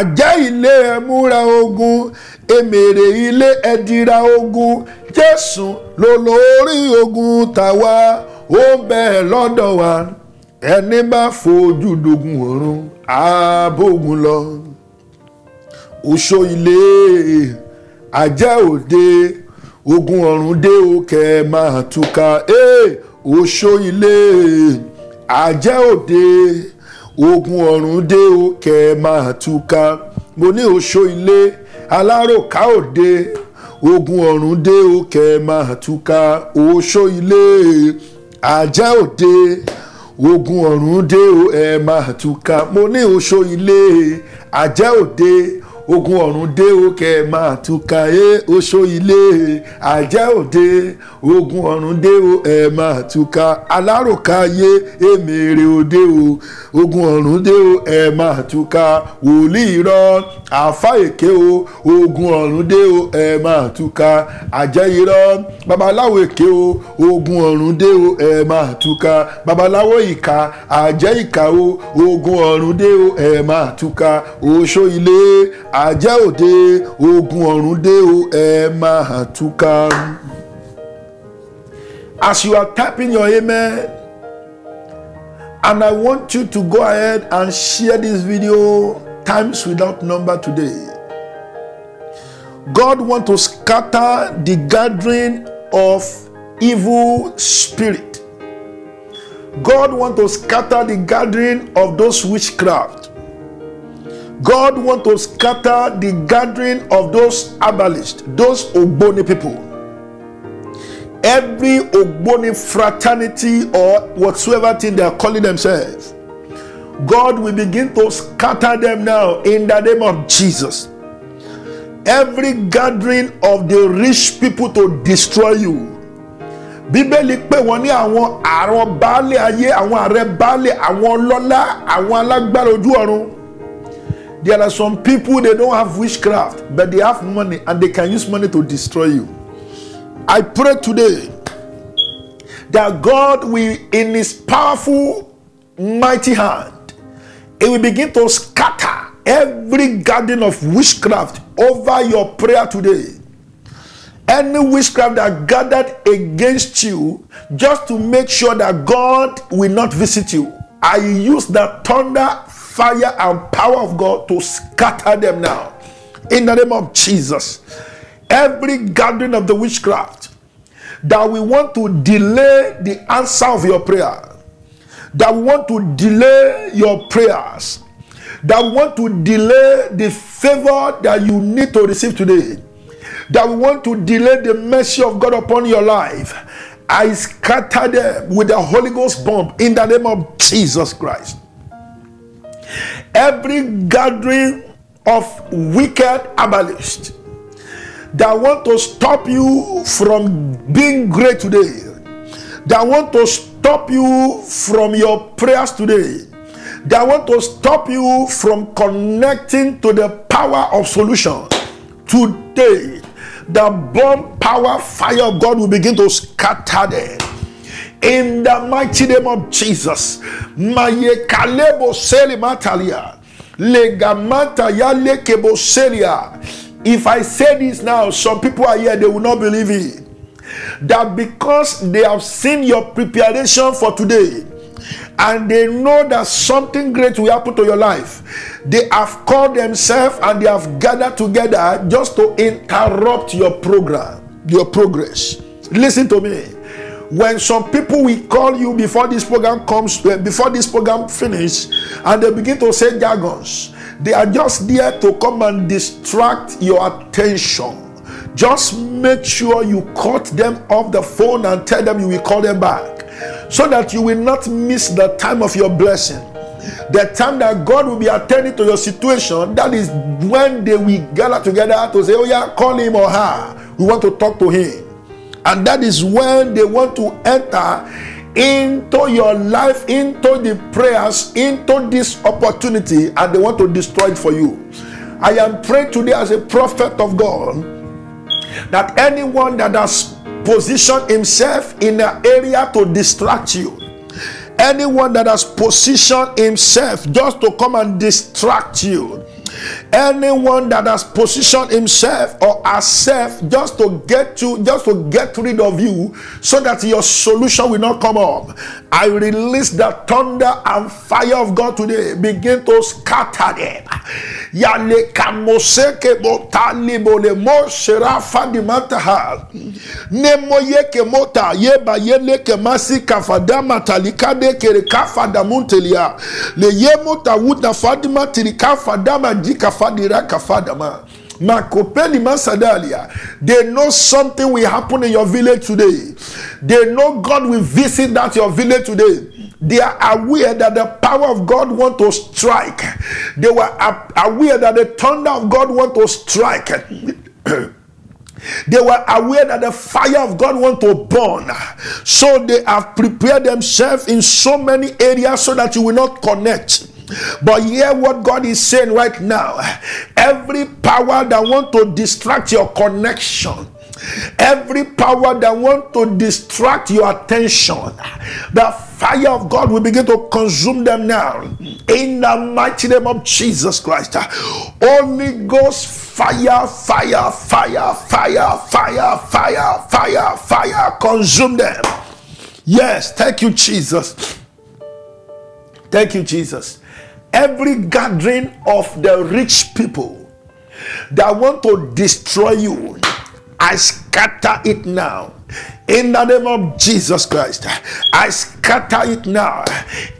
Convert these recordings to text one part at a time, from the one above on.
àjẹ́ ilé ẹ múra ogun èmèrè ilé ẹ ogun jésù lólórí ogun tàwa ó ń bẹ lọ́dọ̀ wa ẹni bá fojú dogun ọ̀run àbógun lọ òṣò ilé àjẹ́ òde ogun ọ̀run dé o kẹ́ ẹ máa túká òṣò ilé àjẹ́ òde. Hey, ogun ọ̀run dé o kẹ́ ẹ máa túká mo ní oṣó ilé aláròká òde ogun ọ̀run dé o kẹ́ ẹ máa túká oṣó ilé àjẹ́ òde ogun ọ̀run dé o ẹ máa túká mo ní oṣó ilé àjẹ́ òde ogun ọ̀run dé o kẹ́ ẹ máa túká ẹ oṣó ilé àjẹ́ òde ogun ọ̀run dé o ẹ máa túká aláròká yé èmèrè òde o ogun ọ̀run dé o ẹ máa túká wòlíì rọ àfa èké o ogun ọ̀run dé o ẹ máa túká àjẹ́ irọ́ babaláwo èké o ogun ọ̀run dé o ẹ máa túká babaláwo ìka àjẹ́ o ogun ọ̀run dé o ẹ máa túká oṣó ilé àjẹ́ òde ogun ọ̀run dé o ẹ máa túká. As you are typing your email, and I want you to go ahead and share this video times without number today. God want to scatter the gathering of evil spirit. God want to scatter the gathering of those witchcraft. God want to scatter the gathering of those abolishment, those Ogboni people every Ogboni fraternity or whatsoever thing they are calling themselves, God will begin to scatter them now in the name of Jesus. Every gathering of the rich people to destroy you. Bíbélì pé wọ́n ní àwọn àrùn baálé ayé, àwọn baálé, àwọn ọlọ́lá, àwọn alágbára ojú ọ̀run. There are some people they don't have witchcraft but they have money and they can use money to destroy you. I pray today that God will, in His powerful, mighty hand, He will begin to scatter every garden of witchcraft over your prayer today. Any witchcraft that gathered against you just to make sure that God will not visit you. I use the thunder, fire, and power of God to scatter them now. In the name of Jesus every gathering of the witchcraft that we want to delay the answer of your prayer, that we want to delay your prayers, that we want to delay the favor that you need to receive today, that we want to delay the mercy of God upon your life. I scatter them with the Holy Ghost bomb in the name of Jesus Christ. Every gathering of wicked abolished that want to stop you from being great today, that want to stop you from your prayers today, that want to stop you from connecting to the power of solution today, the bomb power fire of God will begin to scatter them. In the mighty name of Jesus, Maye Kalebo Selimatalia, Legamata Yalekebo Selia. If I say this now, some people are here, they will not believe it. That because they have seen your preparation for today, and they know that something great will happen to your life. They have called themselves and they have gathered together just to interrupt your program, your progress. Listen to me. When some people will call you before this program comes, eh, before this program finish, and they begin to say jargons, They are just there to come and distract your attention. Just make sure you cut them off the phone and tell them you will call them back so that you will not miss the time of your blessing. The time that God will be attending to your situation, that is when they will gather together to say, Oh, yeah, call him or her. We want to talk to him. And that is when they want to enter into your life, into the prayers, into this opportunity, and they want to destroy it for you. I am praying today as a prophet of God that anyone that has positioned himself in an area to distract you, anyone that has positioned himself just to come and distract you, anyone that has positioned himself or herself just to get you just to get rid of you so that your solution will not come up i release the thunder and fire of god today begin to scatter them nemoyekemota yebayelekemasikafadamatalikadekerekafadarmuntelia leyemota wutafadimatirikafadama Maji kafadira kafadama. Makopeni Masadalia. They know something will happen in your village today. They know God will visit that your village today. They are aware that the power of God want to strike. They were aware that the thunder of God want to strike. They were aware that the fire of God want to burn. So they have prepared themselves in so many areas so that you will not connect. But hear what God is saying right now. Every power that want to distract your connection, every power that want to distract your attention, the fire of God will begin to consume them now. In the mighty name of Jesus Christ. Holy Ghost fire, fire, fire, fire, fire, fire, fire, fire, consume them. Yes, thank you, Jesus. Thank you, Jesus. every gathering of the rich people that want to destroy you, I scatter it now. In the name of Jesus Christ, I scatter scatter it now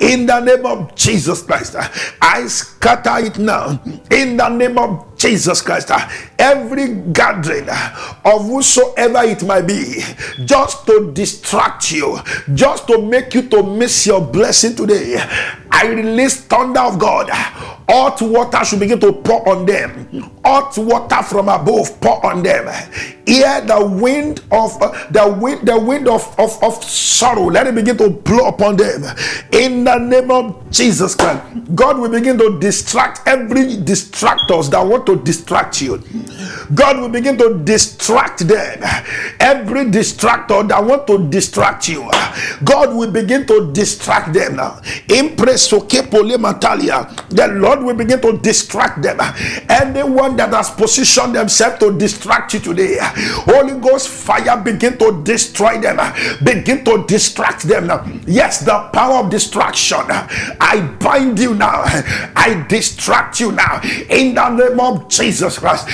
in the name of Jesus Christ. I scatter it now in the name of Jesus Christ. Every gathering of whosoever it might be, just to distract you, just to make you to miss your blessing today, I release thunder of God. Hot water should begin to pour on them. Hot water from above pour on them. Hear the wind of uh, the wind, the wind of, of, of sorrow. Let it begin to blow upon them in the name of Jesus Christ. God will begin to distract every distractors that want to distract you. God will begin to distract them. Every distractor that want to distract you, God will begin to distract them. The Lord will begin to distract them. Anyone that has positioned themselves to distract you today, Holy Ghost fire begin to destroy them, begin to distract them. Yes, the power of distraction. I bind you now. I distract you now. In the name of Jesus Christ.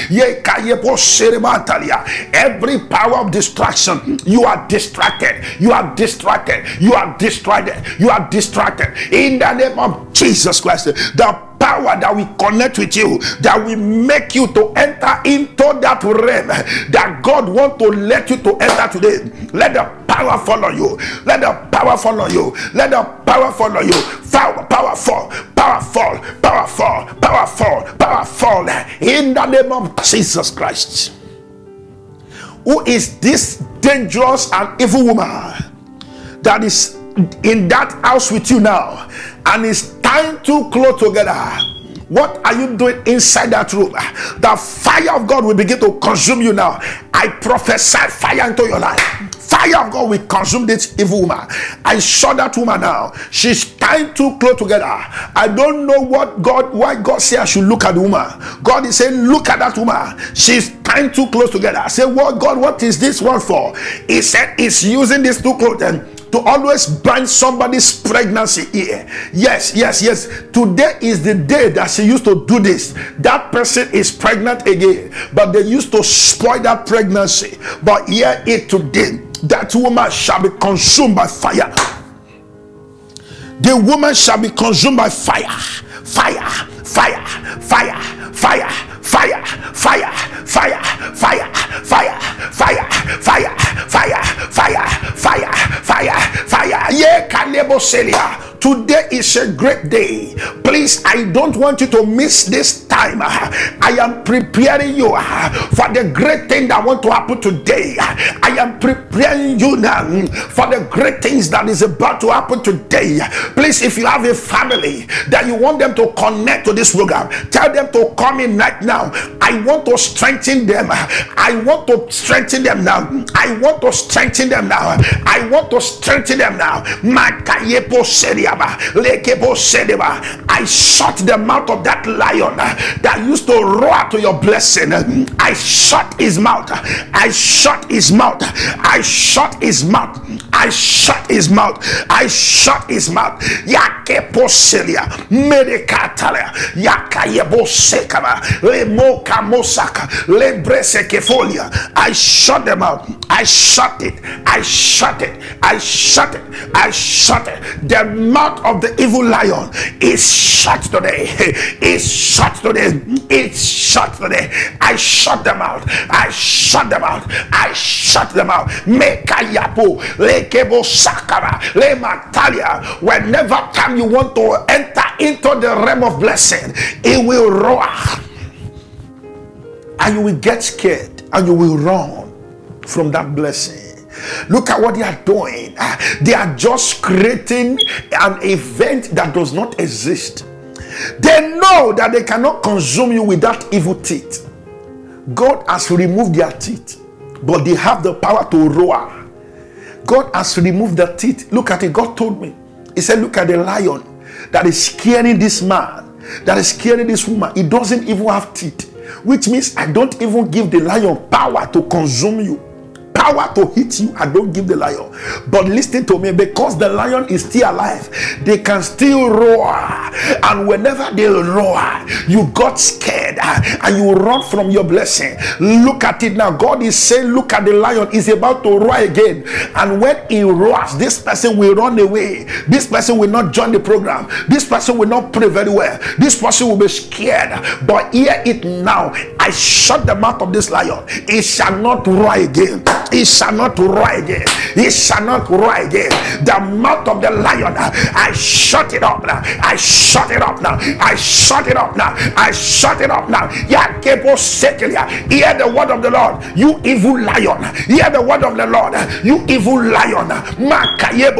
Every power of distraction, you are distracted. You are distracted. You are distracted. You are distracted. In the name of Jesus Christ. The power that will connect with you, that will make you to enter into that realm that God wants to let you to enter today. Let the power follow you. Let the power follow you. Let the power follow you. Power, powerful, powerful, powerful, powerful, powerful. In the name of Jesus Christ. Who is this dangerous and evil woman that is in that house with you now and is tying two clothes together. What are you doing inside that room? The fire of God will begin to consume you now. I prophesy fire into your life. Fire of God will consume this evil woman. I saw that woman now. She's tying two clothes together. I don't know what God, why God said I should look at the woman. God is saying, look at that woman. She's tying two clothes together. I say, what God, what is this one for? He said, he's using these two clothes. And to always bind somebody's pregnancy here. Yes, yes, yes. Today is the day that she used to do this. That person is pregnant again, but they used to spoil that pregnancy. But here it today, that woman shall be consumed by fire. The woman shall be consumed by fire, fire, fire, fire fire, fire, fire, fire, fire, fire, fire, fire, fire, fire, fire, fire, fire. Ye, Yeah, Kaneboselia. Today is a great day. Please, I don't want you to miss this time. I am preparing you for the great thing that want to happen today. I am preparing you now for the great things that is about to happen today. Please, if you have a family that you want them to connect to this program, tell them to coming right now. I want to strengthen them. I want to strengthen them now. I want to strengthen them now. I want to strengthen them now. I shut the mouth of that lion that used to roar to your blessing. I shut his mouth. I shut his mouth. I shut his mouth. I shut his mouth. I shut his mouth. Yakeposilia. Medica katala le moka mosaka le brese kefolia I shut them out I shut it I shut it I shut it I shut it the mouth of the evil lion is shut today is shut today it's shut today I shut them out I shut them out I shut them out mekayapo lekebo le matalia. whenever time you want to enter into the realm of blessing, it will roar. And you will get scared and you will run from that blessing. Look at what they are doing. Ah, they are just creating an event that does not exist. They know that they cannot consume you with that evil teeth. God has removed their teeth, but they have the power to roar. God has removed the teeth. Look at it. God told me. He said, Look at the lion that is scaring this man, that is scaring this woman. It doesn't even have teeth, which means I don't even give the lion power to consume you power to hit you and don't give the lion. But listen to me, because the lion is still alive, they can still roar. And whenever they roar, you got scared ah, and you run from your blessing. Look at it now. God is saying, Look at the lion, He's about to roar again. And when he roars, this person will run away. This person will not join the program. This person will not pray very well. This person will be scared. But hear it now. I shut the mouth of this lion, it shall not roar again. He shall not roar again. He shall not roar again. The mouth of the lion, I shut it up now. I shut it up now. I shut it up now. I shut it up now. Yakebo Sekelia. Hear the word of the Lord, you evil lion. Hear the word of the Lord, you evil lion. Makata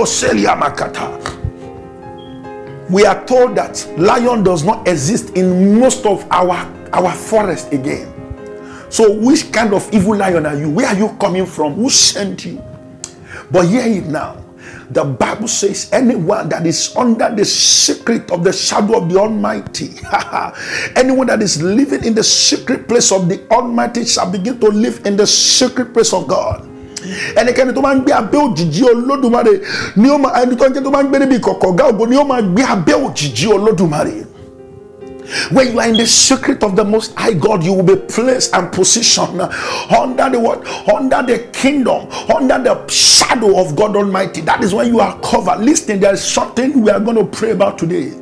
we are told that lion does not exist in most of our our forest again so, which kind of evil lion are you? Where are you coming from? Who sent you? But hear it now. The Bible says, anyone that is under the secret of the shadow of the Almighty, anyone that is living in the secret place of the Almighty shall begin to live in the secret place of God. ẹnikẹ́ni tó máa ń gbé abẹ́ òjìji olódùmarè ni ó ẹni tó ń jẹ́ tó máa ń gbé níbi ìkọ̀kọ̀ ọ̀gá ni ó gbé abẹ́ òjìji olódùmarè. When you are in the secret of the Most High God, you will be placed and positioned under the what? Under the kingdom, under the shadow of God Almighty. That is when you are covered. Listen, there is something we are going to pray about today.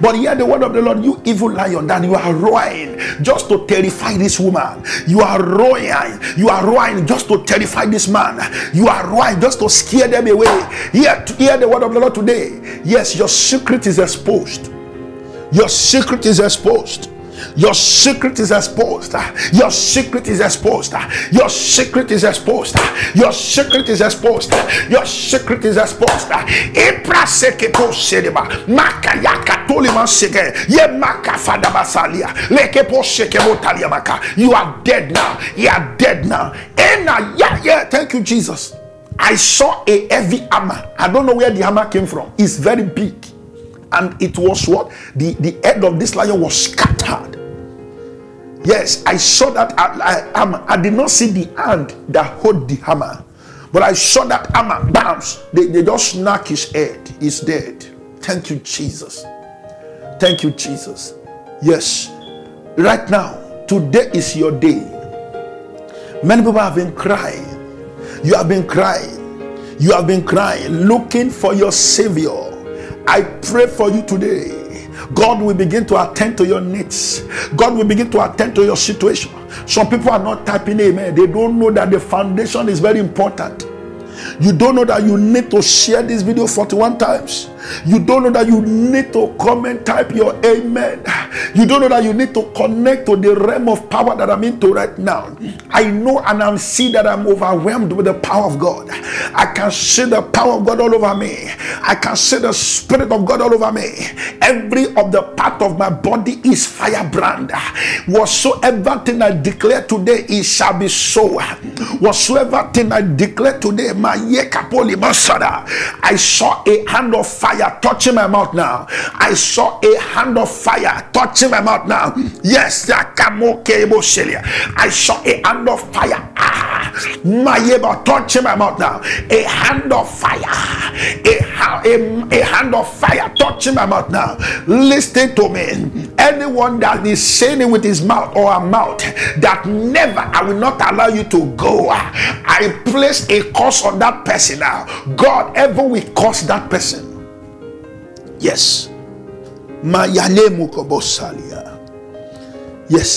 But hear the word of the Lord, you evil lion, that you are roaring just to terrify this woman. You are roaring. You are roaring just to terrify this man. You are roaring just to scare them away. Hear, hear the word of the Lord today. Yes, your secret is exposed. Your secret is exposed. Your secret is exposed. Your secret is exposed. Your secret is exposed. Your secret is exposed. Your secret is exposed. Ipra seketo sedeba. Maka yaka tolima sege Ye maka fadabasalia. Lekepo sekebo taliyamaka. You are dead now. You are dead now. Ena yeah yeah. Thank you, Jesus. I saw a heavy hammer. I don't know where the hammer came from. It's very big and it was what? The, the head of this lion was scattered. Yes, I saw that. I, I, I did not see the hand that hold the hammer, but I saw that hammer bounce. They, they just knock his head. He's dead. Thank you, Jesus. Thank you, Jesus. Yes, right now, today is your day. Many people have been crying. You have been crying. You have been crying, looking for your Savior I pray for you today. God will begin to attend to your needs. God will begin to attend to your situation. Some people are not typing amen. They don't know that the foundation is very important. You don't know that you need to share this video 41 times. You don't know that you need to come and type your amen. You don't know that you need to connect to the realm of power that I'm into right now. I know and I'm seeing that I'm overwhelmed with the power of God. I can see the power of God all over me. I can see the spirit of God all over me. Every of the part of my body is firebrand. Whatsoever thing I declare today, it shall be so. Whatsoever thing I declare today, my yekapoli masada. I saw a hand of fire fire touching my mouth now. I saw a hand of fire touching my mouth now. Yes, I saw a hand of fire. Ah, my neighbor touching my mouth now. A hand of fire. A, a, a hand of fire touching my mouth now. Listen to me. Anyone that is saying with his mouth or a mouth that never I will not allow you to go, I place a curse on that person now. God ever will curse that person. Yes. Yes,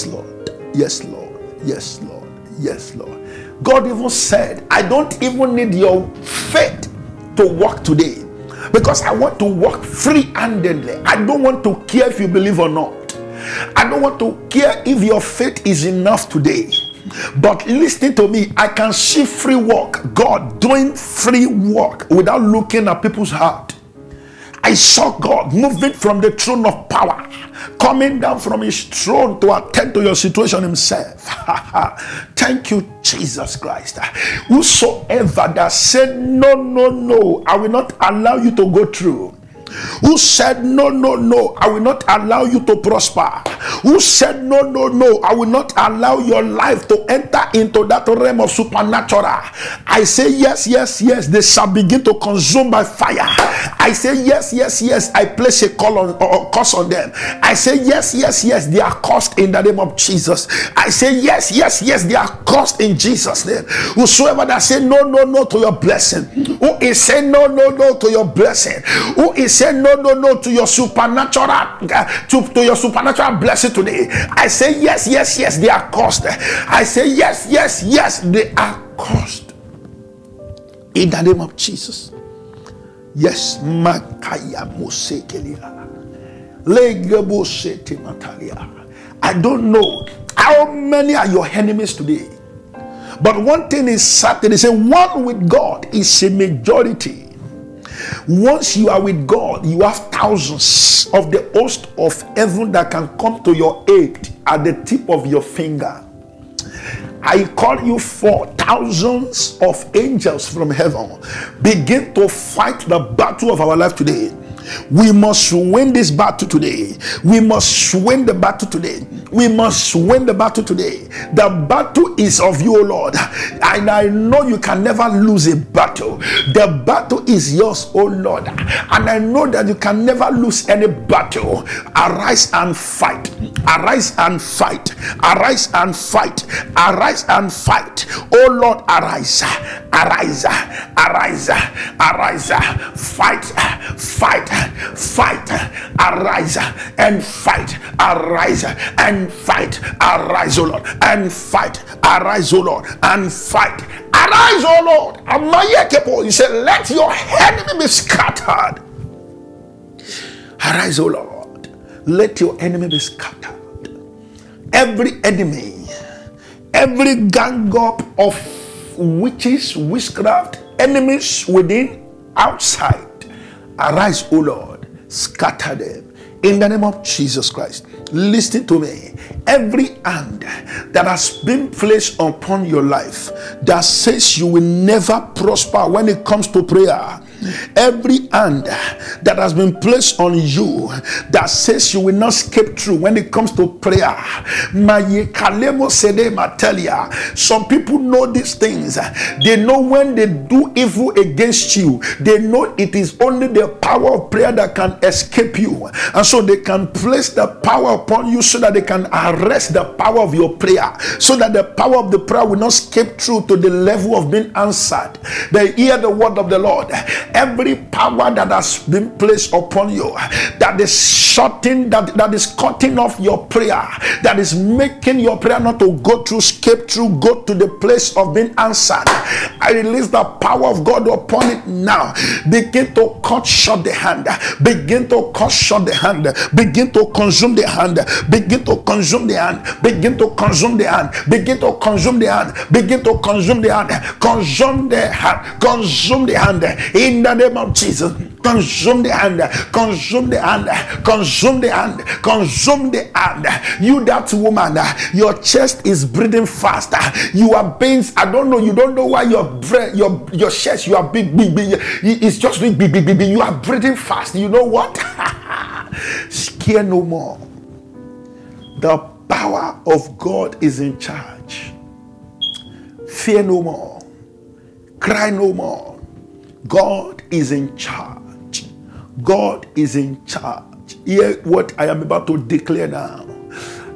Lord. Yes, Lord. Yes, Lord. Yes, Lord. God even said, I don't even need your faith to walk today because I want to walk free handedly. I don't want to care if you believe or not. I don't want to care if your faith is enough today. But listen to me, I can see free work, God doing free work without looking at people's heart. I saw God moving from the throne of power, coming down from his throne to attend to your situation himself. Thank you, Jesus Christ. Whosoever that said, No, no, no, I will not allow you to go through who said, No, no, no, I will not allow you to prosper, who said, No, no, no, I will not allow your life to enter into that realm of supernatural. I say, Yes, yes, yes, they shall begin to consume by fire. I say, Yes, yes, yes, I place a call on or curse on them. I say, Yes, yes, yes, they are cursed in the name of Jesus. I say, Yes, yes, yes, they are cursed in Jesus' name. Whosoever that say no, no, no to your blessing, who is saying no, no, no to your blessing, who is say no, no, no to your supernatural, to, to your supernatural blessing today. I say yes, yes, yes, they are cursed. I say yes, yes, yes, they are cursed In the name of Jesus. Yes, Makaya Mosekelia. Legebo Sete Matalia. I don't know how many are your enemies today. But one thing is certain, is a one with God is a majority. Once you are with God, you have thousands of the host of heaven that can come to your aid at the tip of your finger. I call you for thousands of angels from heaven. Begin to fight the battle of our life today. We must win this battle today. We must win the battle today. We must win the battle today. The battle is of you, Lord. And I know you can never lose a battle. The battle is yours, O Lord. And I know that you can never lose any battle. Arise and fight. Arise and fight. Arise and fight. Arise and fight. O Lord, arise. Arise. Arise. Arise. Fight. Fight fight, arise, and fight, arise, and fight, arise, O Lord, and fight, arise, O Lord, and fight, arise, O Lord. Amayekepo, he said, let your enemy be scattered. Arise, O Lord, let your enemy be scattered. Every enemy, every gang up of witches, witchcraft, enemies within, outside Arise, O Lord, scatter them in the name of Jesus Christ. Listen to me. Every hand that has been placed upon your life that says you will never prosper when it comes to prayer every hand that has been placed on you that says you will not skip through when it comes to prayer. Some people know these things. They know when they do evil against you, they know it is only the power of prayer that can escape you. And so they can place the power upon you so that they can arrest the power of your prayer, so that the power of the prayer will not skip through to the level of being answered. They hear the word of the Lord every power that has been placed upon you that is shutting that, that is cutting off your prayer that is making your prayer not to go through escape through go to the place of being answered i release the power of god upon it now begin to cut short the hand begin to cut short the hand begin to consume the hand begin to consume the hand begin to consume the hand begin to consume the hand begin to consume the hand consume the hand consume the hand in in the name of Jesus. Consume the hand, consume the hand, consume the hand, consume the hand. You, that woman, your chest is breathing faster. You are pains. I don't know. You don't know why your breath, your your chest, you are big, big, big. It's just big, big, big, big. big. You are breathing fast. You know what? Scare no more. The power of God is in charge. Fear no more. Cry no more God is in charge. God is in charge. Hear what I am about to declare now.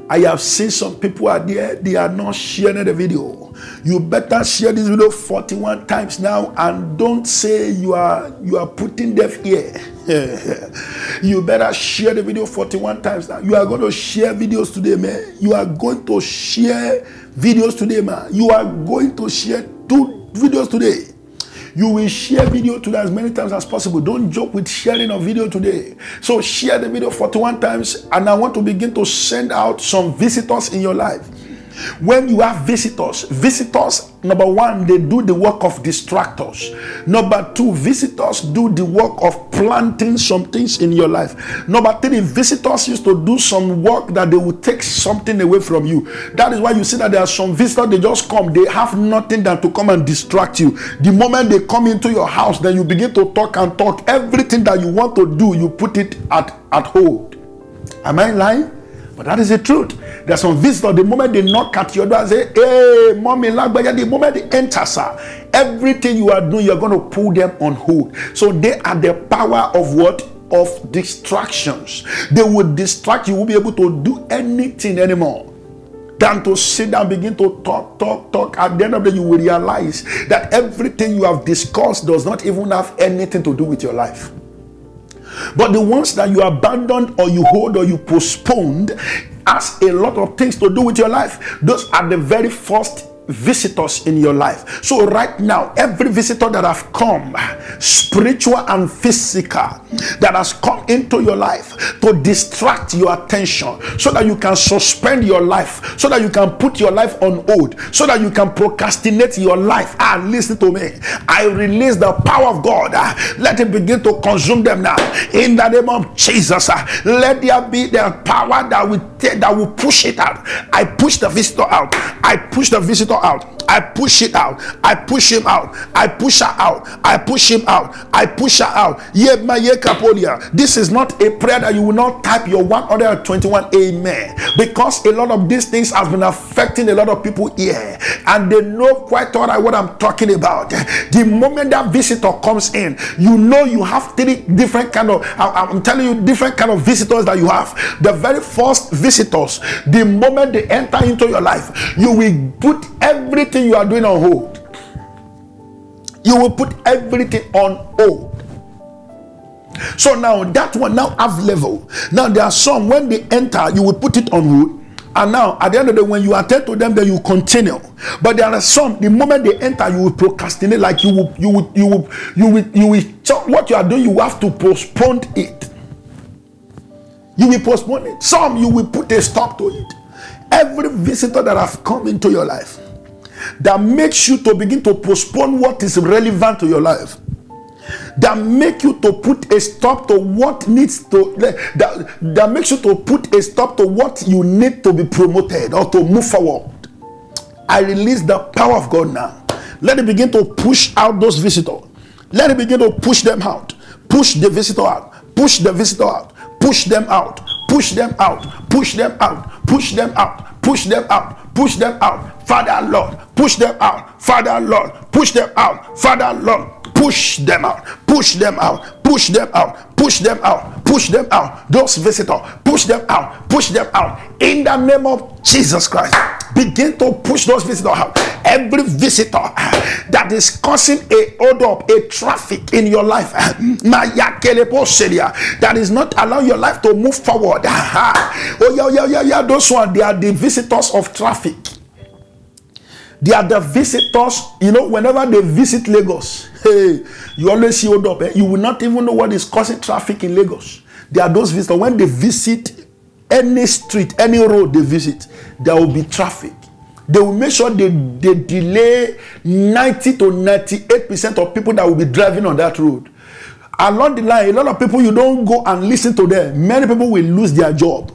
I have seen some people are there, they are not sharing the video. You better share this video 41 times now and don't say you are you are putting deaf ear. you better share the video 41 times now. You are going to share videos today, man. You are going to share videos today, man. You are going to share two videos today. You will share video today as many times as possible. Don't joke with sharing a video today. So share the video 41 times, and I want to begin to send out some visitors in your life. When you have visitors, visitors, number one, they do the work of distractors. Number two, visitors do the work of planting some things in your life. Number three, visitors used to do some work that they will take something away from you. That is why you see that there are some visitors, they just come, they have nothing than to come and distract you. The moment they come into your house, then you begin to talk and talk. Everything that you want to do, you put it at, at hold. Am I lying? But that is the truth. There's some visitor, the moment they knock at your door and say, Hey, mommy, lagbaja, the moment they enter, sir, everything you are doing, you're going to pull them on hold. So they are the power of what? Of distractions. They will distract you, won't be able to do anything anymore than to sit down, begin to talk, talk, talk. At the end of the day, you will realize that everything you have discussed does not even have anything to do with your life. But the ones that you abandoned or you hold or you postponed has a lot of things to do with your life. Those are the very first visitors in your life. So, right now, every visitor that have come, spiritual and physical, that has come into your life to distract your attention so that you can suspend your life, so that you can put your life on hold, so that you can procrastinate your life. And ah, listen to me, I release the power of God. Ah, let it begin to consume them now in the name of Jesus. Ah, let there be the power that will, that will push it out. I push the visitor out, I push the visitor pastor out. I push it out. I push him out. I push her out. I push him out. I push her out. This is not a prayer that you will not type your 121 amen because a lot of these things have been affecting a lot of people here and they know quite all right what I'm talking about. The moment that visitor comes in, you know you have three different kind of I'm telling you different kind of visitors that you have. The very first visitors, the moment they enter into your life, you will put everything you are doing on hold. You will put everything on hold. So now that one now have level. Now there are some when they enter, you will put it on hold. And now at the end of the day, when you attend to them, then you continue. But there are some, the moment they enter, you will procrastinate, like you will, you will, you will, you will, you will, so what you are doing, you have to postpone it. You will postpone it. Some you will put a stop to it. Every visitor that have come into your life, that makes you to begin to postpone what is relevant to your life that make you to put a stop to what needs to that, that makes you to put a stop to what you need to be promoted or to move forward i release the power of god now let it begin to push out those visitors let it begin to push them out push the visitor out push the visitor out push them out push them out push them out push them out push them out push them out, Father Lord, push them out, Father Lord, push them out, Father Lord, push them out, push them out, push them out, push them out, push them out. Those visitors, push them out, push them out. In the name of Jesus Christ begin to push those visitors out. Every visitor uh, that is causing a hold up, a traffic in your life, uh, that is not allowing your life to move forward. Oh, yeah, yeah, yeah, yeah. Those ones they are the visitors of traffic. They are the visitors, you know, whenever they visit Lagos, hey, you always see hold up. Eh? You will not even know what is causing traffic in Lagos. They are those visitors. When they visit any street, any road they visit, there will be traffic. They will make sure they, they delay ninety to ninety-eight percent of people that will be driving on that road. Along the line, a lot of people, you don't go and listen to them. Many people will lose their job.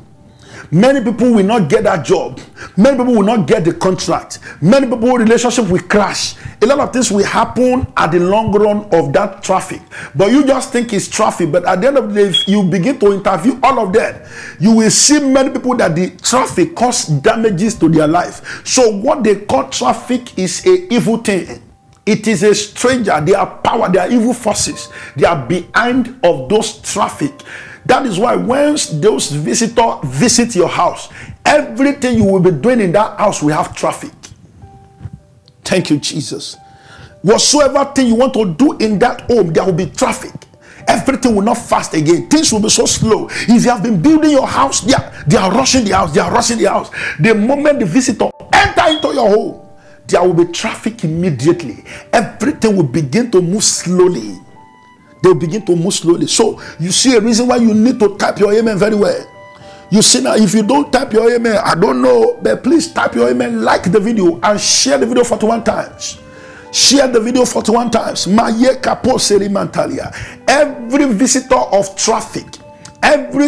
Many people will not get that job. Many people will not get the contract. Many people relationship will crash. A lot of things will happen at the long run of that traffic. But you just think it's traffic. But at the end of the day, if you begin to interview all of them, you will see many people that the traffic cause damages to their life. So what they call traffic is a evil thing. It is a stranger. They are power. They are evil forces. They are behind of those traffic. That is why once those visitors visit your house, everything you will be doing in that house will have traffic. Thank you, Jesus. Whatsoever thing you want to do in that home, there will be traffic. Everything will not fast again. Things will be so slow. If you have been building your house, they are, they are rushing the house. They are rushing the house. The moment the visitor enter into your home, there will be traffic immediately. Everything will begin to move slowly. They begin to move slowly. So you see a reason why you need to type your amen very well. You see now, if you don't type your amen, I don't know, but please type your amen, like the video, and share the video 41 times. Share the video 41 times. Every visitor of traffic every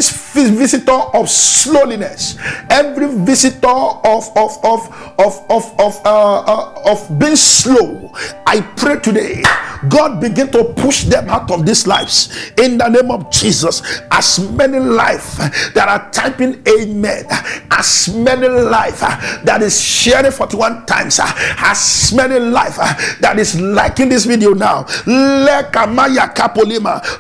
visitor of slowness, every visitor of of of of of of, uh, uh, of being slow, I pray today, God begin to push them out of these lives in the name of Jesus. As many life that are typing Amen, as many life that is sharing 41 times, as many life that is liking this video now.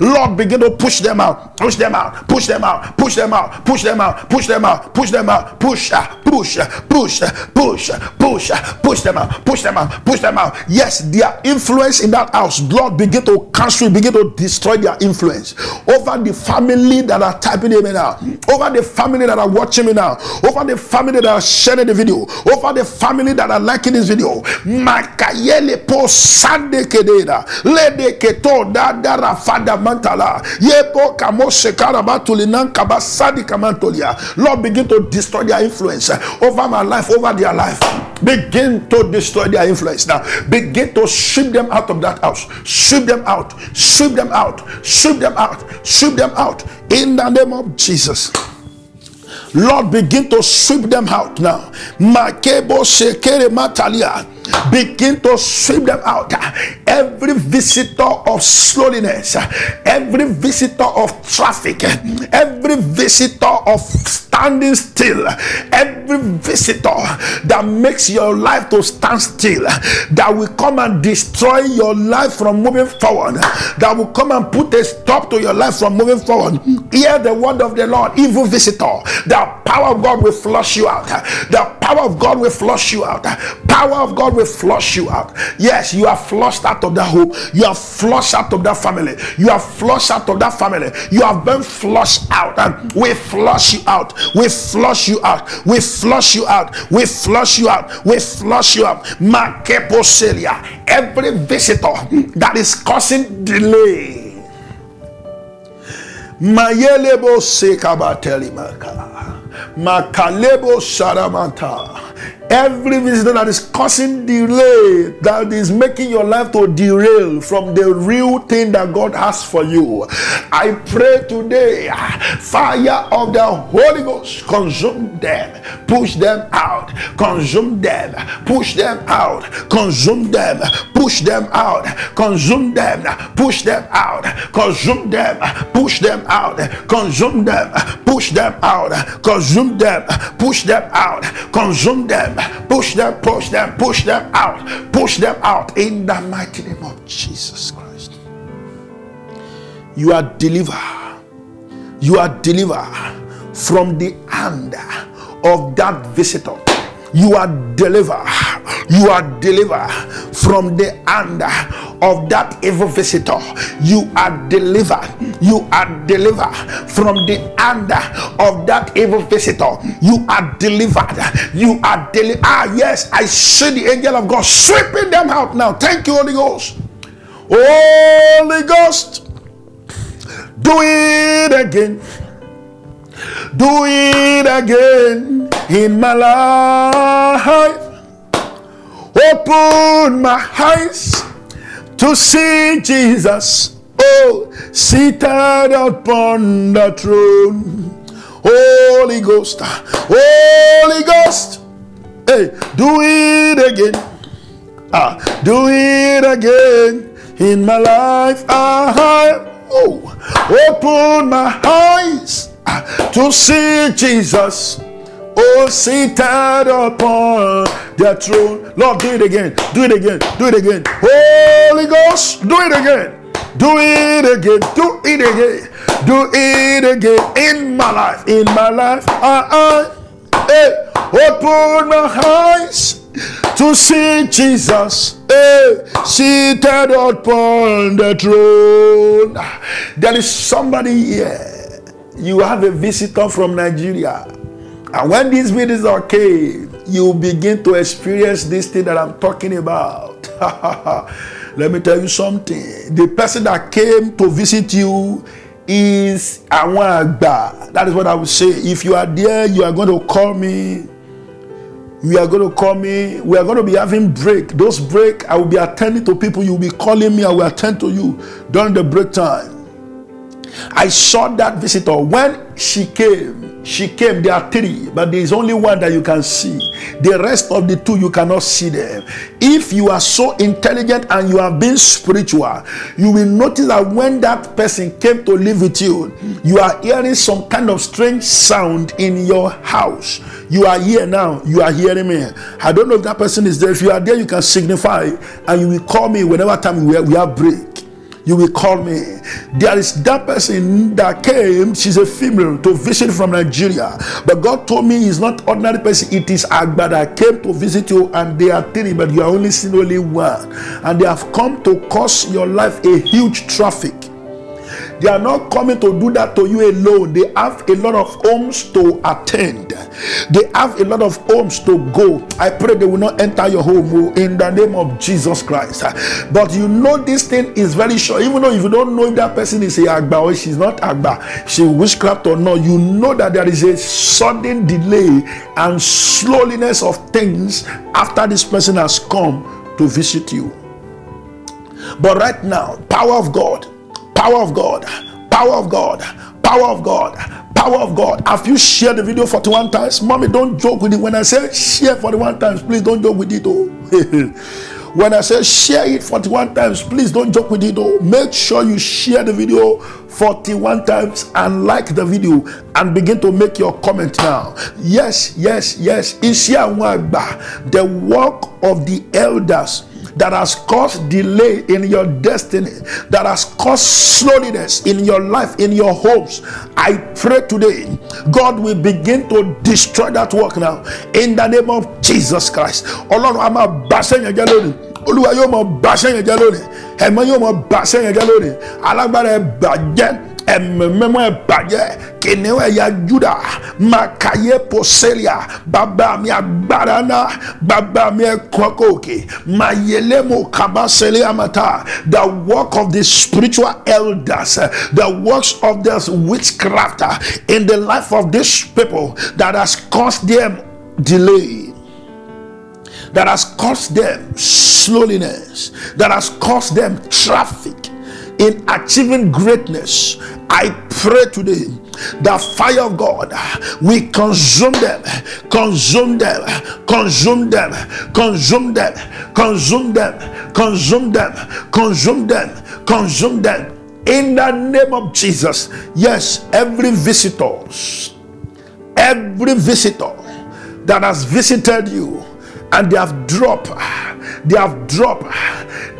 Lord, begin to push them out, push them out push them out, push them out, push them out, push them out, push them out, push, push, push, push, push, push them out, push them out, push them out. Yes, their influence in that house, Lord, begin to cancel, begin to destroy their influence over the family that are typing in now, over the family that are watching me now, over the family that are sharing the video, over the family that are liking this video. Makayele po sande kedera, lede keto da da mantala, yepo kamo sekara Lord, begin to destroy their influence eh, over my life, over their life. Begin to destroy their influence now. Begin to sweep them out of that house. Sweep them out. Sweep them out. Sweep them out. Sweep them out. In the name of Jesus. Lord, begin to sweep them out now. Matalia begin to sweep them out. Every visitor of slowness, every visitor of traffic, every visitor of standing still, every visitor that makes your life to stand still, that will come and destroy your life from moving forward, that will come and put a stop to your life from moving forward. Hear the word of the Lord, evil visitor that power of God will flush you out. The power of God will flush you out. Power of God will flush you out. Yes, you are flushed out of that hope. You are flushed out of that family. You are flushed out of that family. You have been flushed out. And we flush you out. We flush you out. We flush you out. We flush you out. We flush you out. Makeposelia. Every visitor that is causing delay Mayelebo sekabateli maka. Makalebo saramata. Every visitor that is causing delay, that is making your life to derail from the real thing that God has for you. I pray today, fire of the Holy Ghost, consume them, push them out, consume them, push them out, consume them, push them out, consume them, push them out, consume them, push them out, consume them, push them out, consume them, push them out, consume them them, push them, push them, push them out, push them out in the mighty name of Jesus Christ. You are delivered. You are delivered from the hand of that visitor you are delivered. You are delivered from the hand of that evil visitor. You are delivered. You are delivered from the hand of that evil visitor. You are delivered. You are delivered. Ah, yes, I see the angel of God sweeping them out now. Thank you, Holy Ghost. Holy Ghost, do it again. Do it again in my life. Open my eyes to see Jesus. Oh, seated upon the throne. Holy Ghost, Holy Ghost, hey, do it again. Ah, do it again in my life. I ah, oh, open my eyes to see Jesus. Oh, seated upon the throne. Lord, do it again. Do it again. Do it again. Holy Ghost, do it again. Do it again. Do it again. Do it again in my life. In my life. I, I hey, eh, open my eyes to see Jesus hey, eh, seated upon the throne. There is somebody here you have a visitor from Nigeria. And when this visitor came, you begin to experience this thing that I'm talking about. Let me tell you something. The person that came to visit you is àwọn àgbà. That is what I would say. If you are there, you are going to call me. We are going to call me. We are going to be having break. Those break, I will be attending to people. You will be calling me. I will attend to you during the break time. I saw that visitor when she came. She came. There are three, but there is only one that you can see. The rest of the two, you cannot see them. If you are so intelligent and you have been spiritual, you will notice that when that person came to live with you, you are hearing some kind of strange sound in your house. You are here now. You are hearing me. I don't know if that person is there. If you are there, you can signify and you will call me whenever time we have break you will call me. There is that person that came, she's a female, to visit from Nigeria. But God told me it's not ordinary person, it is Agba that came to visit you and they are telling, but you are only seeing only one. And they have come to cause your life a huge traffic. They are not coming to do that to you alone. They have a lot of homes to attend, they have a lot of homes to go. I pray they will not enter your home oh, in the name of Jesus Christ. But you know, this thing is very sure, even though if you don't know if that person is a Agba or she's not Agba, she witchcraft or not, you know that there is a sudden delay and slowness of things after this person has come to visit you. But right now, power of God, Power of God. Power of God. Power of God. Power of God. Have you shared the video 41 times? Mommy, don't joke with it. When I say share 41 times, please don't joke with it. Oh. when I say share it 41 times, please don't joke with it. Oh. Make sure you share the video 41 times and like the video and begin to make your comment now. Yes, yes, yes. The work of the elders that has caused delay in your destiny, that has caused slowness in your life, in your hopes, I pray today, God will begin to destroy that work now in the name of Jesus Christ. Ọlọ́run a máa bá sẹ́yìn jẹ́ lónìí. Olúwa yóò máa bá sẹ́yìn jẹ́ lónìí. Ẹ̀mọ́ yóò máa bá sẹ́yìn jẹ́ lónìí. Alágbára ẹ̀ bàjẹ́ ẹ̀mẹ̀mẹ̀mọ ẹ̀bàjẹ́ kìnìún ya Júdà màkàyé pọ̀sẹ́lìà bàbá mi agbára bàbá mi ẹ̀kọ́ kòkè màyẹlẹ́mọ àmàtà the work of the spiritual elders the works of the witchcraft in the life of these people that has caused them delay that has caused them slowness, that has caused them traffic in achieving greatness, I pray today the fire of God we consume them, consume them, consume them, consume them, consume them, consume them, consume them, consume them. In the name of Jesus, yes, every visitor, every visitor that has visited you and they have dropped, they have dropped,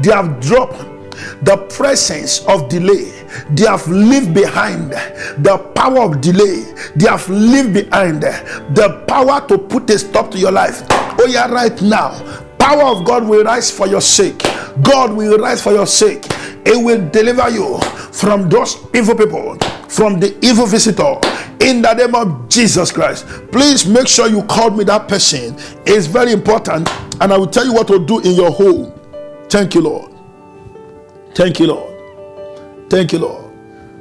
they have dropped the presence of delay they have left behind the power of delay. They have left behind the power to put a stop to your life. Oh, yeah, right now, power of God will rise for your sake. God will rise for your sake. It will deliver you from those evil people, from the evil visitor. In the name of Jesus Christ, please make sure you call me that person. It's very important, and I will tell you what to do in your home. Thank you, Lord. Thank you, Lord. Thank you, Lord.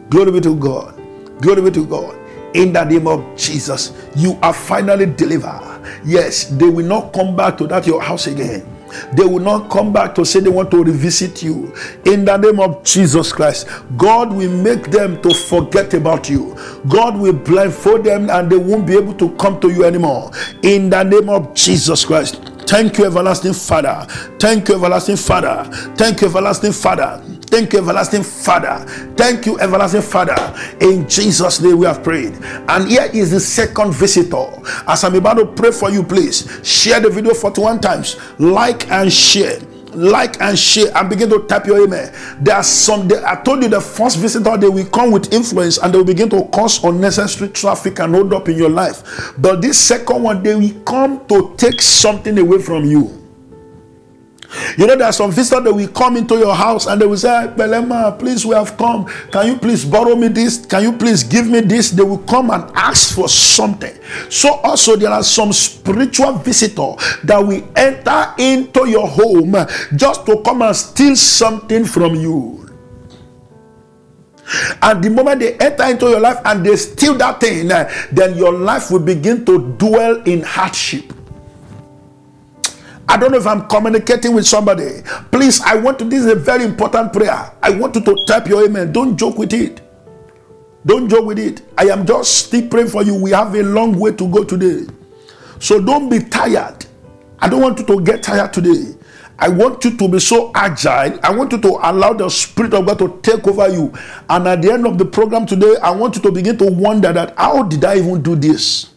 Glory be to God. Glory be to God. In the name of Jesus, you are finally delivered. Yes, they will not come back to that your house again. They will not come back to say they want to revisit you. In the name of Jesus Christ, God will make them to forget about you. God will blindfold them and they won't be able to come to you anymore. In the name of Jesus Christ. Thank you, everlasting Father. Thank you, everlasting Father. Thank you, everlasting Father. Thank you, everlasting Father. Thank you, everlasting Father. In Jesus' name we have prayed. And here is the second visitor. As I'm about to pray for you, please share the video 41 times, like and share like and share and begin to type your email. There are some, they, I told you the first visitor, they will come with influence and they will begin to cause unnecessary traffic and hold up in your life. But this second one, they will come to take something away from you. You know, there are some visitors that will come into your house and they will say, ah, Belema, please, we have come. Can you please borrow me this? Can you please give me this? They will come and ask for something. So also there are some spiritual visitors that will enter into your home just to come and steal something from you. And the moment they enter into your life and they steal that thing, then your life will begin to dwell in hardship. I don't know if I'm communicating with somebody. Please, I want to, this is a very important prayer. I want you to type your amen. Don't joke with it. Don't joke with it. I am just still praying for you. We have a long way to go today. So don't be tired. I don't want you to get tired today. I want you to be so agile. I want you to allow the Spirit of God to take over you. And at the end of the program today, I want you to begin to wonder that how did I even do this?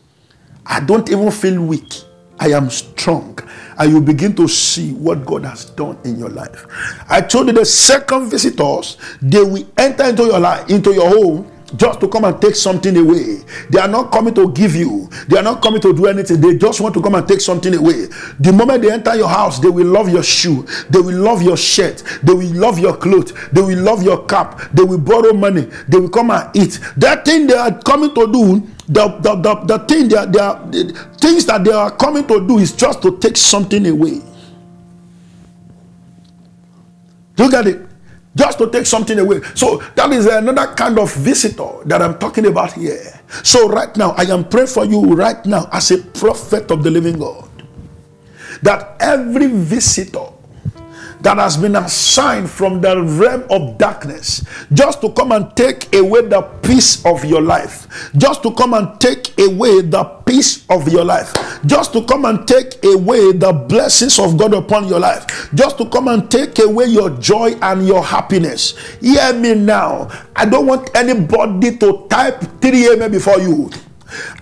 I don't even feel weak. I am strong. and you begin to see what God has done in your life. I told you the second visitors, they will enter into your life, into your home, just to come and take something away. They are not coming to give you, they are not coming to do anything. They just want to come and take something away. The moment they enter your house, they will love your shoe, they will love your shirt, they will love your clothes, they will love your cap, they will borrow money, they will come and eat. That thing they are coming to do the the the, the thing they are, they are the things that they are coming to do is just to take something away look at it just to take something away. So that is another kind of visitor that I'm talking about here. So right now, I am praying for you right now as a prophet of the living God that every visitor that has been assigned from the realm of darkness just to come and take away the peace of your life, just to come and take away the peace of your life, just to come and take away the blessings of God upon your life, just to come and take away your joy and your happiness. Hear me now. I don't want anybody to type 3 a.m. before you.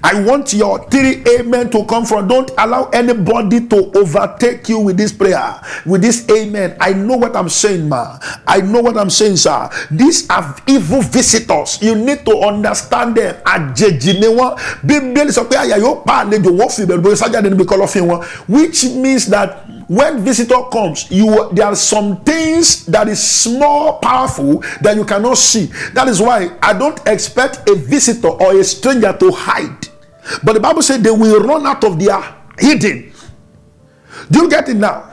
I want your three amen to come from. Don't allow anybody to overtake you with this prayer, with this amen. I know what I'm saying, ma. I know what I'm saying, sir. These are evil visitors. You need to understand them. Àjèjì ni wọ́n. Bíbélì sọ pé pa àlejò wọ́n fi ìbẹ̀rù bóyá sájà nínú ibi kọ́lọ́fín wọn. Which means that when visitor comes, you there are some things that is more powerful that you cannot see. That is why I don't expect a visitor or a stranger to hide. But the Bible said they will run out of their hidden. Do you get it now?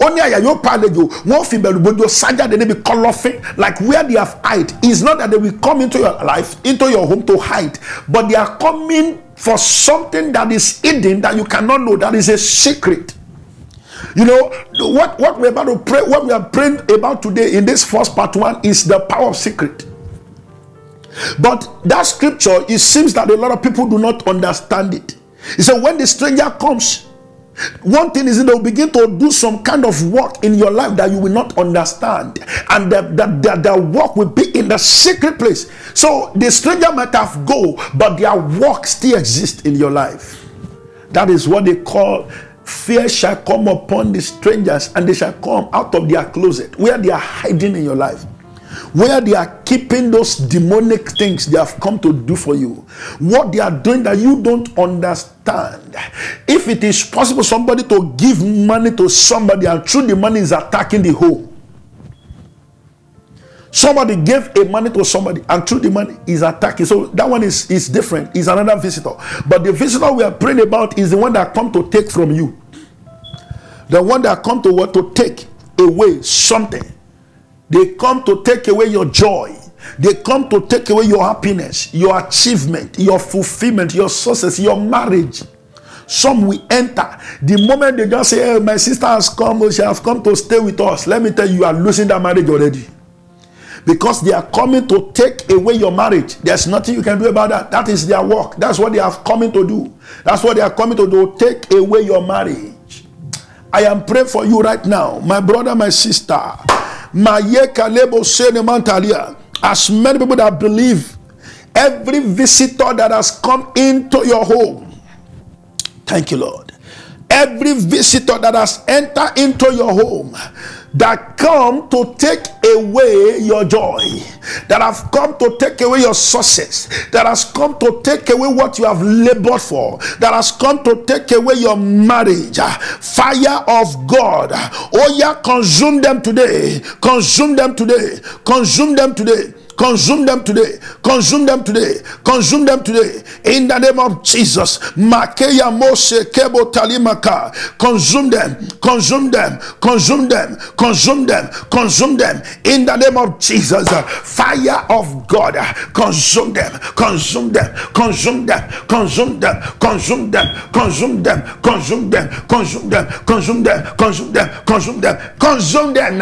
ó ní àyà yóò pàlejò wọn fi bẹ̀rù bójú sájáde be kọlọ́fín like where they have hide it's not that they will come into your life into your home to hide but they are coming for something that is hidden that you cannot know that is a secret you know, what, what we're about to pray, what we are praying about today in this first part one is the power of secret. But that scripture, it seems that a lot of people do not understand it. He said, when the stranger comes, one thing is that they'll begin to do some kind of work in your life that you will not understand. And that that, that, work will be in the secret place. So the stranger might have go, but their work still exists in your life. That is what they call Fear shall come upon the strangers, and they shall come out of their closet where they are hiding in your life where they are keeping those demonic things they have come to do for you, what they are doing that you don't understand. If it is possible somebody to give money to somebody and through the money is attacking the home. Somebody gave a money to somebody and through the money is attacking. So that one is, is different, is another visitor. But the visitor we are praying about is the one that come to take from you. The one that come to what to take away something. They come to take away your joy. They come to take away your happiness, your achievement, your fulfillment, your success, your marriage. Some will enter. The moment they just say, hey, my sister has come, oh, she has come to stay with us. Let me tell you, you are losing that marriage already. Because they are coming to take away your marriage. There's nothing you can do about that. That is their work. That's what they are coming to do. That's what they are coming to do. Take away your marriage. I am praying for you right now, my brother, my sister. As many people that believe, every visitor that has come into your home, thank you, Lord. Every visitor that has entered into your home, that come to take away your joy, that have come to take away your success, that has come to take away what you have labored for, that has come to take away your marriage. Fire of God. Oh, yeah, consume them today. Consume them today. Consume them today. Consume them today. Consume them today. Consume them today. In the name of Jesus. Makeya Mose Kebo Talimaka. Consume them. Consume them. Consume them. Consume them. Consume them. In the name of Jesus. Fire of God. Consume them. Consume them. Consume them. Consume them. Consume them. Consume them. Consume them. Consume them. Consume them. Consume them. Consume them. Consume them.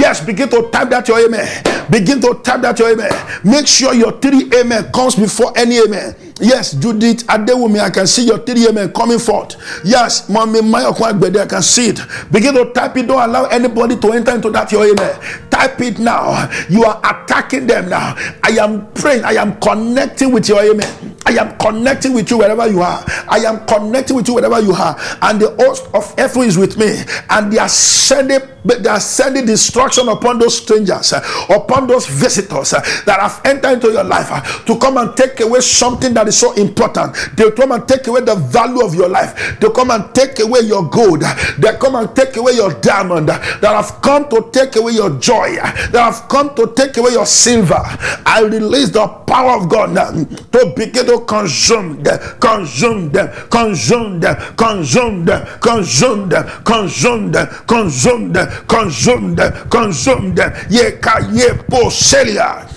Yes, begin to tap that your amen. Begin to tap that your your amen. Make sure your three amen comes before any amen. Yes, Judith Adewumi, I can see your three men coming forth. Yes, Mommy Mayokwagwede, I can see it. Begin to type it. Don't allow anybody to enter into that your amen. Type it now. You are attacking them now. I am praying. I am connecting with your amen. I am connecting with you wherever you are. I am connecting with you wherever you are. And the host of heaven is with me. And they are sending they are sending destruction upon those strangers, upon those visitors that have entered into your life uh, to come and take away something that that is so important. They'll come and take away the value of your life. They'll come and take away your gold. They'll come and take away your diamond that have come to take away your joy, that have come to take away your silver. I release the power of God now to begin to consume them, consume them, consume them, consume them, consume them, consume them, consume them, consume them, consume them. Ye ka ye po celia.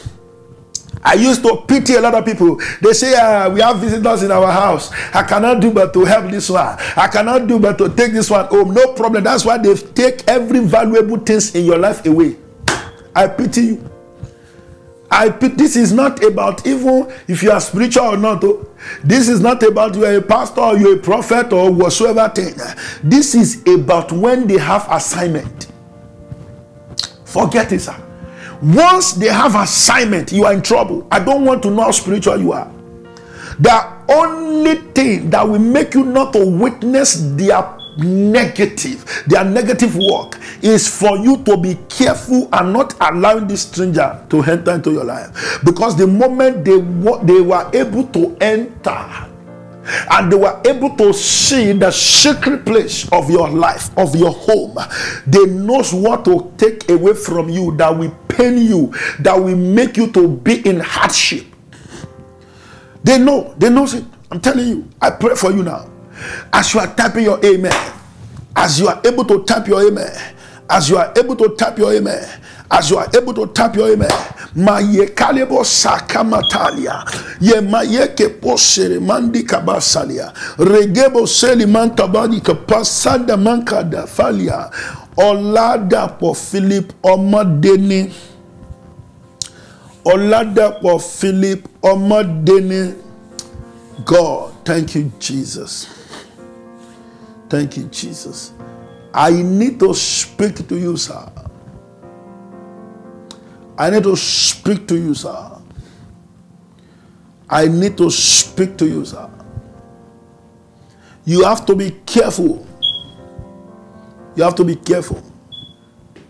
I used to pity a lot of people. They say, uh, We have visitors in our house. I cannot do but to help this one. I cannot do but to take this one home. No problem. That's why they take every valuable things in your life away. I pity you. I pity, this is not about even if you are spiritual or not. Oh. this is not about you are a pastor or you are a prophet or whatsoever thing. This is about when they have assignment. Forget it, sir. once they have assignment you are in trouble i don't want to know how spiritual you are the only thing that will make you not to witness their negative their negative work is for you to be careful and not allowing this stranger to enter into your life because the moment they, they were able to enter and they were able to see the secret place of your life, of your home. They knows what to take away from you that will pain you, that will make you to be in hardship. They know, they knows it. I'm telling you, I pray for you now. As you are typing your amen, as you are able to type your amen, as you are able to type your amen, as you are able to tap your amen, mayekalebo sakamatalia, ye mayeke posere mandi kabasalia, regebo seli mantabadi kapasada mankada falia, oladapo Philip ọmọdéni, oladapo Philip ọmọdéni, God, thank you, Jesus. Thank you, Jesus. I need to speak to you, sir. I need to speak to you, sir. I need to speak to you, sir. You have to be careful. You have to be careful.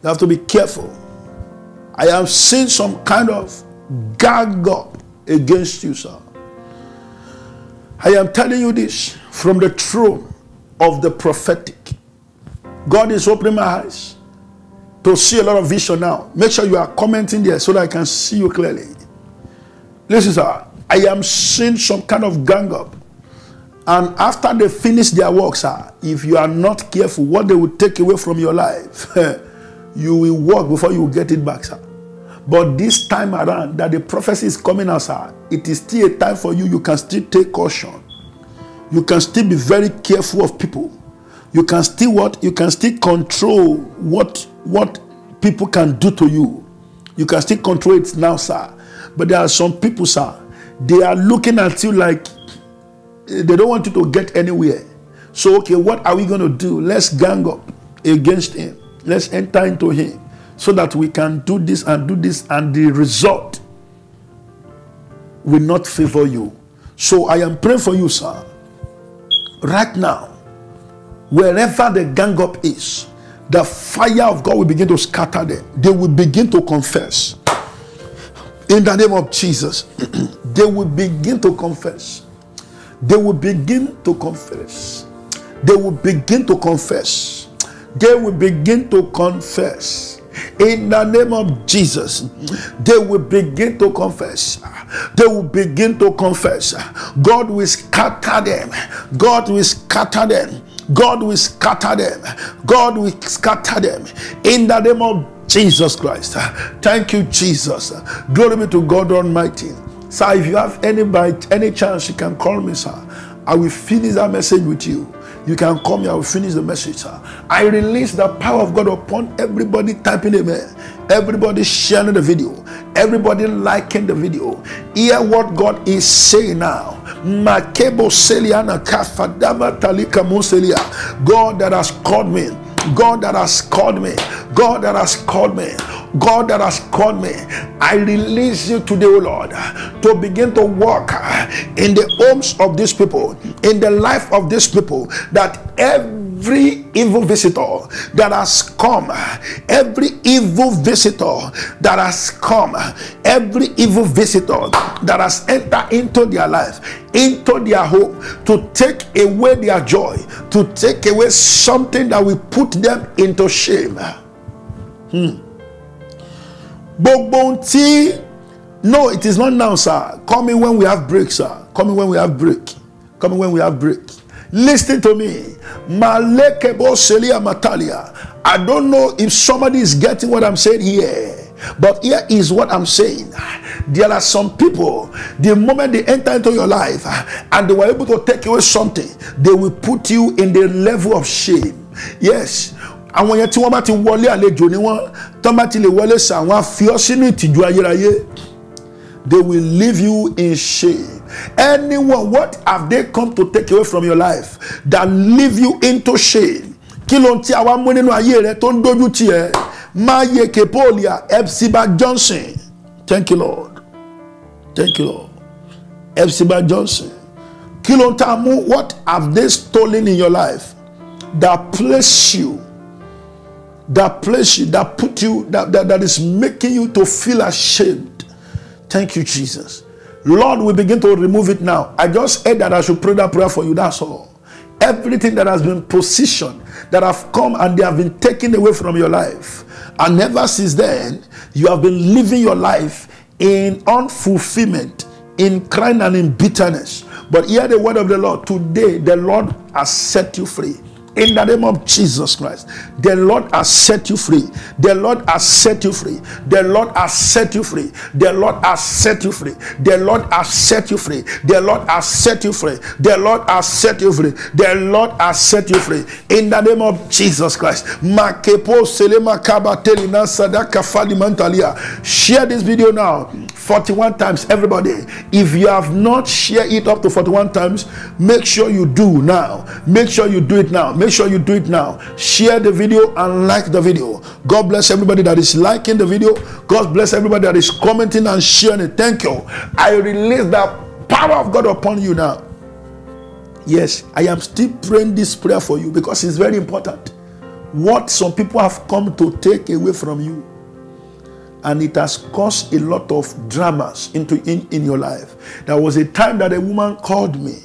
You have to be careful. I have seen some kind of gag up against you, sir. I am telling you this from the throne of the prophetic. God is opening my eyes. to see a lot of vision now. Make sure you are commenting there so that I can see you clearly. Listen, sir, I am seeing some kind of gang up. And after they finish their work, sir, if you are not careful, what they will take away from your life, you will work before you get it back, sir. But this time around that the prophecy is coming out, sir, it is still a time for you. You can still take caution. You can still be very careful of people. you can still what you can still control what what people can do to you you can still control it now sir but there are some people sir they are looking at you like eh, they don't want you to get anywhere so okay what are we going to do let's gang up against him let's enter into him so that we can do this and do this and the result will not favor you so i am praying for you sir right now wherever the gang up is, the fire of God will begin to scatter them. They will begin to confess. In the name of Jesus, they will begin to confess. They will begin to confess. They will begin to confess. They will begin to confess in the name of Jesus. They will begin to confess. They will begin to confess. God will scatter them. God will scatter them. God will scatter them. God will scatter them in the name of Jesus Christ. Thank you, Jesus. Glory be to God Almighty. Sir, if you have any bite, any chance, you can call me, sir. I will finish that message with you. You can call me, I will finish the message, sir. I release the power of God upon everybody typing amen, everybody sharing the video, everybody liking the video. Hear what God is saying now Makebo Seliana Kafadama Talika Muselia. God that has called me. God that has called me. God that has called me. God that has called me. I release you today, O Lord, to begin to work in the homes of these people, in the life of these people, that every every evil visitor that has come, every evil visitor that has come, every evil visitor that has entered into their life, into their home, to take away their joy, to take away something that will put them into shame. Hmm. Bogbonti. No, it is not now, sir. Call me when we have break, sir. Call me when we have break. Come in when we have break. Listen to me. Malekebo Selia Matalia. I don't know if somebody is getting what I'm saying here. But here is what I'm saying. There are some people, the moment they enter into your life and they were able to take away something, they will put you in the level of shame. Yes, àwọn yẹn tí wọ́n bá ti wọlé àlejò ni wọ́n tán bá ti lè wọlé sàn wọ́n á fi ọ́ sínú ìtìjú ayérayé. They will leave you in shame anyone what have they come to take away from your life that leave you into shame kí ló ń tí àwa mú nínú ayé rẹ tó ń dojú tì ẹ́ mayeke polia epsiba johnson thank you lord thank you lord epsiba johnson kí ló ń tá mú what have they stolen in your life that place you that place you that put you that, that, that is making you to feel ashamed thank you jesus Lord, we begin to remove it now. I just said that I should pray that prayer for you. That's all. Everything that has been positioned, that have come and they have been taken away from your life. And ever since then, you have been living your life in unfulfillment, in crying and in bitterness. But hear the word of the Lord. Today, the Lord has set you free in the name of Jesus Christ. The Lord has set you free. The Lord has set you free. The Lord has set you free. The Lord has set you free. The Lord has set you free. The Lord has set you free. The Lord has set you free. The Lord has set you free. In the name of Jesus Christ. Share this video now. 41 times everybody if you have not shared it up to 41 times make sure you do now make sure you do it now make sure you do it now share the video and like the video god bless everybody that is liking the video god bless everybody that is commenting and sharing it thank you i release the power of god upon you now yes i am still praying this prayer for you because it's very important what some people have come to take away from you and it has caused a lot of dramas into in, in your life. There was a time that a woman called me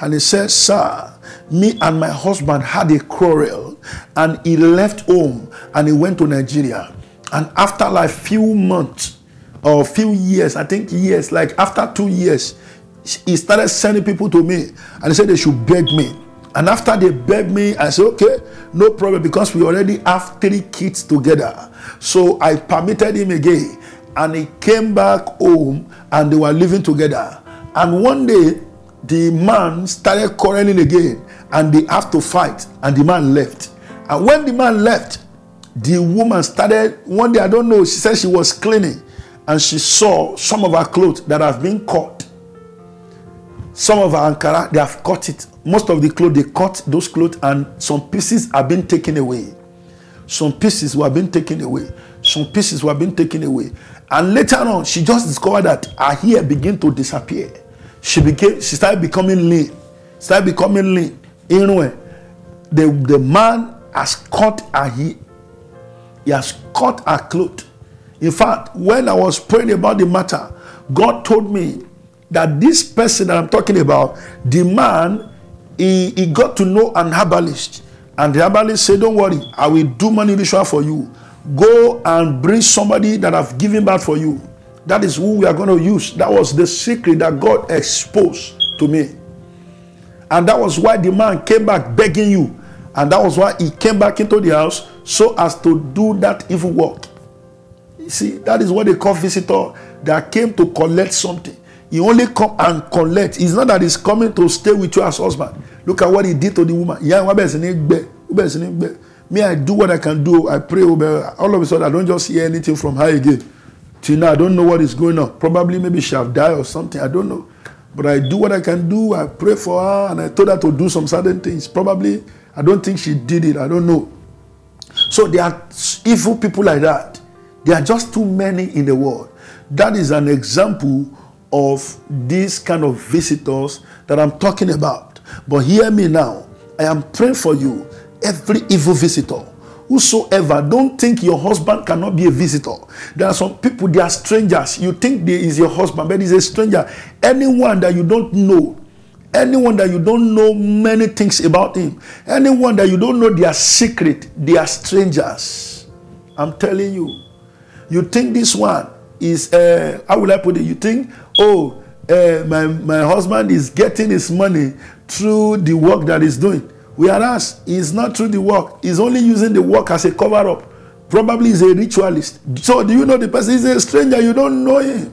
and he said, Sir, me and my husband had a quarrel and he left home and he went to Nigeria. And after like few months or few years, I think years, like after two years, he started sending people to me and he said they should beg me. And after they begged me, I said, okay, no problem, because we already have three kids together. So I permitted him again. And he came back home and they were living together. And one day, the man started quarreling again and they have to fight. And the man left. And when the man left, the woman started, one day, I don't know, she said she was cleaning and she saw some of her clothes that have been cut. Some of her Ankara, they have cut it most of the clothes they cut those clothes and some pieces have been taken away some pieces were being taken away some pieces were being taken away and later on she just discovered that her hair began to disappear she became she started becoming lean started becoming lean anyway the the man has cut her hair he has cut her clothes in fact when i was praying about the matter god told me that this person that i'm talking about the man he, he got to know an herbalist. And the herbalist said, Don't worry, I will do money ritual for you. Go and bring somebody that I've given back for you. That is who we are going to use. That was the secret that God exposed to me. And that was why the man came back begging you. And that was why he came back into the house so as to do that evil work. You see, that is what they call visitor that came to collect something. He only come and collect. It's not that he's coming to stay with you as husband. Look at what he did to the woman. Yeah, me, I do what I can do. I pray. Oh, all of a sudden, I don't just hear anything from her again. Till now, I don't know what is going on. Probably, maybe she have died or something. I don't know. But I do what I can do. I pray for her, and I told her to do some certain things. Probably, I don't think she did it. I don't know. So there are evil people like that. There are just too many in the world. That is an example of these kind of visitors that I'm talking about. But hear me now. I am praying for you, every evil visitor whosoever don't think your husband cannot be a visitor there are some people they are strangers you think there is is your husband but he's a stranger anyone that you don't know anyone that you don't know many things about him anyone that you don't know their secret they are strangers i'm telling you you think this one is, uh, how will I put it? You think, oh, uh, my, my husband is getting his money through the work that he's doing. Whereas he's not through the work, he's only using the work as a cover up. Probably he's a ritualist. So, do you know the person? He's a stranger. You don't know him.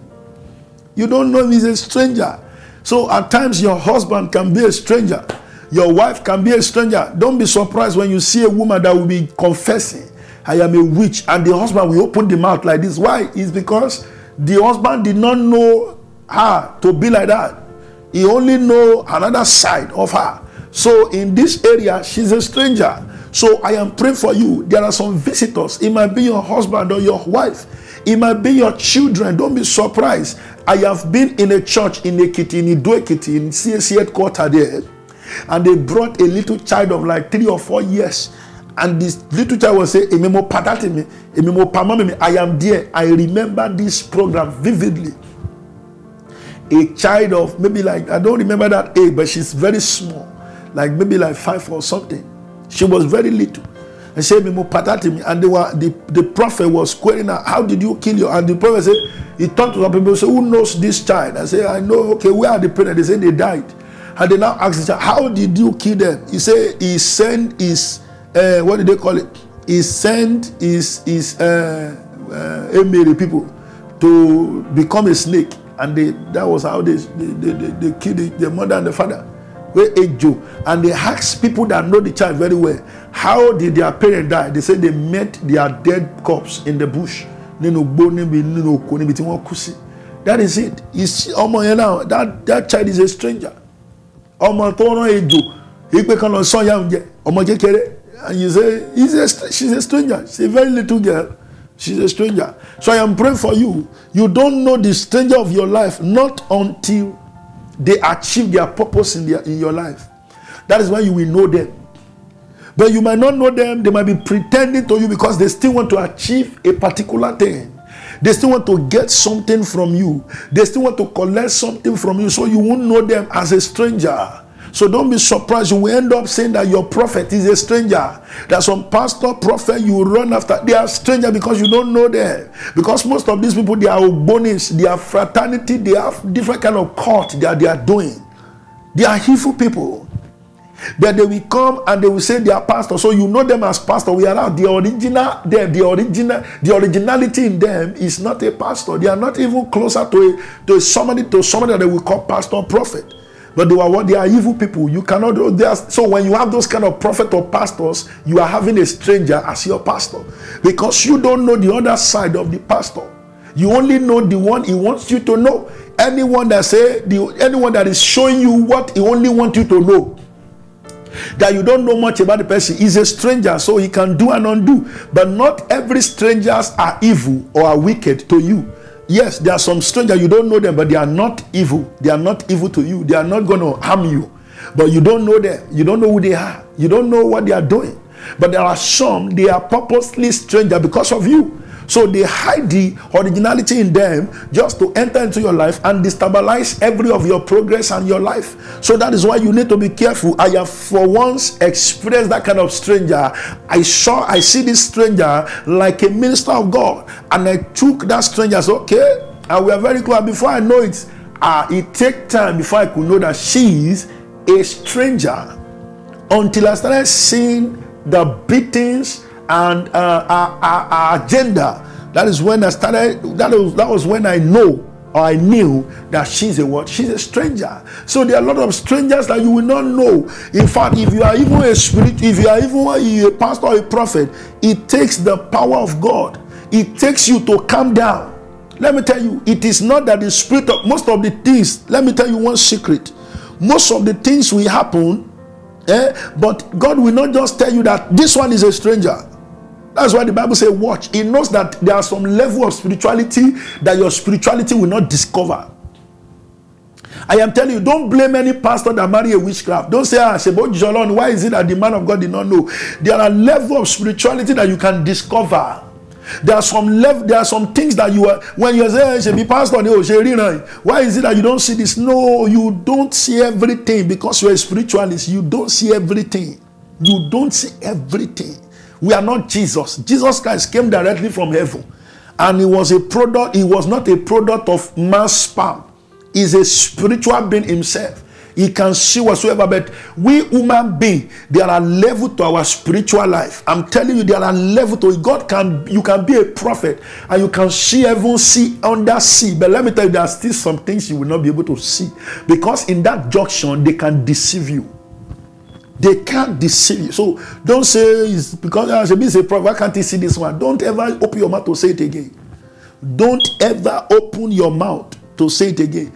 You don't know him. He's a stranger. So, at times, your husband can be a stranger. Your wife can be a stranger. Don't be surprised when you see a woman that will be confessing I am a witch. And the husband will open the mouth like this. Why? It's because the husband did not know her to be like that. He only know another side of her. So in this area, she's a stranger. So I am praying for you. There are some visitors. It might be your husband or your wife. It might be your children. Don't be surprised. I have been in a church in Ekiti, in Iduekiti, in CAC headquarters there. And they brought a little child of like three or four years and this little child will say, Ememo padatimi, Ememo pamamimi, I am there. I remember this program vividly. A child of maybe like, I don't remember that age, but she's very small, like maybe like five or something. She was very little. And she Ememo padatimi. And they were, the, the prophet was querying her, How did you kill your? And the prophet said, He turned to some people, say, Who knows this child? I say, I know, okay, where are the parents? They say they died. And they now asked the child, How did you kill them? He said, He sent his uh, what did they call it? He sent his, his uh, uh, Emiri people to become a snake. And they, that was how they, they, they, they, they killed the, the mother and the father. wey age and they ask people that know the child very well how did their parent die they say they met their dead corpse in the bush nínú gbó níbi nínú oko níbi tí wọ́n kú sí that is it is ọmọ yẹn now that that child is a stranger ọmọ tó rán ejò ipe kan lọ sọ ya oúnjẹ ọmọ kékeré And you say, a, she's a stranger. She's a very little girl. She's a stranger. So I am praying for you. You don't know the stranger of your life, not until they achieve their purpose in, their, in your life. That is why you will know them. But you might not know them. They might be pretending to you because they still want to achieve a particular thing. They still want to get something from you. They still want to collect something from you. So you won't know them as a stranger. So don't be surprised. You will end up saying that your prophet is a stranger. That some pastor, prophet you run after, they are stranger because you don't know them. Because most of these people, they are obonis, they are fraternity, they have different kind of cult that they are doing. They are evil people. But they will come and they will say they are pastor. So you know them as pastor. We are The original, them, the original, the originality in them is not a pastor. They are not even closer to a, to somebody to somebody that we call pastor prophet. But they are They are evil people. You cannot. so when you have those kind of prophet or pastors, you are having a stranger as your pastor because you don't know the other side of the pastor. You only know the one he wants you to know. Anyone that say the anyone that is showing you what he only wants you to know. That you don't know much about the person is a stranger, so he can do and undo. But not every strangers are evil or are wicked to you. Yes, there are some strangers, you don't know them, but they are not evil. They are not evil to you. They are not going to harm you. But you don't know them. You don't know who they are. You don't know what they are doing. But there are some, they are purposely stranger because of you. So they hide the originality in them just to enter into your life and destabilize every of your progress and your life. So that is why you need to be careful. I have for once experienced that kind of stranger. I saw, I see this stranger like a minister of God, and I took that stranger. as okay, and we are very close. Before I know it, uh, it take time before I could know that she is a stranger. Until I started seeing the beatings and uh, our, our, our, agenda. That is when I started, that was, that was when I know or I knew that she's a what? She's a stranger. So there are a lot of strangers that you will not know. In fact, if you are even a spirit, if you are even a, a pastor or a prophet, it takes the power of God. It takes you to calm down. Let me tell you, it is not that the spirit of most of the things, let me tell you one secret. Most of the things will happen Eh? But God will not just tell you that this one is a stranger. That's why the Bible says, Watch. It knows that there are some level of spirituality that your spirituality will not discover. I am telling you, don't blame any pastor that marry a witchcraft. Don't say, ah, Shebo Jolon, why is it that the man of God did not know? There are level of spirituality that you can discover. There are some level, there are some things that you are when you say eh, should be pastor, oh, Sherina, why is it that you don't see this? No, you don't see everything because you're a spiritualist, you don't see everything. You don't see everything. We are not Jesus. Jesus Christ came directly from heaven. And he was a product, he was not a product of man's sperm. He's a spiritual being himself. He can see whatsoever, but we human being, there are level to our spiritual life. I'm telling you, there are level to it. God can you can be a prophet and you can see heaven, see under sea. But let me tell you, there are still some things you will not be able to see because in that junction they can deceive you. They can't deceive you. So don't say it's because ah, I should a prophet. Why can't he see this one? Don't ever open your mouth to say it again. Don't ever open your mouth to say it again.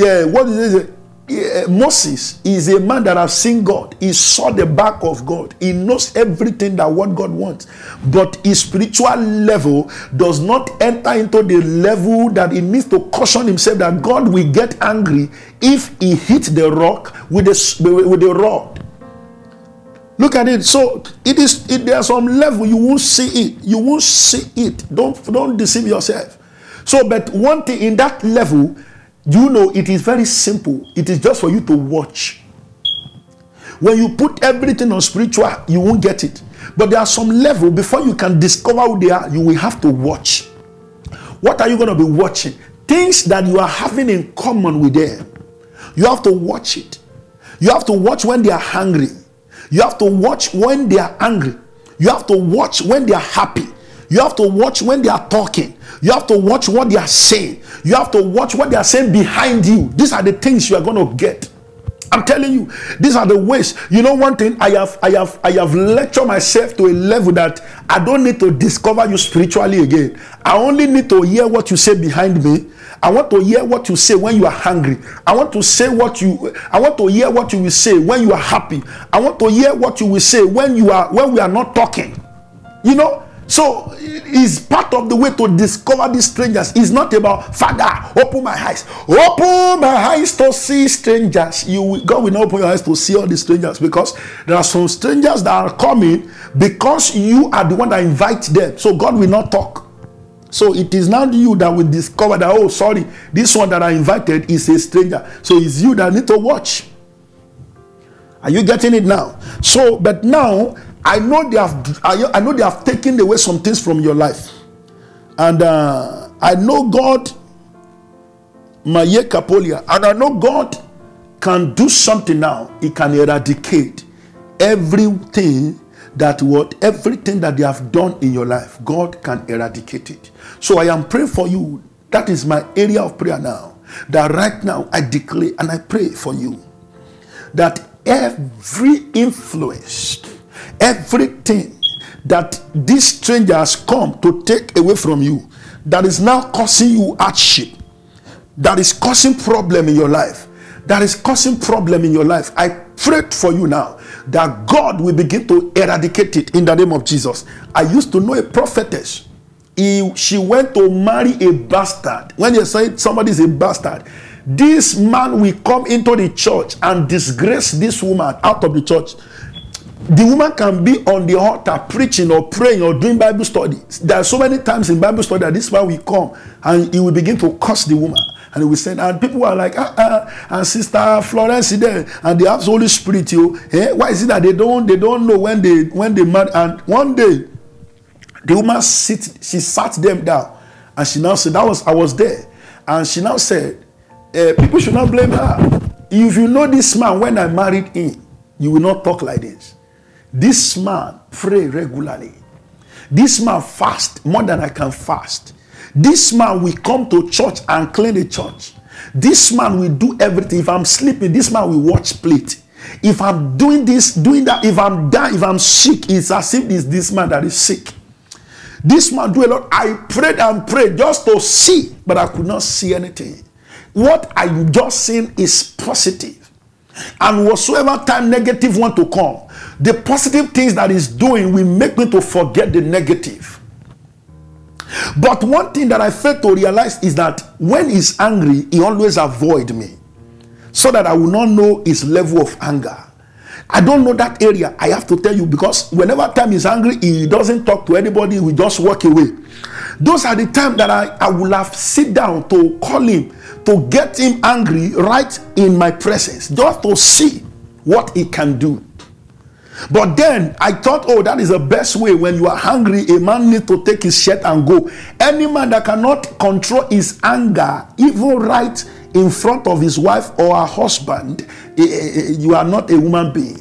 Uh, what is it? Uh, Moses is a man that has seen God. He saw the back of God. He knows everything that what God wants. But his spiritual level does not enter into the level that he needs to caution himself that God will get angry if he hit the rock with the, with the rod. Look at it. So it is. It, there are some level you won't see it. You won't see it. Don't don't deceive yourself. So, but one thing in that level, you know, it is very simple. It is just for you to watch. When you put everything on spiritual, you won't get it. But there are some level before you can discover who they are. You will have to watch. What are you going to be watching? Things that you are having in common with them. You have to watch it. You have to watch when they are hungry. You have to watch when they are angry. You have to watch when they are happy. You have to watch when they are talking. You have to watch what they are saying. You have to watch what they are saying behind you. These are the things you are going to get. I'm telling you, these are the ways. You know, one thing I have, I have, I have lectured myself to a level that I don't need to discover you spiritually again. I only need to hear what you say behind me I want to hear what you say when you are hungry. I want to say what you I want to hear what you will say when you are happy. I want to hear what you will say when you are when we are not talking. You know, so it's part of the way to discover these strangers. It's not about Father, open my eyes, open my eyes to see strangers. You will, God will not open your eyes to see all the strangers because there are some strangers that are coming because you are the one that invites them. So God will not talk. So it is not you that will discover that, oh, sorry, this one that I invited is a stranger. So it's you that need to watch. Are you getting it now? So, but now I know they have I know they have taken away some things from your life. And uh, I know God, Maye Kapolia, and I know God can do something now. He can eradicate everything that what everything that they have done in your life, God can eradicate it. So I am praying for you. That is my area of prayer now. That right now I declare and I pray for you that every influence, everything that this stranger has come to take away from you, that is now causing you hardship, that is causing problem in your life, that is causing problem in your life. I pray for you now that God will begin to eradicate it in the name of Jesus. I used to know a prophetess he, she went to marry a bastard. When you say somebody is a bastard, this man will come into the church and disgrace this woman out of the church. The woman can be on the altar preaching or praying or doing Bible study. There are so many times in Bible study that this man will come and he will begin to curse the woman. And he will send, and people are like, ah, ah, and Sister Florence is there, and they have Holy Spirit. You, eh? Why is it that they don't, they don't know when they, when they marry? And one day, The woman sit, she sat them down, and she now said, "That was I was there," and she now said, uh, "People should not blame her. If you know this man when I married him, you will not talk like this. This man pray regularly. This man fast more than I can fast. This man will come to church and clean the church. This man will do everything. If I'm sleeping, this man will watch plate." If I'm doing this, doing that, if I'm down, if I'm sick, it's as if it's this man that is sick. This man do a lot. I prayed and prayed just to see, but I could not see anything. What I just seen is positive. And whatsoever time negative want to come, the positive things that is doing will make me to forget the negative. But one thing that I failed to realize is that when he's angry, he always avoid me so that I will not know his level of anger. I don't know that area. I have to tell you because whenever time is angry, he doesn't talk to anybody. We just walk away. Those are the time that I, I will have sit down to call him, to get him angry right in my presence, just to see what he can do. But then I thought, oh, that is the best way. When you are hungry, a man needs to take his shirt and go. Any man that cannot control his anger, even right in front of his wife or her husband, Eh, you are not a human being.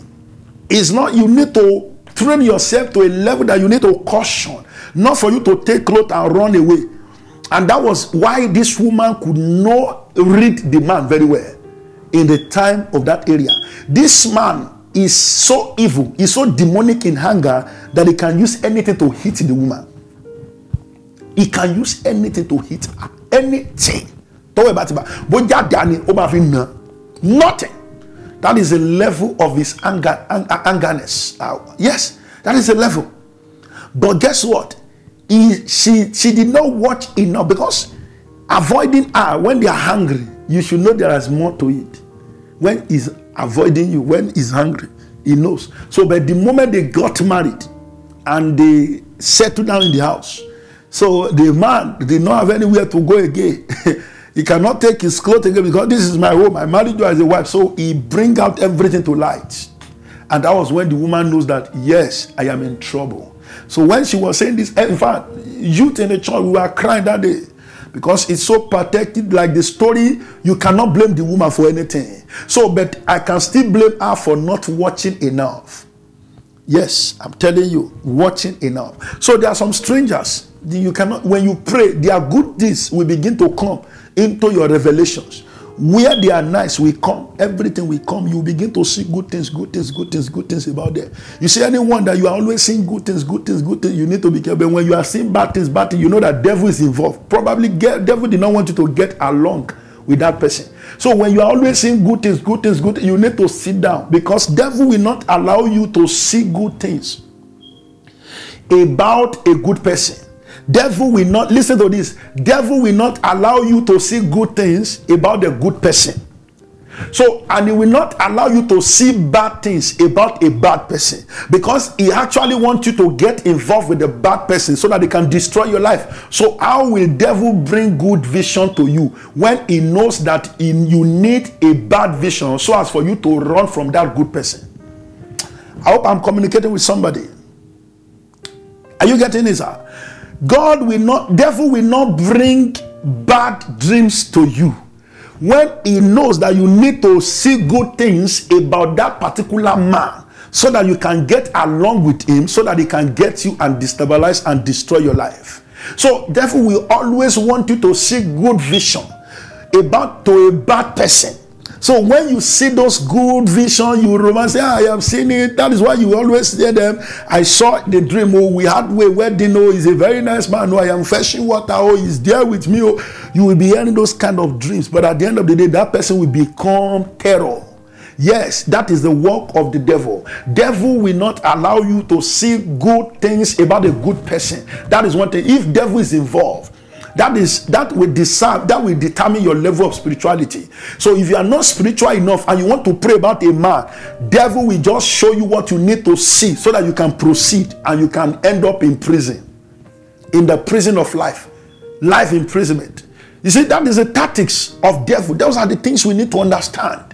It's not, you need to train yourself to a level that you need to caution, not for you to take clothes and run away. And that was why this woman could not read the man very well in the time of that area. This man is so evil, he's so demonic in hunger that he can use anything to hit the woman. He can use anything to hit her. Anything. Tọ́wọ́ ìbá ti bá. Nothing. That is a level of his anger, angerness. Uh, yes, that is a level. But guess what? He, she, she did not watch enough because avoiding her when they are hungry, you should know there is more to it. When he's avoiding you, when he's hungry, he knows. So, but the moment they got married and they settled down in the house, so the man did not have anywhere to go again. He cannot take his clothes again because this is my home. I married you as a wife. So he bring out everything to light. And that was when the woman knows that, yes, I am in trouble. So when she was saying this, eh, in fact, youth in the church, we were crying that day because it's so protected like the story you cannot blame the woman for anything so but i can still blame her for not watching enough yes i'm telling you watching enough so there are some strangers you cannot when you pray there are good deeds will begin to come into your revelations. Where they are nice, we come. Everything we come, you begin to see good things, good things, good things, good things about them. You see anyone that you are always seeing good things, good things, good things, you need to be careful. But when you are seeing bad things, bad things, you know that devil is involved. Probably get, devil did not want you to get along with that person. So when you are always seeing good things, good things, good things, you need to sit down because devil will not allow you to see good things about a good person. Devil will not, listen to this, devil will not allow you to see good things about a good person. So, and he will not allow you to see bad things about a bad person because he actually wants you to get involved with the bad person so that he can destroy your life. So, how will devil bring good vision to you when he knows that you need a bad vision so as for you to run from that good person? I hope I'm communicating with somebody. Are you getting this? Sir? God will not, devil will not bring bad dreams to you when he knows that you need to see good things about that particular man so that you can get along with him so that he can get you and destabilize and destroy your life so devil will always want you to see good vision about to a bad person So when you see those good visions, you remember, say, ah, I have seen it. That is why you always hear them. I saw the dream. Oh, we had a wedding. Oh, he's a very nice man. Oh, I am fetching water. Oh, he's there with me. Oh, you will be hearing those kind of dreams. But at the end of the day, that person will become terror. Yes, that is the work of the devil. Devil will not allow you to see good things about a good person. That is one thing. If devil is involved, That is that will decide that will determine your level of spirituality. So if you are not spiritual enough and you want to pray about a man, devil will just show you what you need to see so that you can proceed and you can end up in prison, in the prison of life, life imprisonment. You see, that is the tactics of devil. Those are the things we need to understand.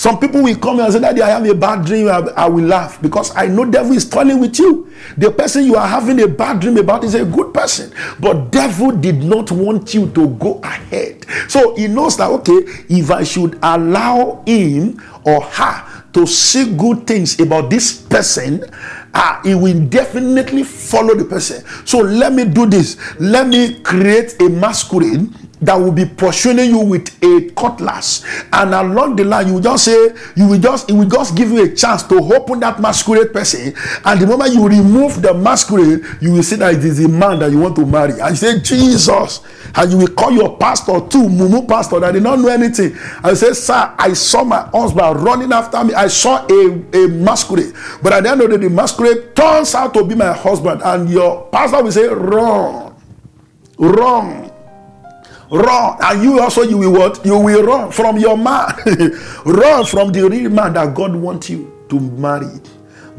Some people will come and say, Daddy, I have a bad dream. I, will laugh because I know devil is toiling with you. The person you are having a bad dream about is a good person. But devil did not want you to go ahead. So he knows that, okay, if I should allow him or her to see good things about this person, ah, it will definitely follow the person. So let me do this. Let me create a masquerade that will be pursuing you with a cutlass and along the line you will just say you will just it will just give you a chance to open that masquerade person and the moment you remove the masquerade you will see that it is a man that you want to marry and you say jesus and you will call your pastor too mumu pastor that did not know anything and you say sir i saw my husband running after me i saw a a masquerade but at the end of the day the masquerade turns out to be my husband and your pastor will say wrong wrong Run. And you also, you will what? You will run from your man. run from the real man that God wants you to marry.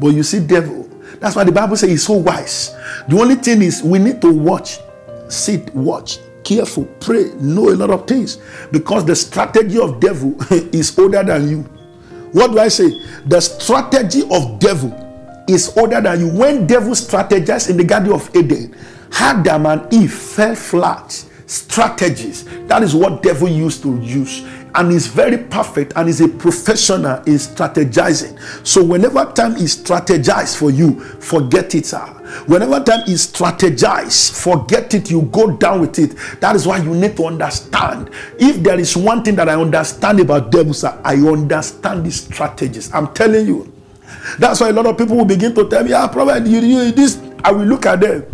But you see, devil. That's why the Bible says he's so wise. The only thing is we need to watch, sit, watch, careful, pray, know a lot of things. Because the strategy of devil is older than you. What do I say? The strategy of devil is older than you. When devil strategized in the Garden of Eden, Adam and Eve fell flat strategies. That is what devil used to use. And he's very perfect and he's a professional in strategizing. So whenever time is strategized for you, forget it, sir. Whenever time is strategized, forget it, you go down with it. That is why you need to understand. If there is one thing that I understand about devil, sir, I understand these strategies. I'm telling you. That's why a lot of people will begin to tell me, ah, prophet, you, you, this, I will look at them.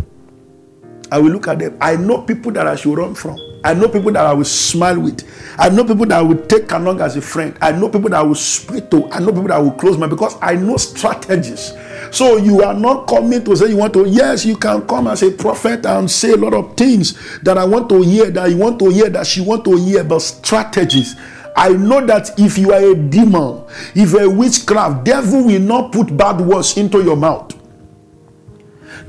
I will look at them. I know people that I should run from. I know people that I will smile with. I know people that I will take along as a friend. I know people that I will speak to. I know people that I will close my because I know strategies. So you are not coming to say you want to. Yes, you can come as a prophet and say a lot of things that I want to hear, that you want to hear, that she want to hear, but strategies. I know that if you are a demon, if a witchcraft, devil will not put bad words into your mouth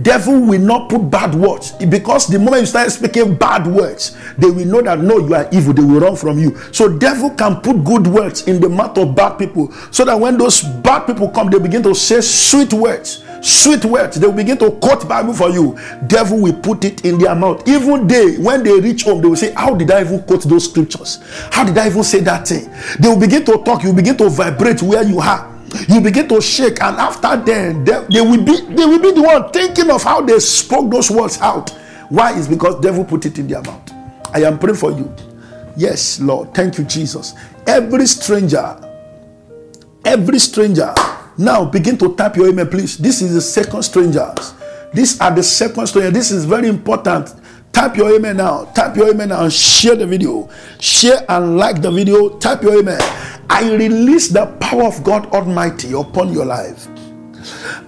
devil will not put bad words because the moment you start speaking bad words they will know that no you are evil they will run from you so devil can put good words in the mouth of bad people so that when those bad people come they begin to say sweet words sweet words they will begin to quote bible for you devil will put it in their mouth even they when they reach home they will say how did i even quote those scriptures how did i even say that thing they will begin to talk you begin to vibrate where you are you begin to shake and after then they, they, will be they will be the one thinking of how they spoke those words out why is because devil put it in their mouth i am praying for you yes lord thank you jesus every stranger every stranger now begin to tap your amen please this is the second strangers these are the second stranger this is very important tap your amen now tap your amen now and share the video share and like the video tap your amen I release the power of God Almighty upon your life.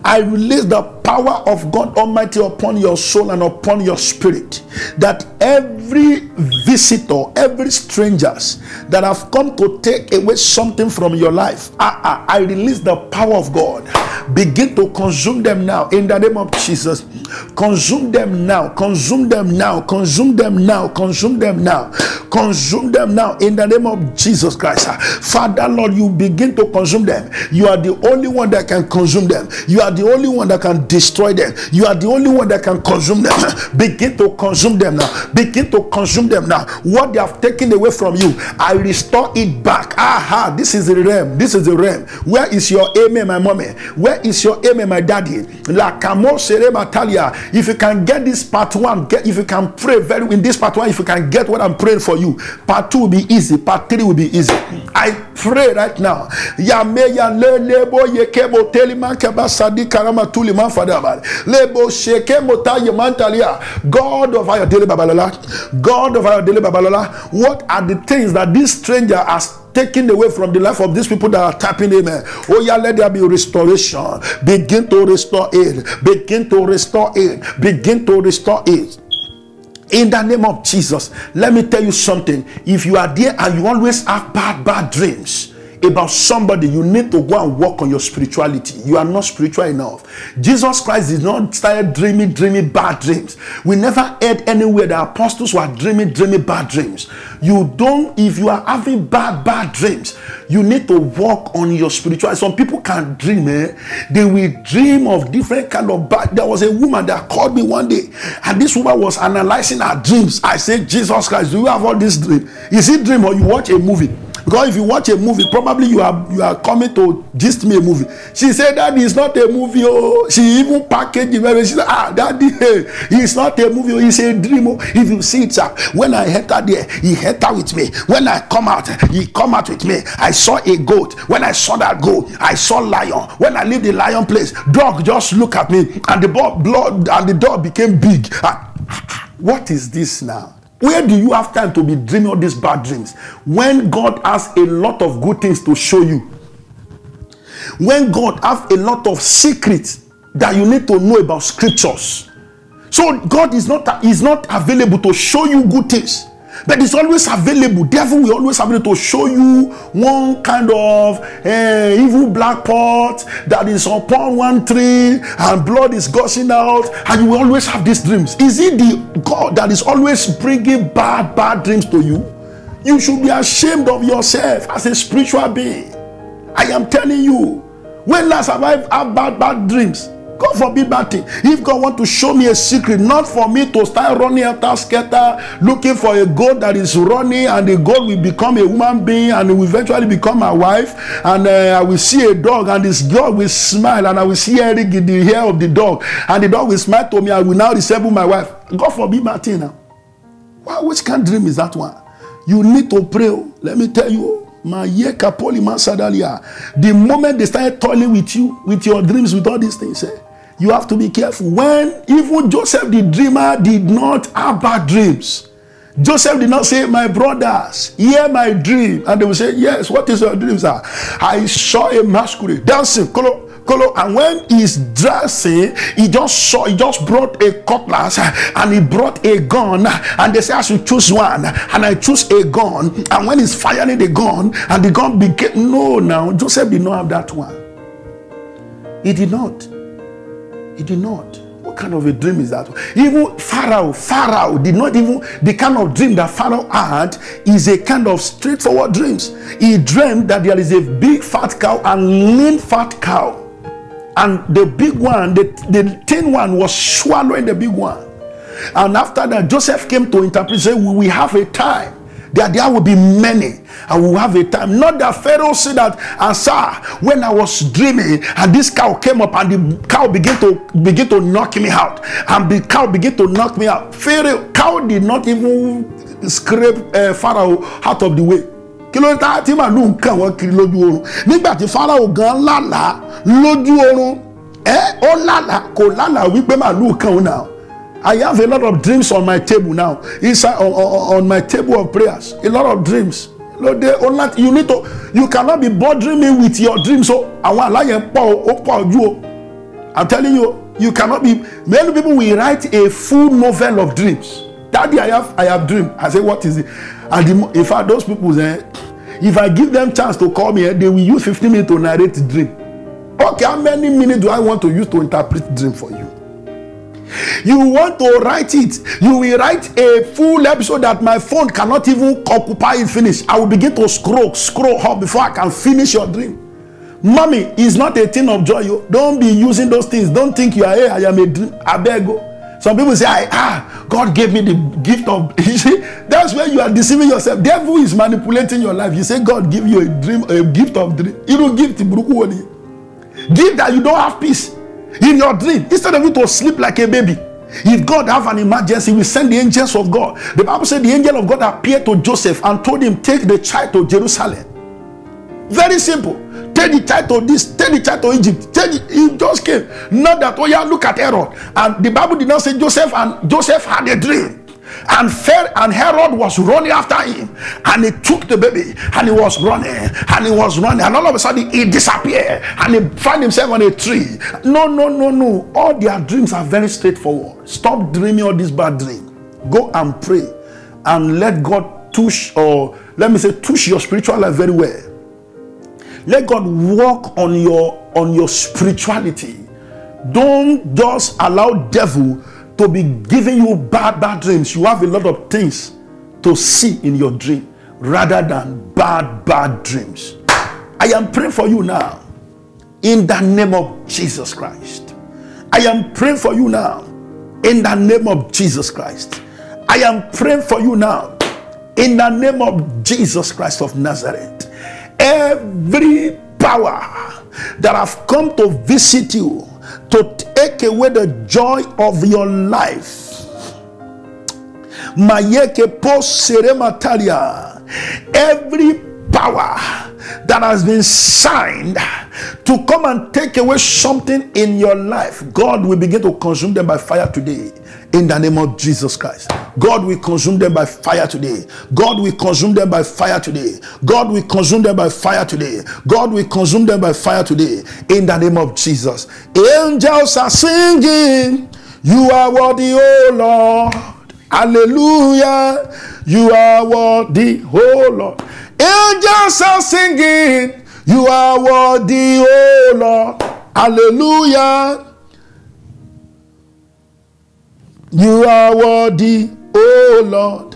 I release the power of God Almighty upon your soul and upon your spirit that every visitor, every strangers that have come to take away something from your life, I, ah, I, ah, I release the power of God. Begin to consume them now in the name of Jesus. Consume them now, consume them now, consume them now, consume them now, consume them now in the name of Jesus Christ. Father, Lord, you begin to consume them. You are the only one that can consume them them. You are the only one that can destroy them. You are the only one that can consume them. Begin to consume them now. Begin to consume them now. What they have taken away from you, I restore it back. Aha, this is the realm. This is the realm. Where is your amen, my mommy? Where is your amen, my daddy? La camo matalia. If you can get this part one, get if you can pray very in this part one, if you can get what I'm praying for you, part two will be easy, part three will be easy. I pray right now. Yame ya yekebo telimake Lekeba Sadi Karama Tuli Manfadabal. Lebo Sheke Motaye Mantalia. God of our daily Babalola. God of our daily Babalola. What are the things that this stranger has taken away from the life of these people that are tapping amen. Oh yeah, let there be restoration. Begin to restore it. Begin to restore it. Begin to restore it. In the name of Jesus, let me tell you something. If you are there and you always have bad, bad dreams, about somebody, you need to go and work on your spirituality. You are not spiritual enough. Jesus Christ did not start dreaming, dreaming bad dreams. We never heard anywhere that apostles were dreaming, dreaming bad dreams. You don't, if you are having bad, bad dreams, you need to work on your spirituality. Some people can dream, eh? They will dream of different kind of bad. There was a woman that called me one day, and this woman was analyzing her dreams. I said, Jesus Christ, do you have all these dreams. Is it dream or you watch a movie? because if you watch a movie probably you are you are coming to gist me a movie she say daddy it's not a movie oh she even package it very she say ah daddy hey, it's not a movie oh it's a dream oh if you see it sir when i enter there he enter with me when i come out he come out with me i saw a goat when i saw that goat i saw lion when i leave the lion place dog just look at me and the blood and the dog became big and ah, what is this now Where do you have time to be dreaming all these bad dreams when God has a lot of good things to show you? When God has a lot of secrets that you need to know about scriptures. So God is not, is not available to show you good things but it's always available devil will always available to show you one kind of uh, evil black pot that is upon one tree and blood is gushing out and you will always have these dreams is it the god that is always bringing bad bad dreams to you you should be ashamed of yourself as a spiritual being i am telling you when last have i had bad bad dreams God forbid that thing. If God want to show me a secret, not for me to start running after skater, looking for a goat that is running, and the goat will become a human being, and will eventually become my wife, and uh, I will see a dog, and this dog will smile, and I will see Eric in the hair of the dog, and the dog will smile to me, I will now resemble my wife. God forbid that thing now. which kind of dream is that one? You need to pray. Oh. Let me tell you. Oh. my The moment they started toiling with you, with your dreams, with all these things, eh? You have to be careful. When even Joseph the dreamer did not have bad dreams, Joseph did not say, My brothers, hear my dream. And they will say, Yes, what is your dream, sir? I saw a masquerade dancing, kolo, kolo. And when he's dressing, he just saw, he just brought a cutlass and he brought a gun. And they say, I should choose one. And I choose a gun. And when he's firing the gun, and the gun became, no, now, Joseph did not have that one. He did not. He did not. What kind of a dream is that? Even Pharaoh, Pharaoh did not even, the kind of dream that Pharaoh had is a kind of straightforward dreams. He dreamed that there is a big fat cow and lean fat cow. And the big one, the, the thin one was swallowing the big one. And after that, Joseph came to interpret, say, we have a time that there will be many. I will have a time. Not that Pharaoh said that, and ah, sir, when I was dreaming, and this cow came up, and the cow began to begin to knock me out, and the cow began to knock me out. Pharaoh cow did not even scrape uh, Pharaoh out of the way. kí ló ń ta tí màlúù ń kàn wọ́n kiri lójú oorun nígbà tí Fáráò gan lálàá lójú oorun ẹ eh, ó lálàá kò lálàá wípé màlúù kàn ó nà ó I have a lot of dreams on my table now, inside on, on, on my table of prayers. A lot of dreams. You need to. You cannot be bothering me with your dreams. So I want you. I'm telling you, you cannot be. Many people will write a full novel of dreams. Daddy, I have, I have dream. I say, what is it? And in fact, those people, eh, if I give them chance to call me, eh, they will use 15 minutes to narrate dream. Okay, how many minutes do I want to use to interpret dream for you? you want to write it you will write a full episode that my phone cannot even occupy and finish i will begin to scroll scroll up before i can finish your dream mommy is not a thing of joy you don't be using those things don't think you are hey i am a dream abeg o some people say i ah god gave me the gift of you see that's where you are deceiving yourself devil is manipulating your life you say god give you a dream a gift of dream irú gift burúkú wo ni gift that you don't have peace in your dream instead of you to sleep like a baby if god have an emergency we send the angels of god the bible said the angel of god appeared to joseph and told him take the child to jerusalem very simple take the child to this take the child to egypt take it he just came not that oh yeah look at aaron and the bible did not say joseph and joseph had a dream And, Fer- and Herod was running after him, and he took the baby, and he was running, and he was running, and all of a sudden he disappeared, and he found himself on a tree. No, no, no, no. All their dreams are very straightforward. Stop dreaming all this bad dream. Go and pray, and let God touch, or let me say, touch your spiritual life very well. Let God work on your on your spirituality. Don't just allow devil to be giving you bad, bad dreams. You have a lot of things to see in your dream rather than bad, bad dreams. I am praying for you now in the name of Jesus Christ. I am praying for you now in the name of Jesus Christ. I am praying for you now in the name of Jesus Christ of Nazareth. Every power that have come to visit you to take away the joy of your life. Mayeke serematalia. Every power that has been signed to come and take away something in your life, God will begin to consume them by fire today. in the name of Jesus Christ. God will consume them by fire today. God will consume them by fire today. God will consume them by fire today. God will consume them by fire today in the name of Jesus. Angels are singing, You are worthy, O Lord. Hallelujah. You are worthy, O Lord. Angels are singing, You are worthy, O Lord. Hallelujah. You are worthy, O Lord.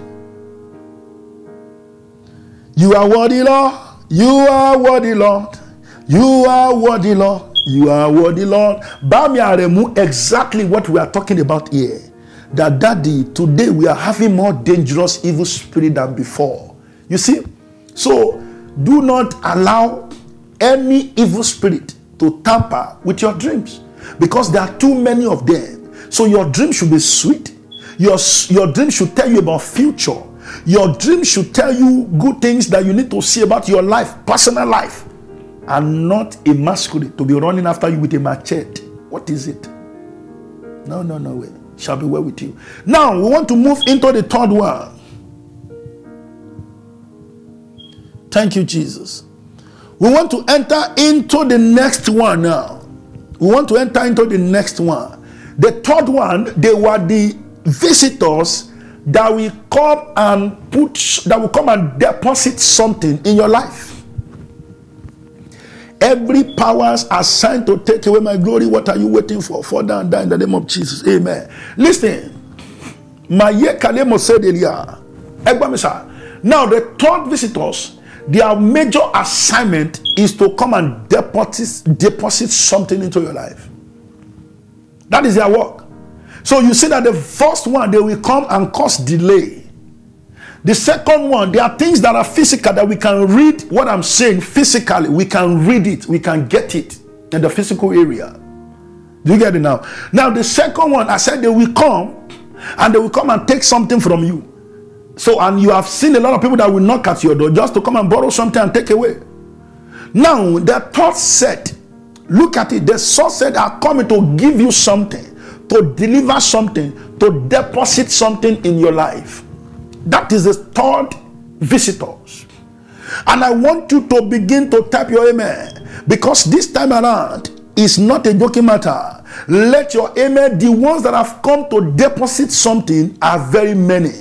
You are worthy, Lord. You are worthy, Lord. You are worthy, Lord. You are worthy, Lord. Bami Aremu, exactly what we are talking about here. That daddy, today we are having more dangerous evil spirit than before. You see? So, do not allow any evil spirit to tamper with your dreams because there are too many of them So your dream should be sweet. Your, your dream should tell you about future. Your dream should tell you good things that you need to see about your life, personal life, and not a masquerade to be running after you with a machete. What is it? No, no, no way. Shall be well with you. Now we want to move into the third one. Thank you, Jesus. We want to enter into the next one now. We want to enter into the next one. The third one, they were the visitors that will come and put that will come and deposit something in your life. Every powers assigned to take away my glory. What are you waiting for? Fall down, and die in the name of Jesus. Amen. Listen. my Now the third visitors, their major assignment is to come and deposit, deposit something into your life. That is their work. So you see that the first one, they will come and cause delay. The second one, there are things that are physical that we can read what I'm saying physically. We can read it, we can get it in the physical area. Do you get it now? Now, the second one, I said they will come and they will come and take something from you. So, and you have seen a lot of people that will knock at your door just to come and borrow something and take away. Now, the third set Look at it. The sources are coming to give you something, to deliver something, to deposit something in your life. That is the third visitors. And I want you to begin to type your amen because this time around is not a joking matter. Let your amen, the ones that have come to deposit something, are very many.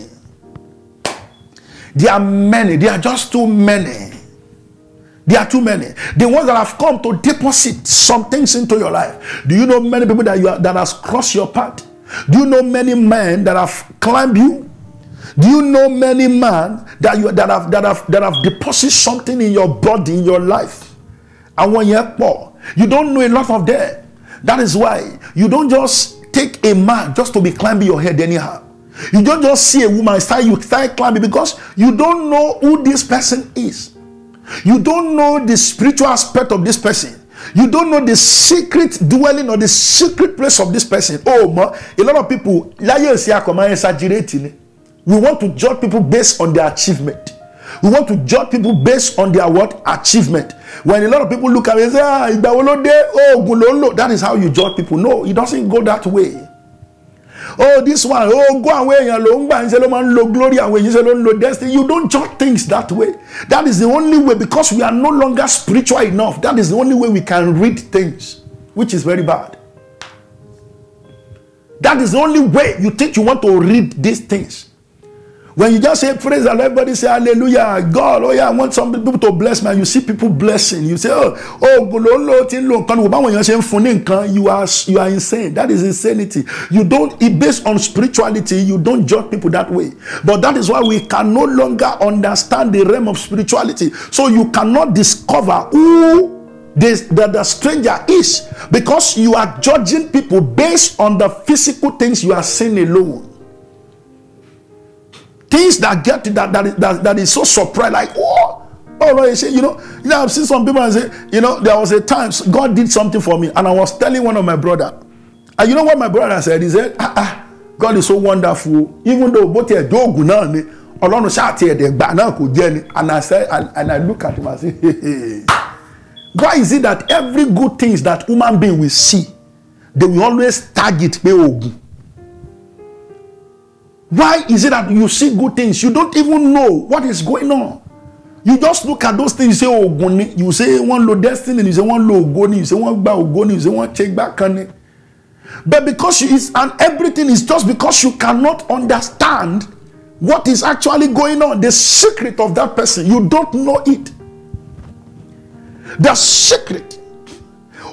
There are many, there are just too many. There are too many. The ones that have come to deposit some things into your life. Do you know many people that you are, that has crossed your path? Do you know many men that have climbed you? Do you know many men that you that have that have that have deposited something in your body in your life? And when you're poor, you don't know a lot of them. That is why you don't just take a man just to be climbing your head anyhow. You don't just see a woman start you start climbing because you don't know who this person is. You don't know the spiritual aspect of this person. You don't know the secret dwelling or the secret place of this person. Oh, ma, a lot of people, we want to judge people based on their achievement. We want to judge people based on their what? Achievement. When a lot of people look at me and say, ah, that is how you judge people. No, it doesn't go that way oh this one ogún oh, àwọn èèyàn ló ń gbà ń ṣe ló máa ń lo glory àwọn èèyàn ṣe ló ń lo destiny you don't judge things that way that is the only way because we are no longer spiritual enough that is the only way we can read things which is very bad that is the only way you think you want to read these things When you just say praise and everybody say hallelujah, God, oh yeah, I want some people to bless man. You see people blessing. You say, oh, oh, ló ti ń lo nǹkan wò báwọn èèyàn ṣe ń fún ní nǹkan. You are you are insane. That is insanity. You don't, it based on spirituality, you don't judge people that way. But that is why we can no longer understand the realm of spirituality. So you cannot discover who the, the, the stranger is because you are judging people based on the physical things you are seeing alone things that get that that, that, that is so surprised like oh oh no you see you know you know i've seen some people and say you know there was a time god did something for me and i was telling one of my brother and you know what my brother said he said ah ah god is so wonderful even though both tiẹ̀ dé oògùn náà ni ọlọ́run ṣáà tiẹ̀ dẹ̀ and i said and, and i look at him and say hey, hey. why is it that every good things that human being will see they will always target me pé Why is it that you see good things? You don't even know what is going on. You just look at those things, say ogun you say one lo destiny you say one lo ògo you say one gba ògo you say one check back kan But because you is and everything is just because you cannot understand what is actually going on, the secret of that person, you don't know it. The secret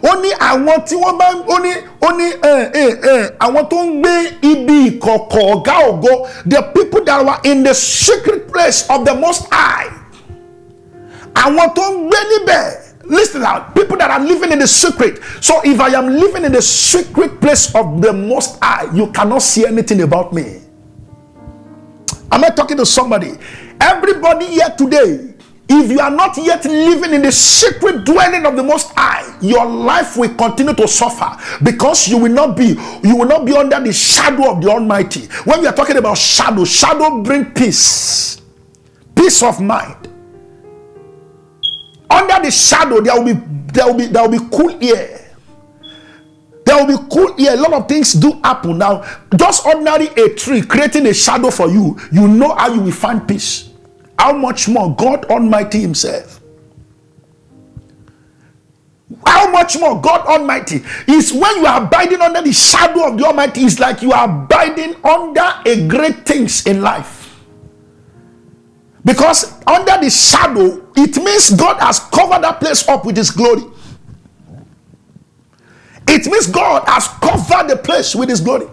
ó ní àwọn tí wọ́n bá ó ní ó ní eh, eh, eh, àwọn tó ń gbé ibi ìkọ̀kọ̀ ọ̀gá ògo the people that were in the secret place of the most high àwọn tó ń gbé níbẹ̀ listen out people that are living in the secret so if I am living in the secret place of the most high you cannot see anything about me am I talking to somebody everybody here today If you are not yet living in the secret dwelling of the Most High, your life will continue to suffer because you will not be you will not be under the shadow of the Almighty. When we are talking about shadow, shadow bring peace, peace of mind. Under the shadow, there will be there will be there will be cool air. There will be cool air. A lot of things do happen now. Just ordinary a tree creating a shadow for you. You know how you will find peace. How much more God Almighty Himself? How much more God Almighty is when you are abiding under the shadow of the Almighty, it's like you are abiding under a great things in life. Because under the shadow, it means God has covered that place up with His glory. It means God has covered the place with His glory.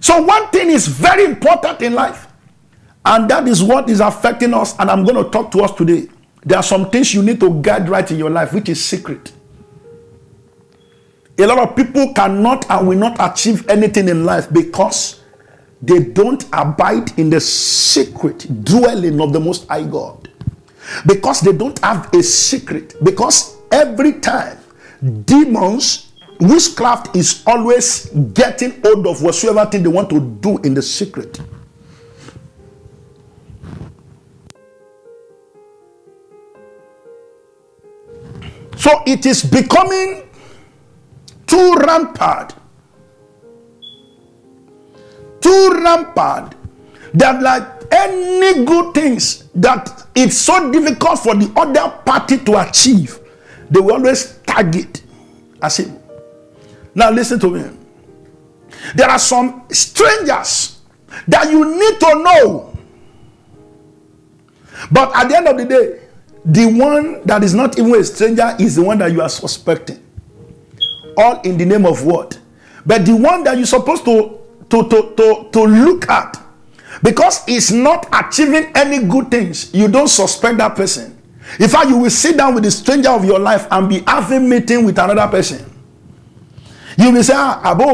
So, one thing is very important in life And that is what is affecting us. And I'm going to talk to us today. There are some things you need to guard right in your life, which is secret. A lot of people cannot and will not achieve anything in life because they don't abide in the secret dwelling of the Most High God. Because they don't have a secret. Because every time demons, witchcraft is always getting hold of whatsoever thing they want to do in the secret. So it is becoming too rampant. Too rampant that like any good things that it's so difficult for the other party to achieve, they will always target I say, Now listen to me. There are some strangers that you need to know. But at the end of the day, The one that is not even a stranger is the one that you are suspecting. All in the name of what? But the one that you're supposed to, to, to, to, to look at because it's not achieving any good things, you don't suspect that person. In fact, you will sit down with the stranger of your life and be having meeting with another person. You will say, Abo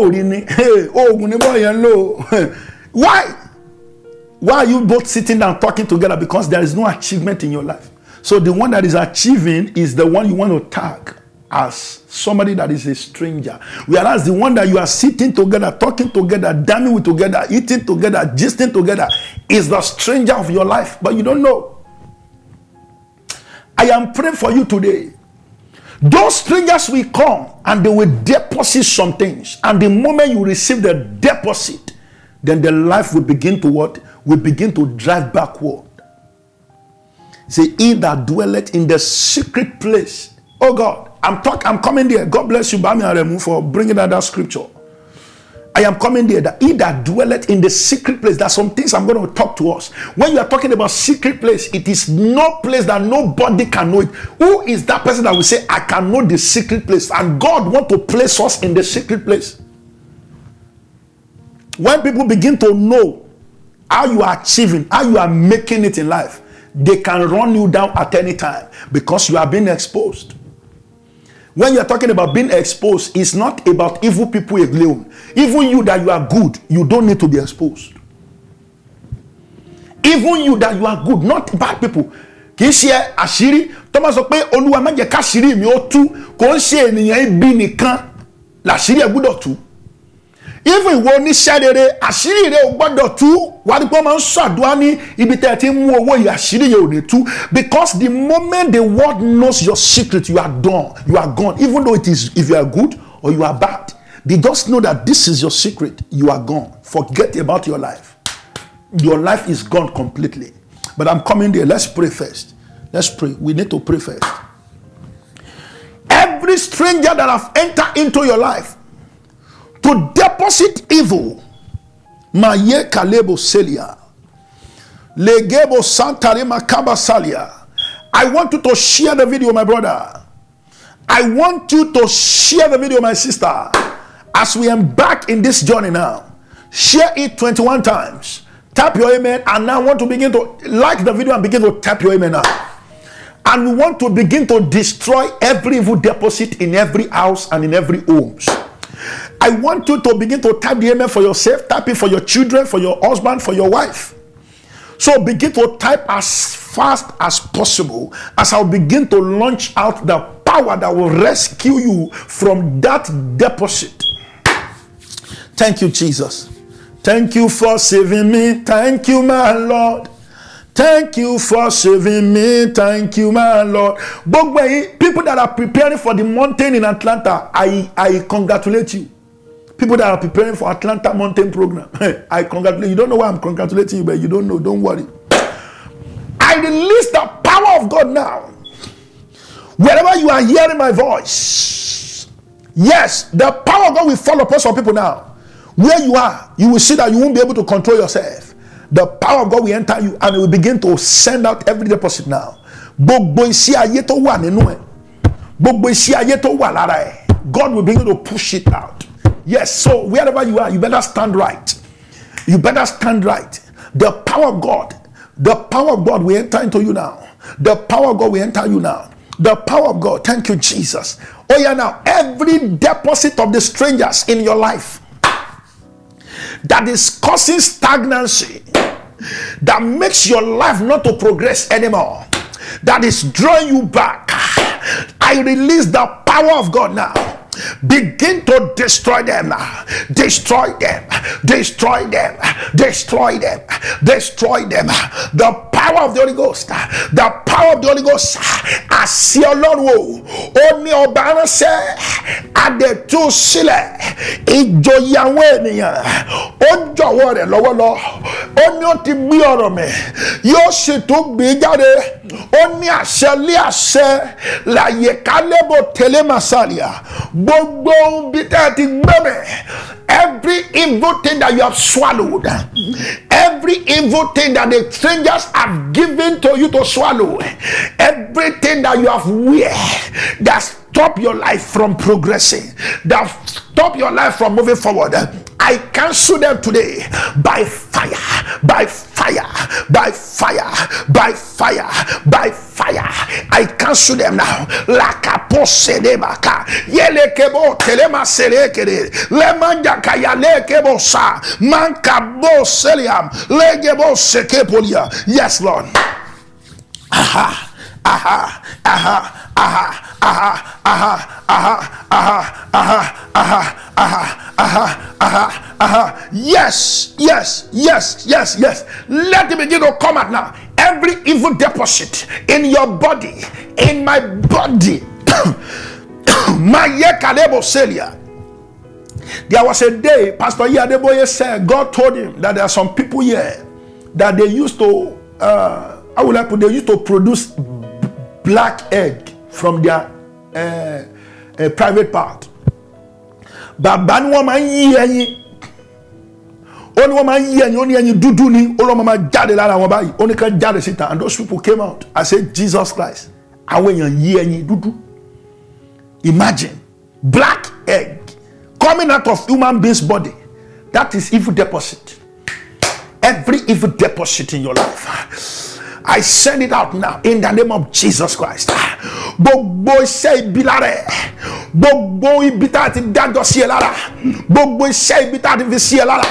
ah, oh, Why? Why are you both sitting down talking together? Because there is no achievement in your life. So the one that is achieving is the one you want to tag as somebody that is a stranger. Whereas the one that you are sitting together, talking together, dining with together, eating together, gisting together is the stranger of your life, but you don't know. I am praying for you today. Those strangers will come and they will deposit some things. And the moment you receive the deposit, then the life will begin to what? Will begin to drive backward. Say, he that dwelleth in the secret place. Oh God, I'm talk, I'm coming there. God bless you, Bami Aremu, for bringing out that scripture. I am coming there that he that dwelleth in the secret place. There's some things I'm going to talk to us. When you are talking about secret place, it is no place that nobody can know it. Who is that person that will say, I can know the secret place? And God want to place us in the secret place. When people begin to know how you are achieving, how you are making it in life, they can run you down at any time because you are being exposed. When you're talking about being exposed, it's not about evil people alone. Even you that you are good, you don't need to be exposed. Even you that you are good, not bad people. kì í ṣe àṣírí tó sọ pé olúwa má káṣírí mi ó tú kò ń ṣe ènìyàn ibi nìkan làṣírí ẹ̀ gbúdọ̀ tú even ìwọ oníṣẹ́ rere àṣírí rẹ ò gbọ́dọ̀ tú wàá pé wọ́n máa ń ṣàdúrà ní ibi tẹ́ ẹ ti ń mú owó yìí àṣírí yẹn ò ní tú because the moment the world knows your secret you are done you are gone even though it is if you are good or you are bad they just know that this is your secret you are gone forget about your life your life is gone completely but I'm coming there let's pray first let's pray we need to pray first every stranger that have entered into your life to deposit evil. Maye kalebo selia. Legebo santarima kaba salia. I want you to share the video, my brother. I want you to share the video, my sister. As we embark in this journey now, share it 21 times. Tap your amen and now want to begin to like the video and begin to tap your amen now. And we want to begin to destroy every evil deposit in every house and in every homes. I want you to begin to type the amen for yourself, type it for your children, for your husband, for your wife. So begin to type as fast as possible as I'll begin to launch out the power that will rescue you from that deposit. Thank you, Jesus. Thank you for saving me. Thank you, my Lord. Thank you for saving me. Thank you, my Lord. Gbogbo ẹ̀yin people that are preparing for the mountain in Atlanta, I I congratulate you. People that are preparing for Atlanta mountain program, I congratulate you. Don't know why I'm congratulating you, but you don't know. Don't worry. I release the power of God now. Wherever you are hearing my voice, yes, the power of God will fall upon some people now. Where you are, you will see that you won't be able to control yourself the power of God will enter you and it will begin to send out every deposit now. Gbogbo iṣẹ́ ayé tó wà nínú ẹ̀. Gbogbo iṣẹ́ ayé tó wà lára ẹ̀. God will begin to push it out. Yes, so wherever you are, you better stand right. You better stand right. The power of God, the power of God will enter into you now. The power of God will enter you now. The power of God. Thank you, Jesus. Oh, yeah, now every deposit of the strangers in your life that is causing stagnancy, that makes your life not to progress anymore, that is drawing you back. I release the power of God now begin to destroy them destroy them destroy them destroy them destroy them the power of the holy ghost the power of the holy ghost àṣì ọlọ́run o ó ní ọba ránṣẹ́ adẹ̀tú sílẹ̀ ìjòyè àwọn ènìyàn ó jọ̀wọ́ rẹ̀ lọ́wọ́lọ́ ó ní ó ti gbé ọ̀rọ̀ mi yóò sì tún gbé jáde ó ní àṣẹ lé àṣẹ làyèká lébò tẹlẹ́màsálìà b gbogbo bí tá a ti gbẹ̀mẹ̀ every evil thing that you have swallowed every evil thing that the strangers have given to you to swallow everything that you have wear that's stop your life from progressing, that stop your life from moving forward, I cancel them today by fire, by fire, by fire, by fire, by fire. I cancel them now. Lakapo sedemaka. Yele kebo telema selekere. Lemanja kayale kebo sa. Manka bo seliam. Legebo sekepolia. Yes, Lord. Aha. aha, aha, aha, aha, aha, aha, aha, aha, aha, aha, aha, aha, aha. Yes, yes, yes, yes, yes. Let it begin to come out now. Every evil deposit in your body, in my body. My Yekalebo Celia. There was a day Pastor Yadeboye said God told him that there are some people here that they used to uh, how will I put they used to produce black egg from their uh, uh, private part bàbá ni wọ́n máa ń yí ẹyin ó ní wọ́n máa ń yí ẹyin ó ní ẹyin dúdú ni ó lọ́ máa jáde lára wọn báyìí ó ní ká jáde síta and those people came out I said Jesus Christ àwọn èèyàn yí ẹyin dúdú imagine black egg coming out of human being's body that is evil deposit every evil deposit in your life. I send it out now in the name of Jesus Christ. Gbogbo iṣẹ́ ibi lára ẹ̀, gbogbo ibi tá a ti dájọ́ sí ẹ lára, gbogbo iṣẹ́ ibi tá a ti fi sí ẹ lára,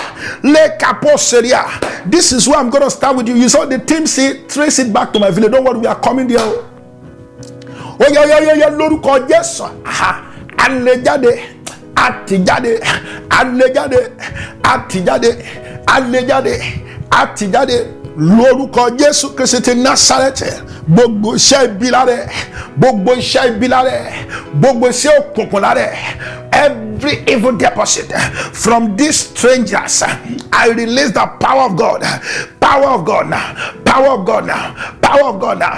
lẹ́ka pọ̀ sẹ́ríà. This is where I'm gonna start with you. You saw the team say trace it back to my village. Don't worry, we are coming there. Oye oye oye oye lórúkọ Jésù, àlejàde, àtìjáde, àlejàde, àtìjáde, àlejàde, àtìjáde lórúkọ jésù kristi ti násàrẹ́tì gbogbo iṣẹ́ ibi lára gbogbo iṣẹ́ ibi lára gbogbo iṣẹ́ òkùnkùn lára every evil deposit from these strangers i release the power of god power of god now power of god now power of god now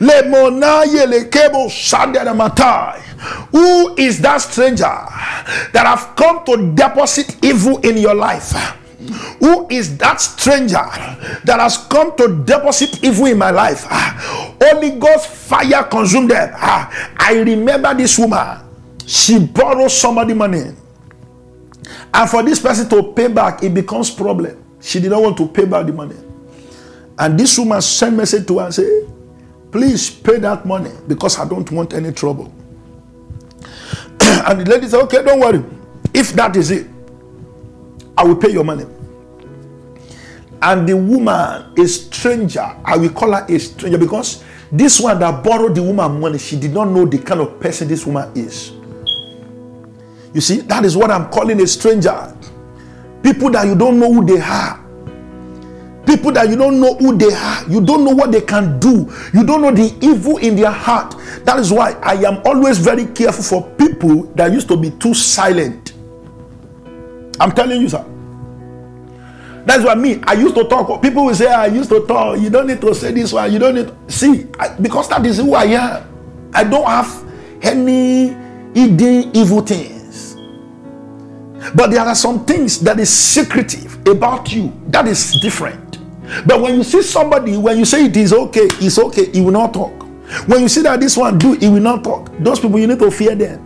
Le monaye le kebo matai. Who is that stranger that have come to deposit evil in your life? Who is that stranger that has come to deposit evil in my life? Holy Ghost fire consumed them. I remember this woman. She borrowed somebody money. And for this person to pay back, it becomes problem. She did not want to pay back the money. And this woman sent message to her and said, Please pay that money because I don't want any trouble. and the lady said, Okay, don't worry. If that is it, I will pay your money. And the woman, a stranger, I will call her a stranger because this one that borrowed the woman money, she did not know the kind of person this woman is. You see, that is what I'm calling a stranger. People that you don't know who they are people that you don't know who they are, you don't know what they can do, you don't know the evil in their heart. That is why I am always very careful for people that used to be too silent. I'm telling you, sir. That's what I mean. I used to talk. People will say, ah, I used to talk. You don't need to say this one. You don't need to. See, I, because that is who I am. I don't have any hidden evil things. But there are some things that is secretive about you that is different. But when you see somebody, when you say it is okay, it's okay, he will not talk. When you see that this one do, he will not talk. Those people, you need to fear them.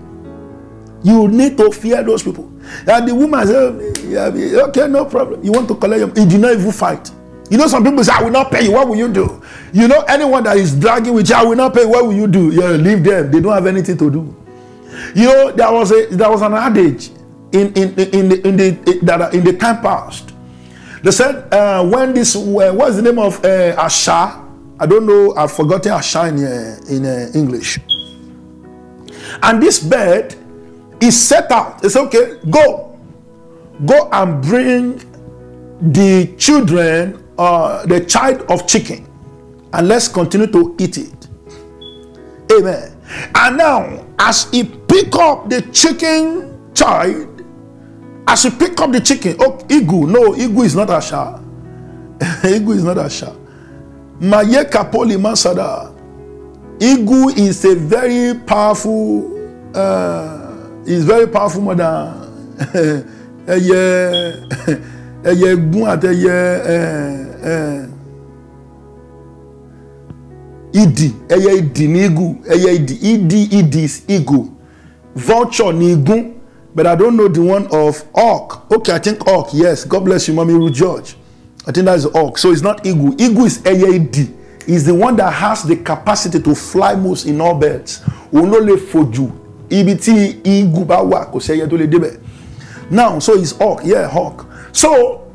You need to fear those people. And the woman said, okay, no problem. You want to collect your, he do not even fight. You know, some people say, I will not pay you. What will you do? You know, anyone that is dragging with you, I will not pay. What will you do? You leave them. They don't have anything to do. You know, there was a there was an adage in in in the, in the, in the, in the time past they said, uh, when this, uh, what's the name of uh, Asha? I don't know, I've forgotten Asha in, uh, in uh, English. And this bird is set out. It's okay, go. Go and bring the children, uh, the child of chicken, and let's continue to eat it. Amen. And now, as he pick up the chicken child, As she pick up the chicken, oh, Igu, no, Igu is not Asha. Igu is not Asha. Maye Kapoli Masada. Igu is a very powerful, uh, is very powerful mother. ẹyẹ ẹyẹ egun àtẹyẹ Idi ẹyẹ idì uh, uh, ní igu ẹyẹ idì idi idi is igu vulture ní igun. but I don't know the one of Orc. Okay, I think Orc, yes. God bless you, Mommy Ruth George. I think that's Orc. So it's not Igu. Igu is AAD. Is the one that has the capacity to fly most in birds. Unole foju. Ibiti Igu bawa. debe. Now, so it's Orc. Yeah, hawk. So,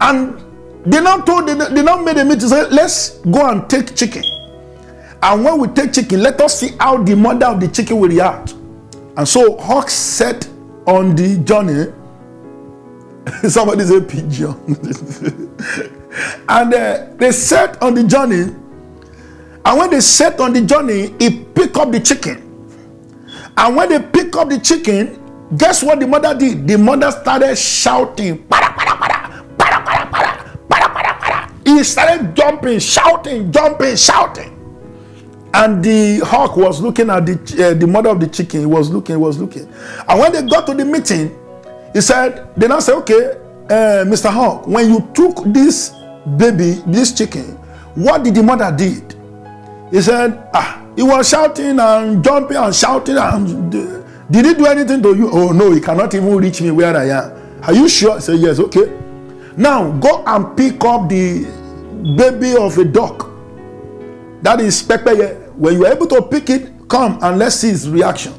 and they now told, they, they now made a meeting. Say, let's go and take chicken. And when we take chicken, let us see how the mother of the chicken will react. And so Hawk set on the journey. Somebody say pigeon. and uh, they set on the journey. And when they set on the journey, he picked up the chicken. And when they picked up the chicken, guess what the mother did? The mother started shouting, para, para, para, para, para, para, para, para. He started jumping, shouting, jumping, shouting. And the hawk was looking at the, uh, the mother of the chicken. He was looking, he was looking. And when they got to the meeting, he said, they now said, okay, uh, eh, Mr. Hawk, when you took this baby, this chicken, what did the mother did? He said, ah, he was shouting and jumping and shouting and did he do anything to you? Oh no, he cannot even reach me where I am. Are you sure? I said, yes, okay. Now go and pick up the baby of a dog. That is Pepeye. When you are able to pick it, come and let's see his reaction.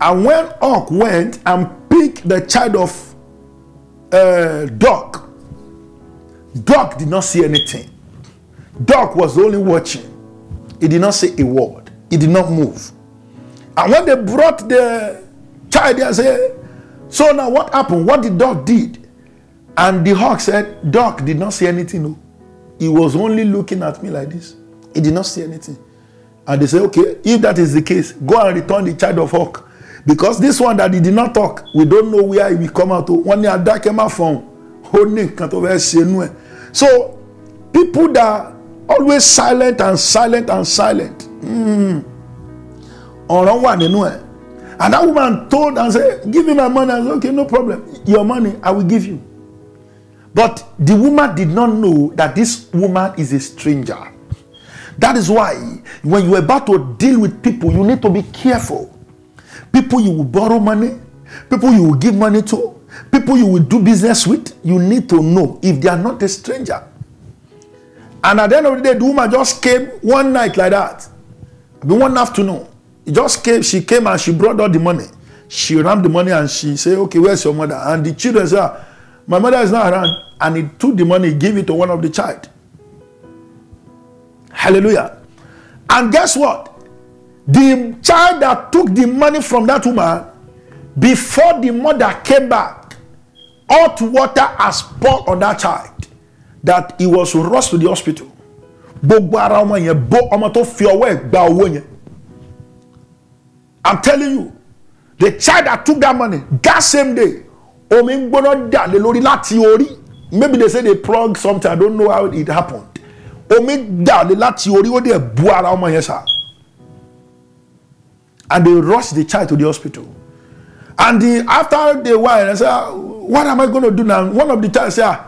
And when Og went and picked the child of uh, Dog, Dog did not see anything. Dog was only watching. He did not say a word. He did not move. And when they brought the child, they said, so now what happened? What the dog did? And the hawk said, Dog did not see anything. He was only looking at me like this. He did not see anything. And they say, okay, if that is the case, go and return the child of hawk. Because this one that he did not talk, we don't know where he will come out to. Wọ́n ní adákẹ́mà fọ̀hún, ó ní nǹkan tó fẹ́ ṣe inú ẹ̀. So people that always silent and silent and silent, hmm, ọ̀ràn wà nínú ẹ̀. And that woman told and say, give me my money. I said, okay, no problem. Your money, I will give you. But the woman did not know that this woman is a stranger. That is why when you are about to deal with people, you need to be careful. People you will borrow money, people you will give money to, people you will do business with, you need to know if they are not a stranger. And at the end of the day, the woman just came one night like that. I mean, one afternoon. It just came, she came and she brought all the money. She rammed the money and she said, Okay, where's your mother? And the children said, ah, My mother is not around. And he took the money, gave it to one of the child. Hallelujah. And guess what? The child that took the money from that woman before the mother came back, hot water has poured on that child that he was rushed to the hospital. Gbogbo ara ọmọ yẹn bó ọmọ tó fi ọwọ́ ẹ̀ gba owó yẹn. I'm telling you, the child that took that money that same day, omi ń gbóná dà lé lórí láti orí. Maybe they say they plug something, I don't know how it happened omi dàlé láti orí ó dẹ̀ bu ara ọmọ yẹn sá and they rush the child to the hospital and the after the while they say what am I gonna do now one of the child say ah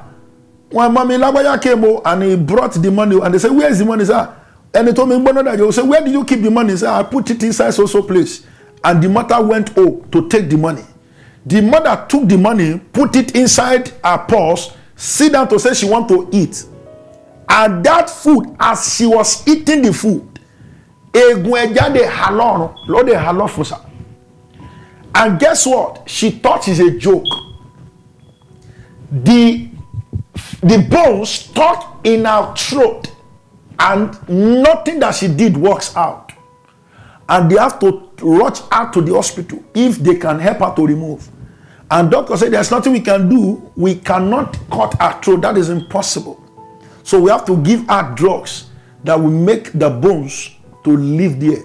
wọn mọmi lágbájá came o and he brought the money and they say where is the money sir ẹni tó mi gbọ́dọ̀ dàjọ́ say where did you keep the money sir I put it inside so so place and the mother went home to take the money the mother took the money put it inside her purse sit down to say she want to eat and that food as she was eating the food egun ẹja dey ha lọ́rùn ló dey ha lọ́fùsà and guess what she thought is a joke the the bone stuck in her throat and nothing that she did works out and they have to rush her to the hospital if they can help her to remove and doctor say there's nothing we can do we cannot cut her throat that is impossible So we have to give out drugs that will make the bones to live there.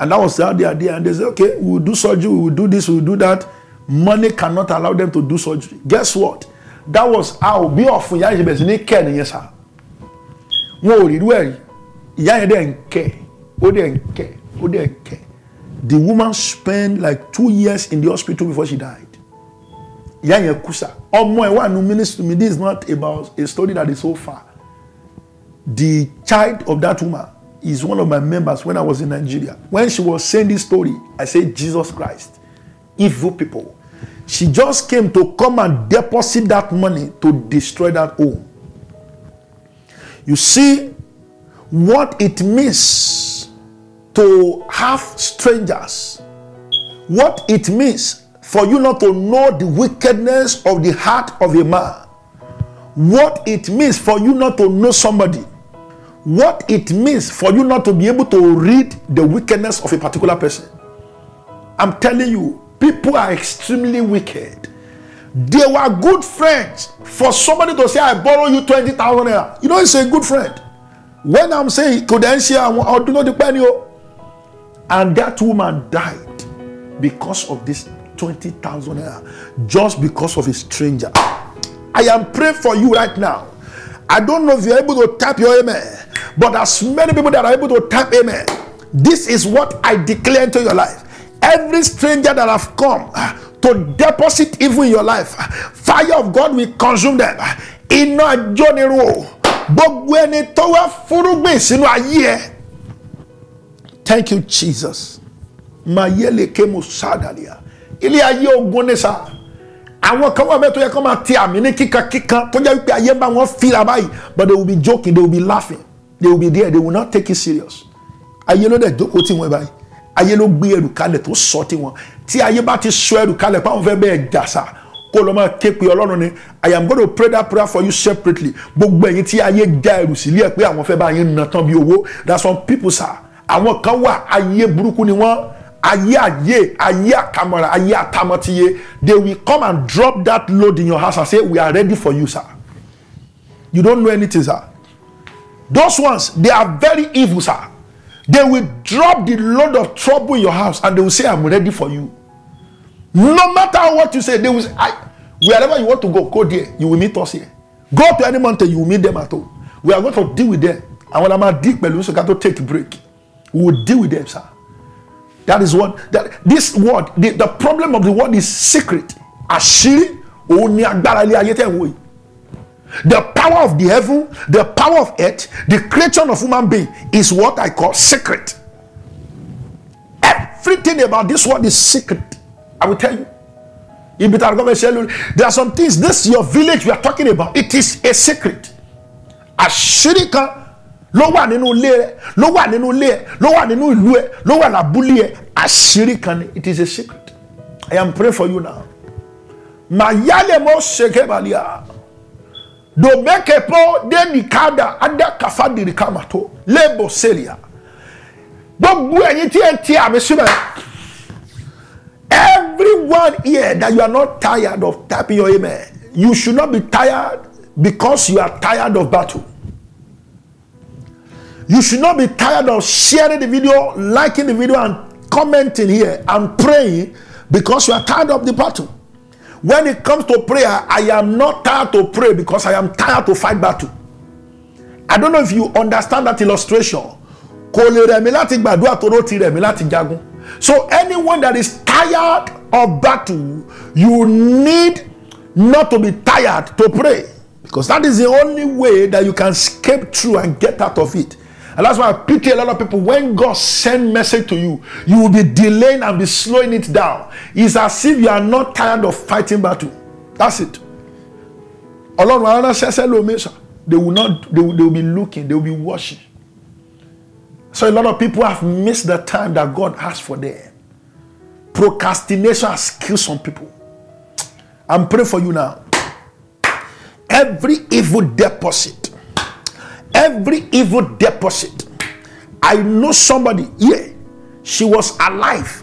And that was the idea. And they said, okay, we will do surgery, we will do this, we will do that. Money cannot allow them to do surgery. Guess what? That was how Be off for ìṣẹ̀bẹ̀ sí ní kẹ́ nìyẹn yes, sir. ò rírú well? ìyá yẹn dẹ̀ ń kẹ́ ó dẹ̀ ń care. ó dẹ̀ ń kẹ́. The woman spent like two years in the hospital before she died ìyá yẹn kú sa ọmọ ẹ wà nù ministry mi this is not about a story that is so far the child of that woman is one of my members when I was in Nigeria when she was saying this story I said Jesus Christ evil people she just came to come and deposit that money to destroy that home you see what it means to have strangers what it means for you not to know the wickedness of the heart of a man. What it means for you not to know somebody. What it means for you not to be able to read the wickedness of a particular person. I'm telling you, people are extremely wicked. They were good friends for somebody to say, I borrow you 20,000 naira. You know, it's a good friend. When I'm saying, Kodensia, I do not depend you. And that woman died because of this 20,000 naira just because of a stranger. I am praying for you right now. I don't know if you're able to tap your amen, but as many people that are able to tap amen, this is what I declare into your life. Every stranger that have come ah, to deposit evil in your life, ah, fire of God will consume them. Ah, iná ajó ni irun o. Gbogbo ẹni tó wá fúrúgbìn sínú ayé ẹ. Thank you Jesus. My Mayele kemo sadalia. ilé ayé ogun ní sa àwọn kan wà bẹ́ẹ̀ tó yẹ kó máa ti àmì ní kíkan kíkan tó jẹ́ wípé ayé bá wọn fira báyìí but they will be joking they will be laughing they will be there they will not take it serious ayé ló dẹ̀ jókòó tí wọ́n báyìí ayé ló gbé ẹrù kalẹ̀ tó sọ tí wọ́n tí ayé bá ti sọ ẹrù kalẹ̀ pé àwọn fẹ́ bẹ́ẹ̀ dàsà kó lọ́ máa ké pe ọlọ́run ni i am gonna pray that prayer for you separately gbogbo ẹ̀yin tí ayé dá ẹrù sílẹ̀ pé àwọn fẹ́ bá yín nà tán bí owó that some people sa. àwọn kan wà ayé burúkú ni wọ́n ayé ayé ayé àkàmọ́ra ayé àtàmọ́tìyé they will come and drop that load in your house and say we are ready for you sir you don't know anything sir those ones they are very evil sir they will drop the load of trouble in your house and they will say i'm ready for you no matter what you say they will say i wherever you want to go go there you will meet us here go to any mountain you will meet them at home we are going to deal with them àwọn la máa deal pẹ̀lú sọ̀ká tó take break we will deal with them sir. That is what that, this word, the, the problem of the word is secret. Àṣírí òun ni agbára ilé ayé The power of the heaven, the power of earth, the creation of human being is what I call secret. Everything about this word is secret. I will tell you. There are some things this your village we are talking about. It is a secret. Àṣírí ló wà nínú ilé ẹ ló wà nínú ilé ẹ ló wà nínú ìlú ẹ ló wà lábúlé ẹ àṣírí kan ni it is a secret i am praying for you now mayalemo sekebalia domekepo denikada adakafadirikamato lebo selia gbogbo ẹyin tí ẹ ti àmì síbẹ̀ everyone here that you are not tired of typing your amen you should not be tired because you are tired of battle. You should not be tired of sharing the video, liking the video, and commenting here and praying because you are tired of the battle. When it comes to prayer, I am not tired to pray because I am tired to fight battle. I don't know if you understand that illustration. So, anyone that is tired of battle, you need not to be tired to pray because that is the only way that you can escape through and get out of it. And that's why I pity a lot of people. When God send message to you, you will be delaying and be slowing it down. It's as if you are not tired of fighting battle. That's it. Ọlọ́run ara ṣẹ́ṣẹ́ lómi sir. They will not they will, they will be looking, they will be watching. So a lot of people have missed the time that God has for them. Procrastination has killed some people. I'm praying for you now. Every evil deposit Every evil deposit. I know somebody here. She was alive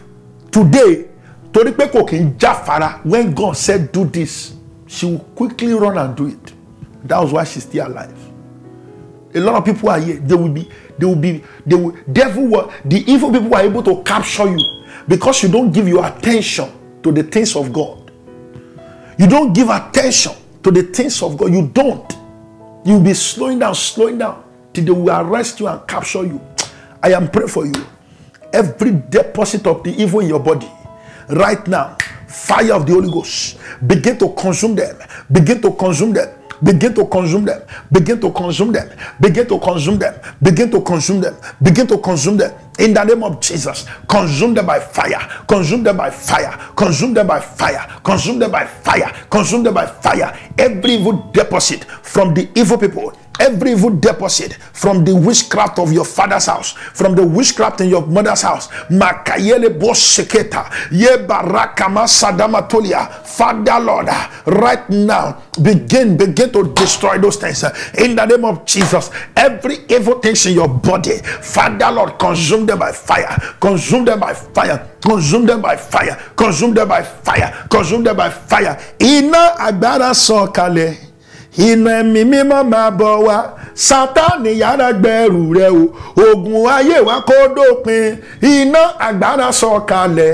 today. Torí pé kò kí ń when God said do this she will quickly run and do it. That was why she's still alive. A lot of people are here. They will be, they will be, they will, devil will, the evil people are able to capture you because you don't give your attention to the things of God. You don't give attention to the things of God. You don't. You'll be slowing down, slowing down till they will arrest you and capture you. I am praying for you. Every deposit of the evil in your body, right now, fire of the Holy Ghost, begin to consume them. Begin to consume them Begin to consume them. Begin to consume them. Begin to consume them. Begin to consume them. Begin to consume them. In the name of Jesus, consume them by fire. Consume them by fire. Consume them by fire. Consume them by fire. Consume them by fire. Every evil deposit from the evil people every evil deposit from the witchcraft of your father's house, from the witchcraft in your mother's house. Makayele Bosheketa, ye barakama sadamatolia. Father Lord, right now, begin, begin to destroy those things. In the name of Jesus, every evil things in your body, Father Lord, consume them by fire, consume them by fire, consume them by fire, consume them by fire, consume them by fire. Ina agbára sọ̀kalẹ̀. iná ẹ̀mí mímọ́ máa bọ̀ wá sátánì yára gbẹ̀rù rẹ o ogun ayé wa kó dópin iná agbára sọ̀kalẹ̀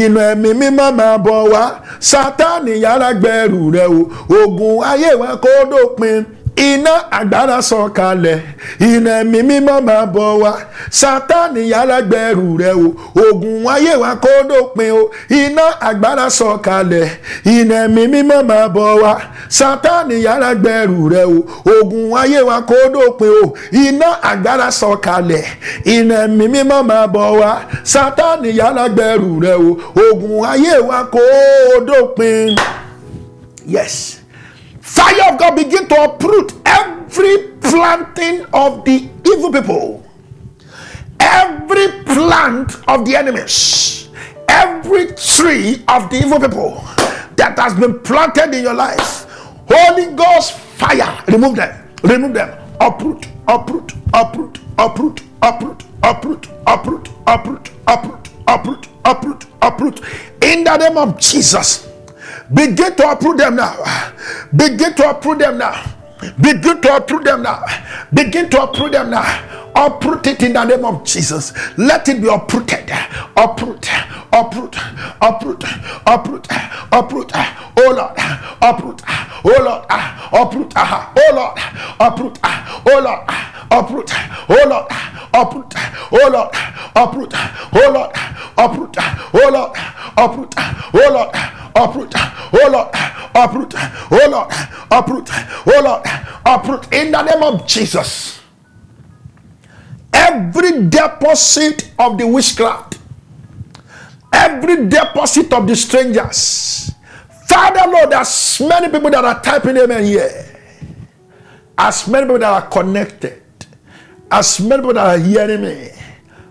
iná ẹ̀mí mímọ́ máa bọ̀ wá sátánì yára gbẹ̀rù rẹ o ogun ayé wa kó dópin. iná agbára sọ kalẹ̀ iná mi mímọ́ máa bọ̀ wá sátánì alágbẹ̀rù rẹ o ogun ayé wa kó dópin o iná agbára sọ kalẹ̀ iná mi mímọ́ máa bọ̀ wá sátánì alágbẹ̀rù rẹ o ogun ayé wa kó dópin o iná agbára sọ kalẹ̀ iná mi mímọ́ máa bọ̀ wá sátánì alágbẹ̀rù rẹ o ogun ayé wa kó dópin yes. Fire of God begin to uproot every planting of the evil people, every plant of the enemies, every tree of the evil people that has been planted in your life. Holy Ghost fire, remove them, remove them, uproot, uproot, uproot, uproot, uproot, uproot, uproot, uproot, uproot, uproot, uproot, uproot. In the name of Jesus. Begin to uproot them now. Begin to uproot them now. Begin to uproot them now. Begin to uproot them now. Uproot it in the name of Jesus. Let it be uprooted. Uproot. Uproot. Uproot. Uproot. Uproot. Uproot. uproot oh Lord, uproot, oh Lord, uproot, oh Lord, uproot, oh Lord, uproot, oh Lord, uproot, oh Lord, uproot, oh Lord, uproot, oh Lord, uproot, oh Lord, uproot, oh Lord, uproot, oh Lord, uproot, oh Lord, uproot in the name of Jesus. Every deposit of the witchcraft, every deposit of the strangers, Father, Lord, as many people that are typing amen here, as many people that are connected, as many people that are hearing me.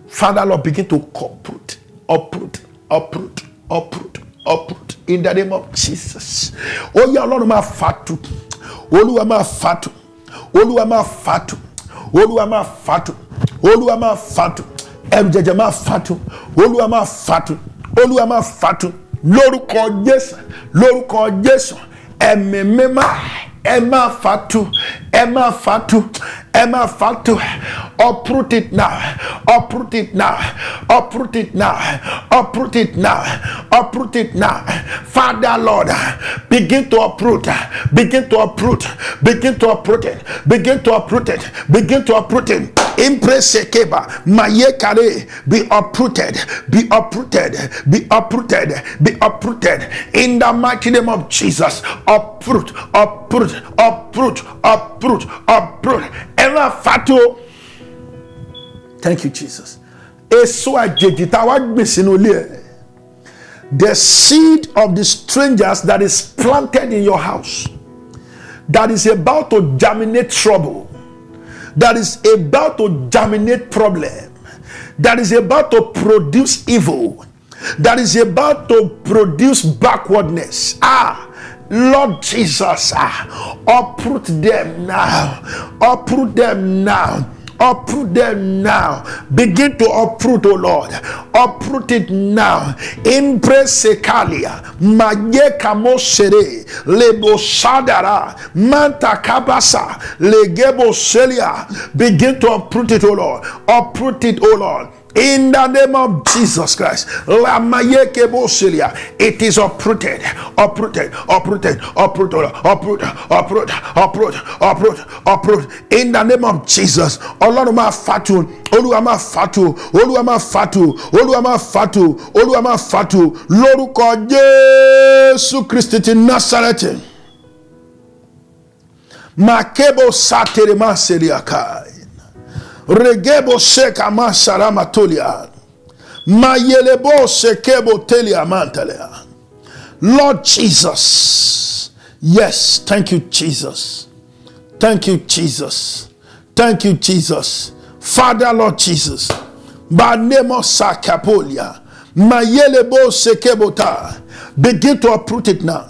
Father, Lord, begin to uproot, uproot, uproot, uproot, uproot in the name of Jesus. Oh, yeah, Lord, my fatu. Oh Olúwa máa fatu. Oh Olúwa máa fatu. Oh Olúwa máa fatu. Oh Olúwa máa fatu. Ẹ̀rù jẹ̀jẹ̀ máa fatu. Oh Olúwa máa fatu. Oh Lord, Olúwa máa fatu lórúkọ jésù lórúkọ jésù ẹ̀mí mímọ́ ẹ máa fatu ẹ máa fatu Emma Fantu, uproot it now, uproot it now, uproot it now, uproot it now, uproot it now. Father Lord, begin to uproot, begin to uproot, begin to uproot it, begin to uproot it, begin to uproot it. Impresekeba, Mayekare, be uprooted, be uprooted, be uprooted, be uprooted. In the mighty name of Jesus, uproot, uproot, uproot, uproot, uproot. ẹran fatu? thank you Jesus èso àjèjì tá a wá gbìn sínú ilé ẹ the seed of the strangers that is planted in your house that is about to germinate trouble that is about to germinate problem that is about to produce evil that is about to produce backwardness ah Lord Jesus, ah, uproot them now. Uproot them now uproot them now. Begin to uproot, O Lord. Uproot it now. Impresekalia. Majeka mosere. Lebo sadara. Manta kabasa. Legebo selia. Begin to uproot it, O Lord. Uproot it, O Lord In the name of Jesus Christ, it is uprooted, uprooted, uprooted, uprooted, uprooted, uprooted, uprooted, uprooted, uprooted. In the name of Jesus, Ọlọ́run fatu, Olúwa fatu, Olúwa fatu, Olúwa fatu, Olúwa fatu, lórúkọ Jésù Kristi ti Násárẹ́tì. Màkébò sátẹ̀rẹ̀ máa ṣe rí àkàì. Regebo sekama sarama tolia. Mayelebo sekebo telia mantalea. Lord Jesus. Yes, thank you, Jesus. Thank you, Jesus. Thank you, Jesus. Father, Lord Jesus. Banemo sakapolia. Mayelebo sekebota. Begin to uproot it now.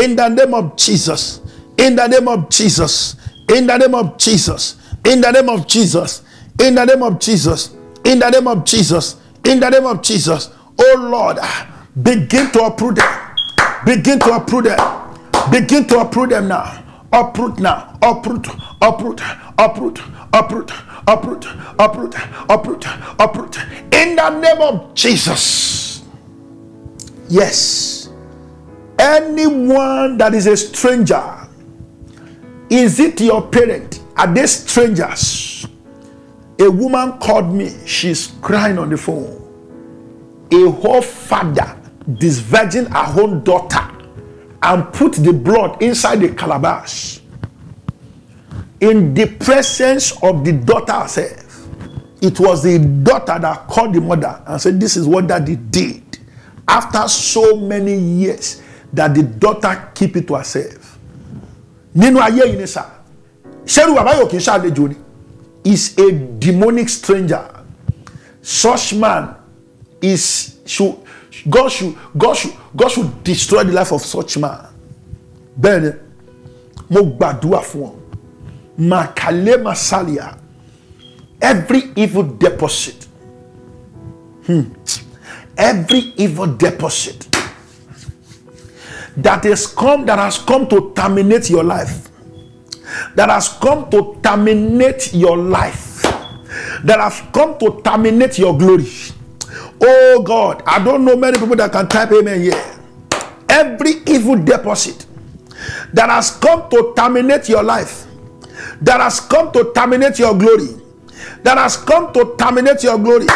In the name of Jesus. In the name of Jesus. In the name of Jesus. In the name of Jesus. In the name of Jesus. In the name of Jesus. In the name of Jesus. Oh Lord, ah, begin to uproot them. Begin to uproot them. Begin to uproot them now. Uproot now. Uproot. Uproot. Uproot. Uproot. Uproot. Uproot. Uproot. Uproot. In the name of Jesus. Yes. Anyone that is a stranger, is it your parent? Are they strangers? A woman called me. She's crying on the phone. A whole father disvirgin her own daughter and put the blood inside the calabash in the presence of the daughter herself. It was the daughter that called the mother and said, This is what daddy did. After so many years that the daughter keep it to herself. Nínú ayé yìí ni sá, ṣẹ́rù bàbá yóò kì í ṣàlejò ni is a demonic stranger. Such man is should God should God should God should destroy the life of such man. Bẹ́ẹ̀ni, mo gbàdúrà fún ọ, Màkàlẹ́ Màsálíà, every evil deposit, hmm, every evil deposit that has come that has come to terminate your life that has come to terminate your life, that has come to terminate your glory. Oh God, I don't know many people that can type amen here. Every evil deposit that has come to terminate your life, that has come to terminate your glory, that has come to terminate your glory,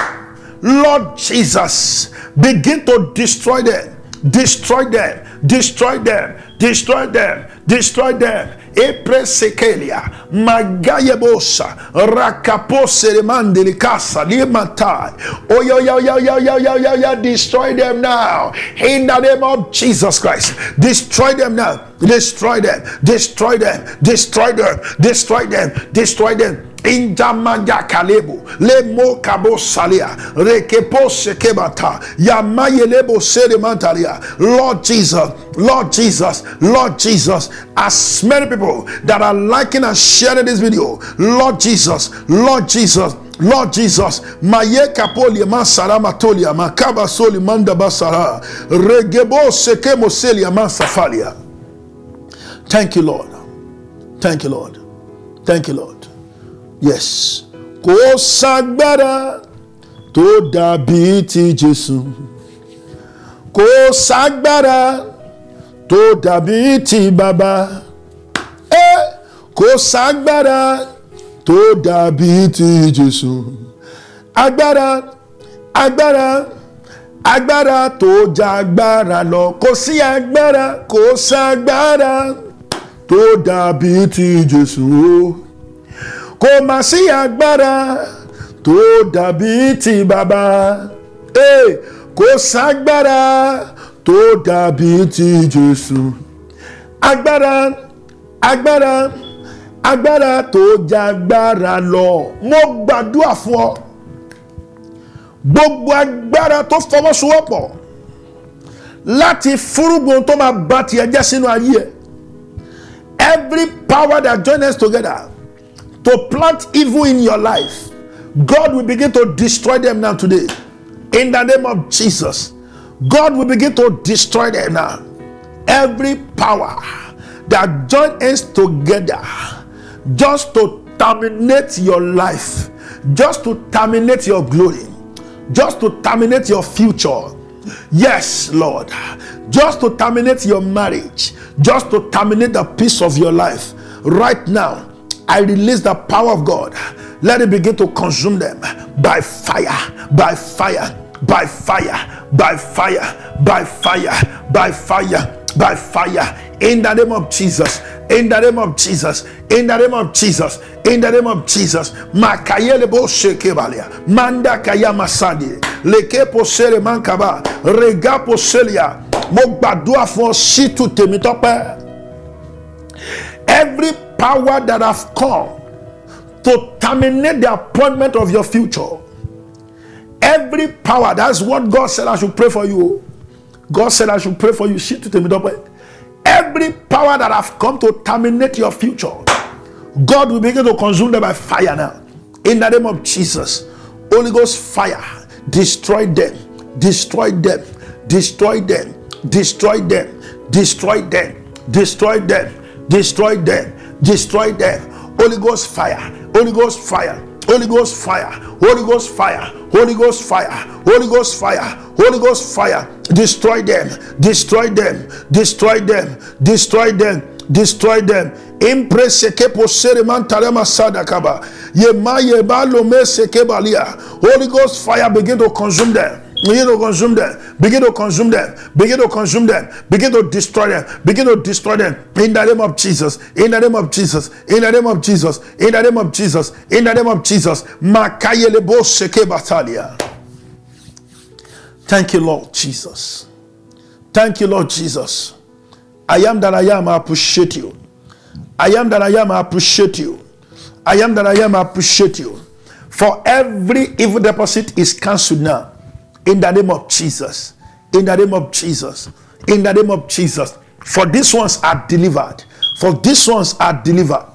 Lord Jesus, begin to destroy them, destroy them, destroy them, destroy them, destroy them, epresekelia magayebosa rakaposeremandelikasa limatai oyoyoyoyoyoyoyoyo destroy them now in the name jesus christ destroy them now destroy them destroy them destroy them destroy them, destroy them. Injamanya kalebo lemo kabo salia rekepo sekebata yamayelebo sedemantalia. Lord Jesus, Lord Jesus, Lord Jesus. As many people that are liking and sharing this video, Lord Jesus, Lord Jesus. Lord Jesus, maye kapoli ma sarama tolia makaba soli manda basara regebo seke moselia ma safalia. Thank you, Lord. Thank you, Lord. Thank you, Lord. yes kò ságbára tó dàbí ti Jésù kò ságbára tó dàbí ti bàbá ẹ kò ságbára tó dàbí ti Jésù agbára agbára agbára tó ja agbára lọ kò sí agbára kò ságbára tó dàbí ti Jésù o kò mà sí agbára tó dàbí ti bàbá kò ságbára tó dàbí ti Jésù agbára agbára agbára tó jagbára lọ mo gbàdúrà fún ọ gbogbo agbára tó fọwọ́sowọ́pọ̀ láti fúrúgbọ̀n tó máa bá tiẹ̀ jẹ́ sínú ayé ẹ every power that join us together to plant evil in your life, God will begin to destroy them now today. In the name of Jesus, God will begin to destroy them now. Every power that joins together just to terminate your life, just to terminate your glory, just to terminate your future. Yes, Lord, just to terminate your marriage, just to terminate the peace of your life. Right now, I release the power of God. Let it begin to consume them by fire, by fire, by fire, by fire, by fire, by fire, by fire. In the name of Jesus, in the name of Jesus, in the name of Jesus, in the name of Jesus. Makayele manda kayama sadi, leke posele mankaba, rega poselia, Every power that has come to terminate the appointment of your future. Every power, that's what God said I should pray for you. God said I should pray for you. Every power that have come to terminate your future, God will begin to consume them by fire now. In the name of Jesus, Holy Ghost fire, destroy them, destroy them, destroy them, destroy them, destroy them, destroy them, destroy them, destroy them Destroy them. Holy Ghost fire. Holy Ghost fire. Holy Ghost fire. Holy Ghost fire. Holy Ghost fire. Holy Ghost fire. Holy Ghost fire. Destroy them. Destroy them. Destroy them. Destroy them. Destroy them. Impre seke posere mantalema sadakaba. Yema yeba lome seke balia. Holy Ghost fire begin to consume them. Begin to consume them. Begin to consume them. Begin to consume them. Begin to destroy them. Begin to destroy them. In the name of Jesus. In the name of Jesus. In the name of Jesus. In the name of Jesus. In the name of Jesus. seke batalia. Thank you, Lord Jesus. Thank you, Lord Jesus. I am that I am. I appreciate you. I am that I am. I appreciate you. I am that I am. I appreciate you. For every evil deposit is cancelled now. In the name of Jesus. In the name of Jesus. In the name of Jesus. For these ones are delivered. For these ones are delivered.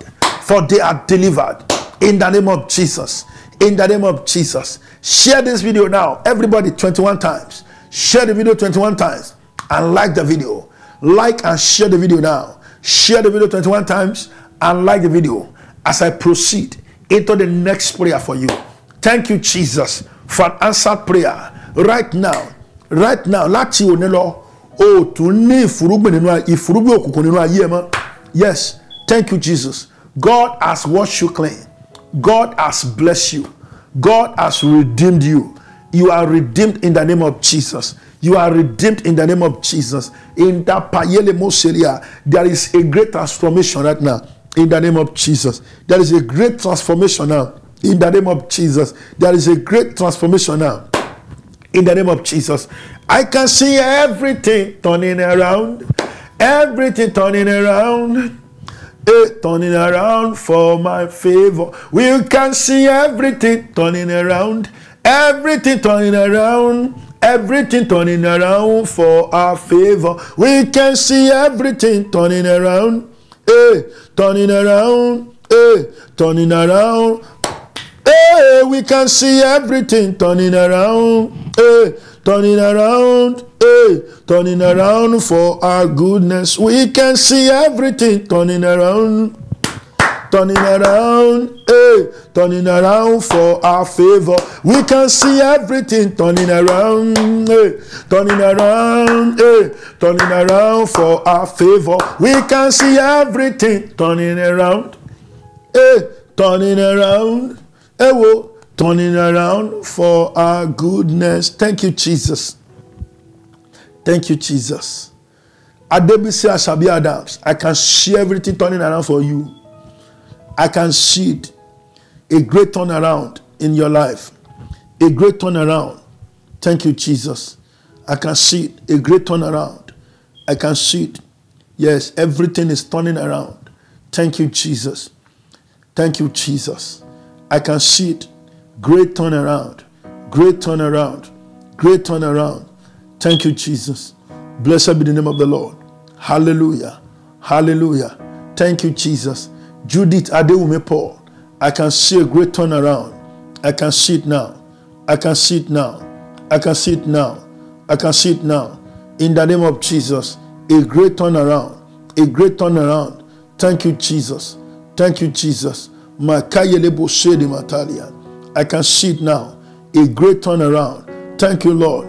For they are delivered. In the name of Jesus. In the name of Jesus. Share this video now. Everybody 21 times. Share the video 21 times. And like the video. Like and share the video now. Share the video 21 times and like the video as I proceed into the next prayer for you. Thank you, Jesus, for an answered prayer. right now right now láti òní lọ o tún ní ìfúrúgbìn nínú ìfúrúgbìn òkùnkùn nínú ayé ẹ mọ́ yes thank you Jesus God has washed you clean God has blessed you God has redeemed you you are redeemed in the name of Jesus you are redeemed in the name of Jesus in that payele moseria there is a great transformation right now in the name of Jesus there is a great transformation now in the name of Jesus there is a great transformation now in the name of Jesus. I can see everything turning around, everything turning around. It turning around for my favor. We can see everything turning around, everything turning around, everything turning around for our favor. We can see everything turning around, eh, turning around, eh, turning around Hey, eh, eh, we can see everything turning around. Hey, eh, turning around. Hey, turning around for our goodness. We can see everything turning around. Turning around, hey, turning around for our favor. We can see everything turning around, hey, turning around, hey, turning around for our favor. We can see everything turning around, hey, turning around. Ewo, turning around for our goodness. Thank you, Jesus. Thank you, Jesus. Adebisi Ashabi Adams, I can see everything turning around for you. I can see it. A great turnaround in your life. A great turnaround. Thank you, Jesus. I can see it. A great turnaround. I can see it. Yes, everything is turning around. Thank you, Jesus. Thank you, Jesus. I can see it. Great turnaround. Great turnaround. Great turnaround. Thank you, Jesus. Blessed be the name of the Lord. Hallelujah. Hallelujah. Thank you, Jesus. Judith Adewume Paul. I can see a great turnaround. I can see it now. I can see it now. I can see it now. I can see it now. In the name of Jesus, a great turnaround. A great turnaround. Thank you, Jesus. Thank you, Jesus. I can see it now. A great turnaround. Thank you, Lord.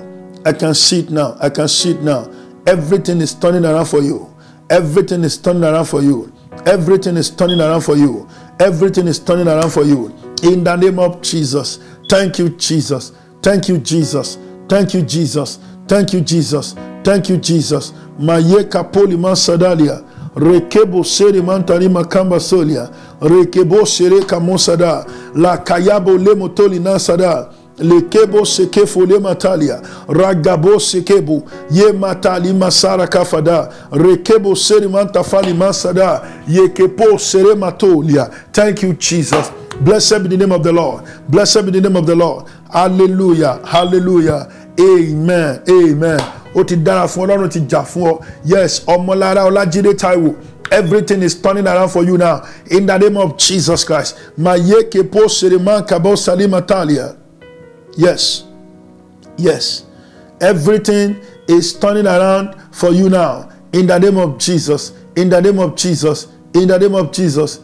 I can see it now. I can see it now. Everything is turning around for you. Everything is turning around for you. Everything is turning around for you. Everything is turning around for you. In the name of Jesus. Thank you, Jesus. Thank you, Jesus. Thank you, Jesus. Thank you, Jesus. Thank you, Jesus. Mayeka poli masadalia. Rekebo seri mantari makamba solia. rekebo sereka mosada la kayabo lemotolina sada lekebo sekefo matalia ragabo sekebo ye matali masara kafada rekebo manta serimantafali masada yekepo serematolia thank you jesus blessed be the name of the lord blessed be the name of the lord hallelujah hallelujah amen amen O ti dára fún ọlọ́run ti jà fún ọ yes ọmọlára ọlájídé táíwò Everything is turning around for you now. In the name of Jesus Christ. Yes. Yes. Everything is turning around for you now. In the name of Jesus. In the name of Jesus. In the name of Jesus.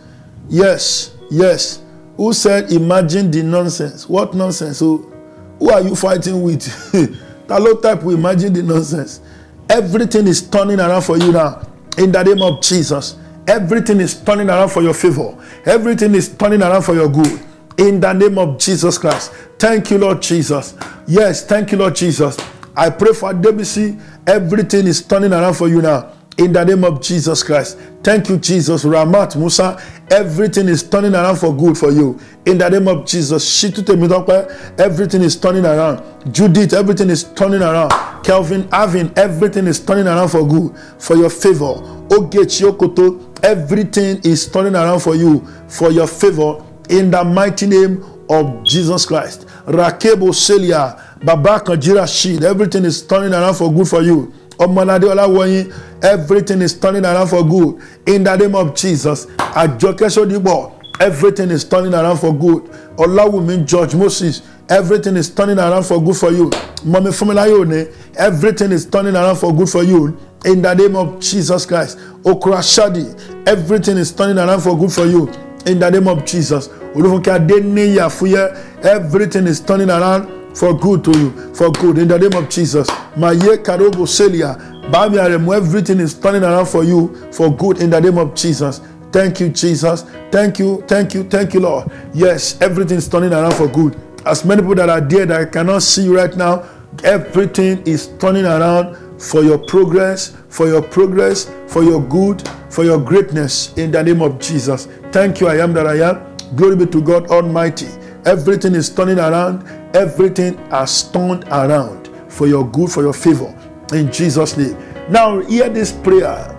Yes. Yes. Who said, imagine the nonsense? What nonsense? Who, who are you fighting with? that low type will imagine the nonsense. Everything is turning around for you now. In the name of Jesus, everything is turning around for your favor. Everything is turning around for your good. In the name of Jesus Christ. Thank you, Lord Jesus. Yes, thank you, Lord Jesus. I pray for Debussy. Everything is turning around for you now. In the name of Jesus Christ. Thank you, Jesus. Ramat Musa, everything is turning around for good for you. In the name of Jesus. Shitute Everything is turning around. Judith, everything is turning around. Kelvin Avin, everything is turning around for good, for your favor. Ogechi Okoto, everything is turning around for you, for your favor, in the mighty name of Jesus Christ. Rakebo Celia, Baba Kanjira Sheed, everything is turning around for good for you. Ọmọlade Ọláwọyìn, everything is turning around for good. In the name of Jesus, Ajoke Àjọkẹ́sọ́dìbọ̀ everything is turning around for good Olawumi George Moses everything is turning around for good for you Mọ̀mí Fúnmiláyé Òní everything is turning around for good for you in the name of Jesus Christ Okurashadi everything is turning around for good for you in the name of Jesus Olúfúnkẹ́ Adéníyà Fúyẹ́ everything is turning around for good to you for good in the name of Jesus Maye Karobo Selia. Bami Aremu everything is turning around for you for good in the name of Jesus. Thank you, Jesus. Thank you, thank you, thank you, Lord. Yes, everything's turning around for good. As many people that are there that I cannot see right now, everything is turning around for your progress, for your progress, for your good, for your greatness in the name of Jesus. Thank you, I am that I am. Glory be to God Almighty. Everything is turning around. Everything has turned around for your good, for your favor. In Jesus' name. Now, hear this prayer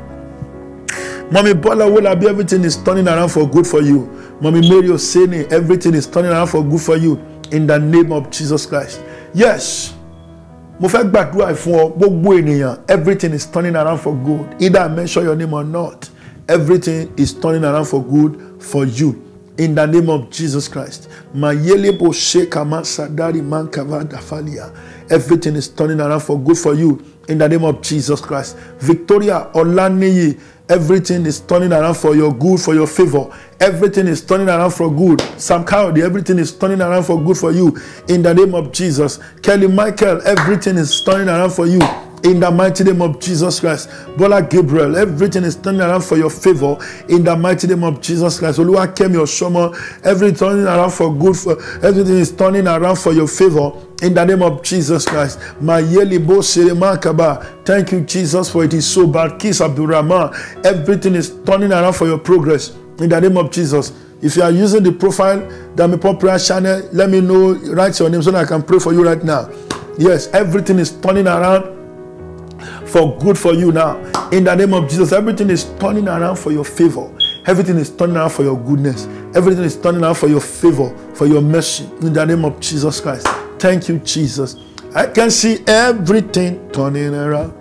Mami Bola Olabi, everything is turning around for good for you. Mami Mary Oseni, everything is turning around for good for you in the name of Jesus Christ. Yes, mo fẹ́ gbàdúrà fún ọ gbogbo ènìyàn everything is turning around for good either I mention your name or not everything is turning around for good for you in the name of Jesus Christ. bo Mayelebo Shekama Sadari Mankava Dafalia. Everything is turning around for good for you in the name of Jesus Christ. Victoria Olaniyi, everything is turning around for your good, for your favor. Everything is turning around for good. Sam Cowdy, everything is turning around for good for you in the name of Jesus. Kelly Michael, everything is turning around for you In the mighty name of Jesus Christ, Bola Gabriel, everything is turning around for your favor. In the mighty name of Jesus Christ, Oluwa your Yoshomo, everything turning around for good. For, everything is turning around for your favor. In the name of Jesus Christ. Mayelibo Thank you, Jesus, for it is so bad. Kiss Abdurrahman. Everything is turning around for your progress. In the name of Jesus. If you are using the profile, Damipo Prayer Channel, let me know. Write your name so that I can pray for you right now. Yes, everything is turning around for good for you now. In the name of Jesus, everything is turning around for your favor. Everything is turning around for your goodness. Everything is turning around for your favor, for your mercy. In the name of Jesus Christ. Thank you, Jesus. I can see everything turning around.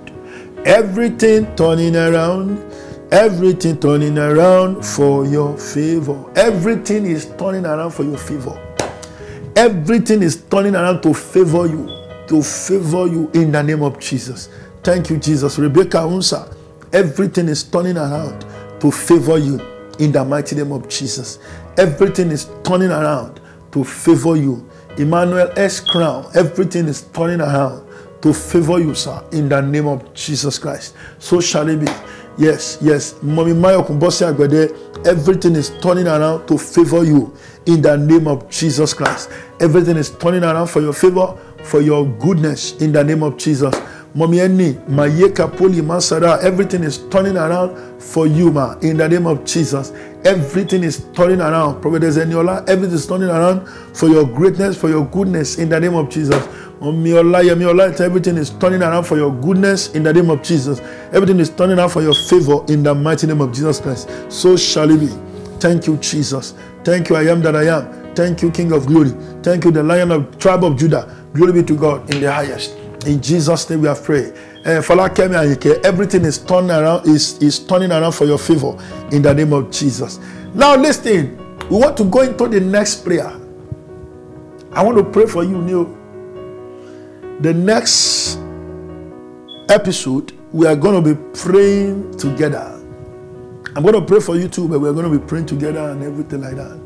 Everything turning around. Everything turning around for your favor. Everything is turning around for your favor. Everything is turning around to favor you. To favor you in the name of Jesus. Thank you, Jesus. Rebecca Unsa, everything is turning around to favor you in the mighty name of Jesus. Everything is turning around to favor you. Emmanuel S. Crown, everything is turning around to favor you, sir, in the name of Jesus Christ. So shall it be. Yes, yes. Mommy Mayo Kumbosi Agbede, everything is turning around to favor you in the name of Jesus Christ. Everything is turning around for your favor, for your goodness in the name of Jesus. Mommy Eni, Mayeka Poli everything is turning around for you, ma. In the name of Jesus, everything is turning around. Prophetess Eniola, everything is turning around for your greatness, for your goodness. In the name of Jesus. Omiola, everything is turning around for your goodness in the name of Jesus. Everything is turning around for your favor in the mighty name of Jesus Christ. So shall it be. Thank you, Jesus. Thank you, I am that I am. Thank you, King of Glory. Thank you, the Lion of Tribe of Judah. Glory be to God in the highest. In Jesus' name we have prayed. Uh, eh, Falakemi Ayike, everything is turning around, is, is turning around for your favor in the name of Jesus. Now listen, we want to go into the next prayer. I want to pray for you, Neil. The next episode, we are going to be praying together. I'm going to pray for you too, but we're going to be praying together and everything like that.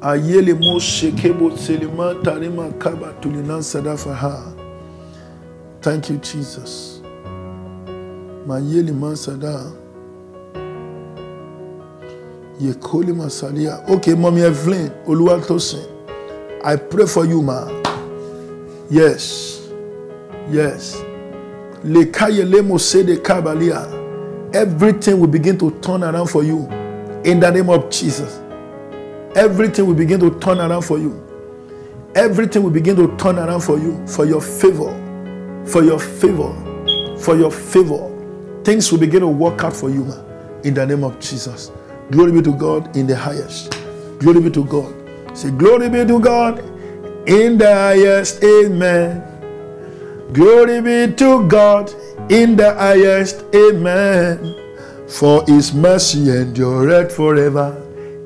Ayele mo shekebo selima tarima kaba tulinan Thank you, Jesus. Mayeli Mansada. Yekoli Masalia. Okay, Mommy Evelyn, Oluwatosin. I pray for you, ma. Yes. Yes. Everything will begin to turn around for you in the name of Jesus. Everything will begin to turn around for you. Everything will begin to turn around for you for your favor for your favor, for your favor. Things will begin to work out for you, in the name of Jesus. Glory be to God in the highest. Glory be to God. Say, Glory be to God in the highest. Amen. Glory be to God in the highest. Amen. For his mercy endureth forever.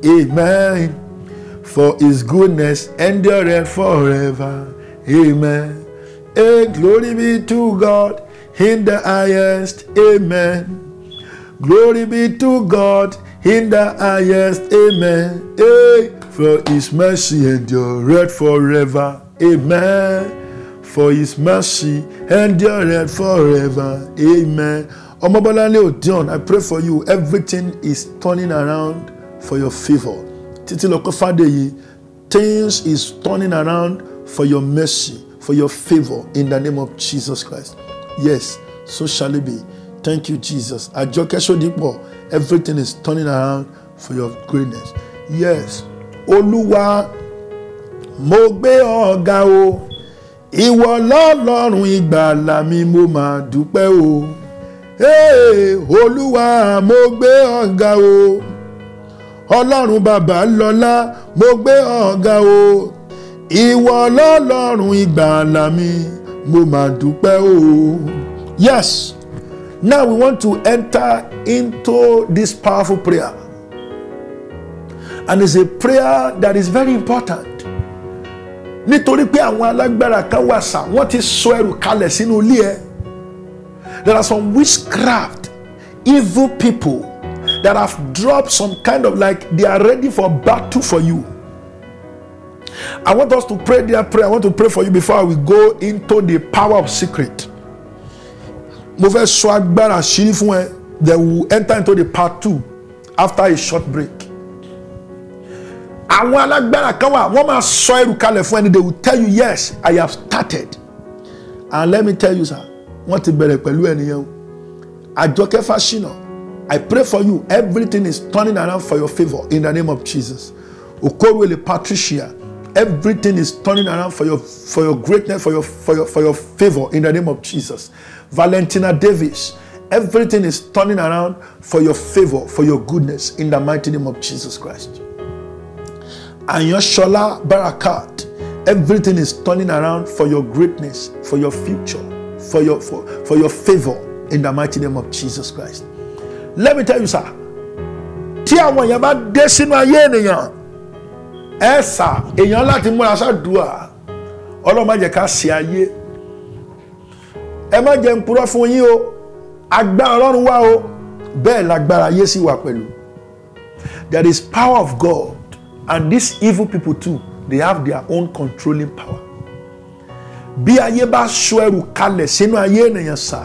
Amen. For his goodness endureth forever. Amen. Hey, glory be to God in the highest. Amen. Glory be to God in the highest. Amen. Hey, for his mercy endureth forever. Amen. For his mercy endureth forever. Amen. Omobolale Odion, I pray for you. Everything is turning around for your favor. Titi Lokofadeyi, things is turning around for your mercy for your favor in the name of Jesus Christ. Yes, so shall it be. Thank you, Jesus. Àjọkẹ́ Ṣódípọ̀, everything is turning around for your greatness. Yes, Olúwa, mo gbé ọ ga o, ìwọ lọ́lọ́run ìgbàlà mi mo máa dúpẹ́ o. Hey, Olúwa, mo gbé ọ ga o, Ọlọ́run bàbá lọ́lá, mo gbé ọ o ìwọ lọ́lọ́run ìgbàlà mi mo máa dúpẹ́ o. yes now we want to enter into this powerful prayer and it's a prayer that is very important nítorí pé àwọn alágbára kan wà sá wọ́n ti sọ ẹrù kalẹ̀ sínú ilé ẹ there are some witchcraft evil people that have dropped some kind of like they are ready for battle for you. I want us to pray their prayer. I want to pray for you before we go into the power of secret. Mo fẹ́ sọ agbára àṣírí fún ẹ. Then we will enter into the part two after a short break. Àwọn alágbára kan wà, wọ́n máa sọ ẹrù kalẹ̀ fún ẹni. They will tell you yes, I have started. And let me tell you sir, wọ́n ti bẹ̀rẹ̀ pẹ̀lú ẹnìyẹn o. Àjọkẹ́ Fáṣínà, I pray for you, everything is turning around for your favour in the name of Jesus. Okorwele Patricia, everything is turning around for your for your greatness, for your for your for your favor in the name of Jesus. Valentina Davis, everything is turning around for your favor, for your goodness in the mighty name of Jesus Christ. And your Shola Barakat, everything is turning around for your greatness, for your future, for your for, for your favor in the mighty name of Jesus Christ. Let me tell you, sir. Tí àwọn èèyàn bá dé sínú ayé ènìyàn, ẹ sà èèyàn láti múra ṣàdúà ọlọ́run má jẹ́ ká ṣe ayé ẹ má jẹ́ ń purọ́ fún yín o agbára ọlọ́run wà o bẹ́ẹ̀ lágbára ayé sì wà pẹ̀lú there is power of God and these evil people too they have their own controlling power bí ayé bá sọ ẹrù kalẹ̀ sínú ayé ènìyàn sà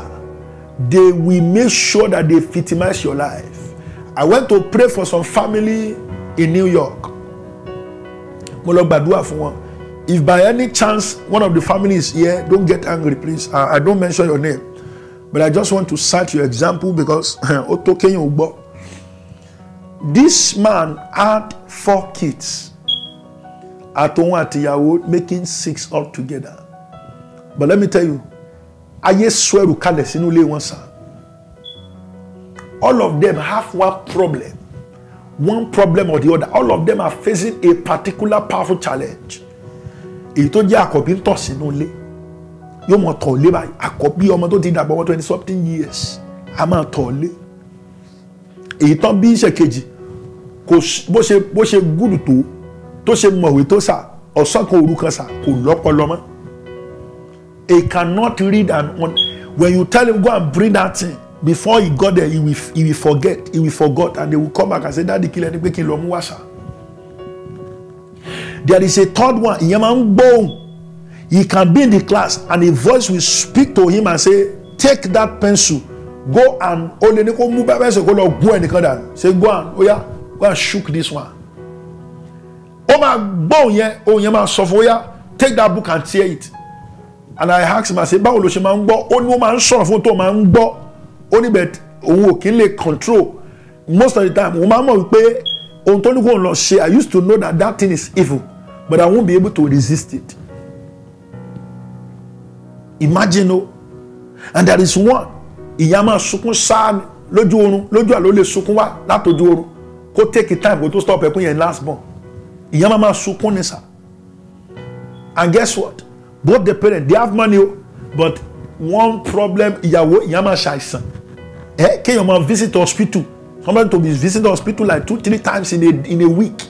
they will make sure that they victimize your life I went to pray for some family in New York mo lọ gbàdúrà fún wọn if by any chance one of the families here don't get angry please uh, I don't mention your name but I just want to cite your example because ó tó kéyìn gbọ́ this man had four kids àtòun àtìyàwó making six all together but let me tell you ayé sọ ẹrù kalẹ̀ sínú ilé wọn sàn all of them have one problem one problem or the other all of them are facing a particular powerful challenge èyí tó jẹ́ àkọ́bí ń tọ̀ sínú ilé yóò mọ̀ tọ̀ lé báyìí àkọ́bí ọmọ tó ti dàgbà ọmọ twenty something years a máa tọ̀ lé èyí tán bí ìṣèkejì kò bó ṣe bó ṣe gúdù tó tó ṣe mọ̀wé tó sà ọ̀sán kan òru kan sà kò lọ́pọlọ mọ́ he cannot read and when you tell him go and bring that thing before he got there he will he will forget he will forget and they will come back and say daddy kill ẹni pé kí n there is a third one ìyẹn máa he can be in the class and a voice will speak to him and say take that pencil go and ó lè ní kó mú pẹ́pẹ́sì kó lọ gún ẹnìkan dànù say go and oya go and shook this one ó máa gbóhùn yẹn òun yẹn máa sọ fún oya take that book and tear it and I ask him I say báwo ló ṣe máa ń gbọ́ ó ní ó máa ń sọ̀rọ̀ fún tó máa ń gbọ́ ó ní bẹ̀ òun ò kí ń lè control most of the time òun máa mọ̀ wípé ohun tó ní kó lọ ṣe I used to know that that thing is evil but I won't be able to resist it imagine o oh, and there is one ìyá máa sunkún sáà mi lójú oorun lójú àlọ́ lè sunkún wá látòjú oorun kó take time kó tó stop ẹkún yẹn last born ìyá máa máa sunkún ní sá and guess what both the parents they have money o oh, but one problem ìyàwó ìyá máa ṣàìsàn eh, kéèyàn máa visit hospital somebody to be visit hospital like two three times in a, in a week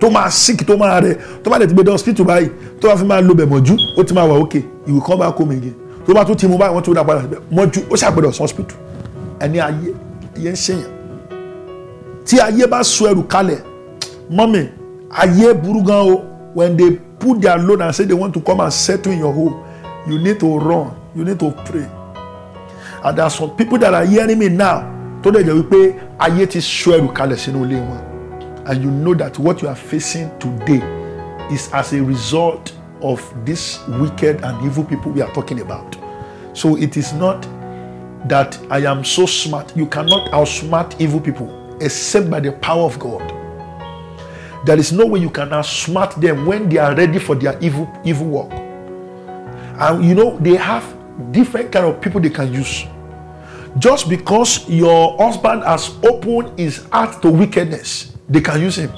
To máa sick to máa rẹ̀ to bá dẹ̀ ti gbé dé hospital báyìí to bá fi máa lo bẹ̀mọ̀jú O, ti máa wà okay he will come back home again To bá tún ti mu báyìí wọ́n tún dá padà síbẹ̀ mọ́jú ó ṣàgbẹ̀dọ̀ sí hospital ẹni ayé ayé ń ṣèyàn tí ayé bá so ẹrù kalẹ̀ mọ́mì ayé burú gan o when they put their load and say they want to come and settle in your home you need to run you need to pray and there are some people that are hearing me now Today they will wípé ayé ti sọ kalẹ̀ sínú ilé wọn and you know that what you are facing today is as a result of these wicked and evil people we are talking about so it is not that I am so smart you cannot outsmart evil people except by the power of God there is no way you can outsmart them when they are ready for their evil evil work and you know they have different kind of people they can use just because your husband has opened his heart to wickedness, they can use him.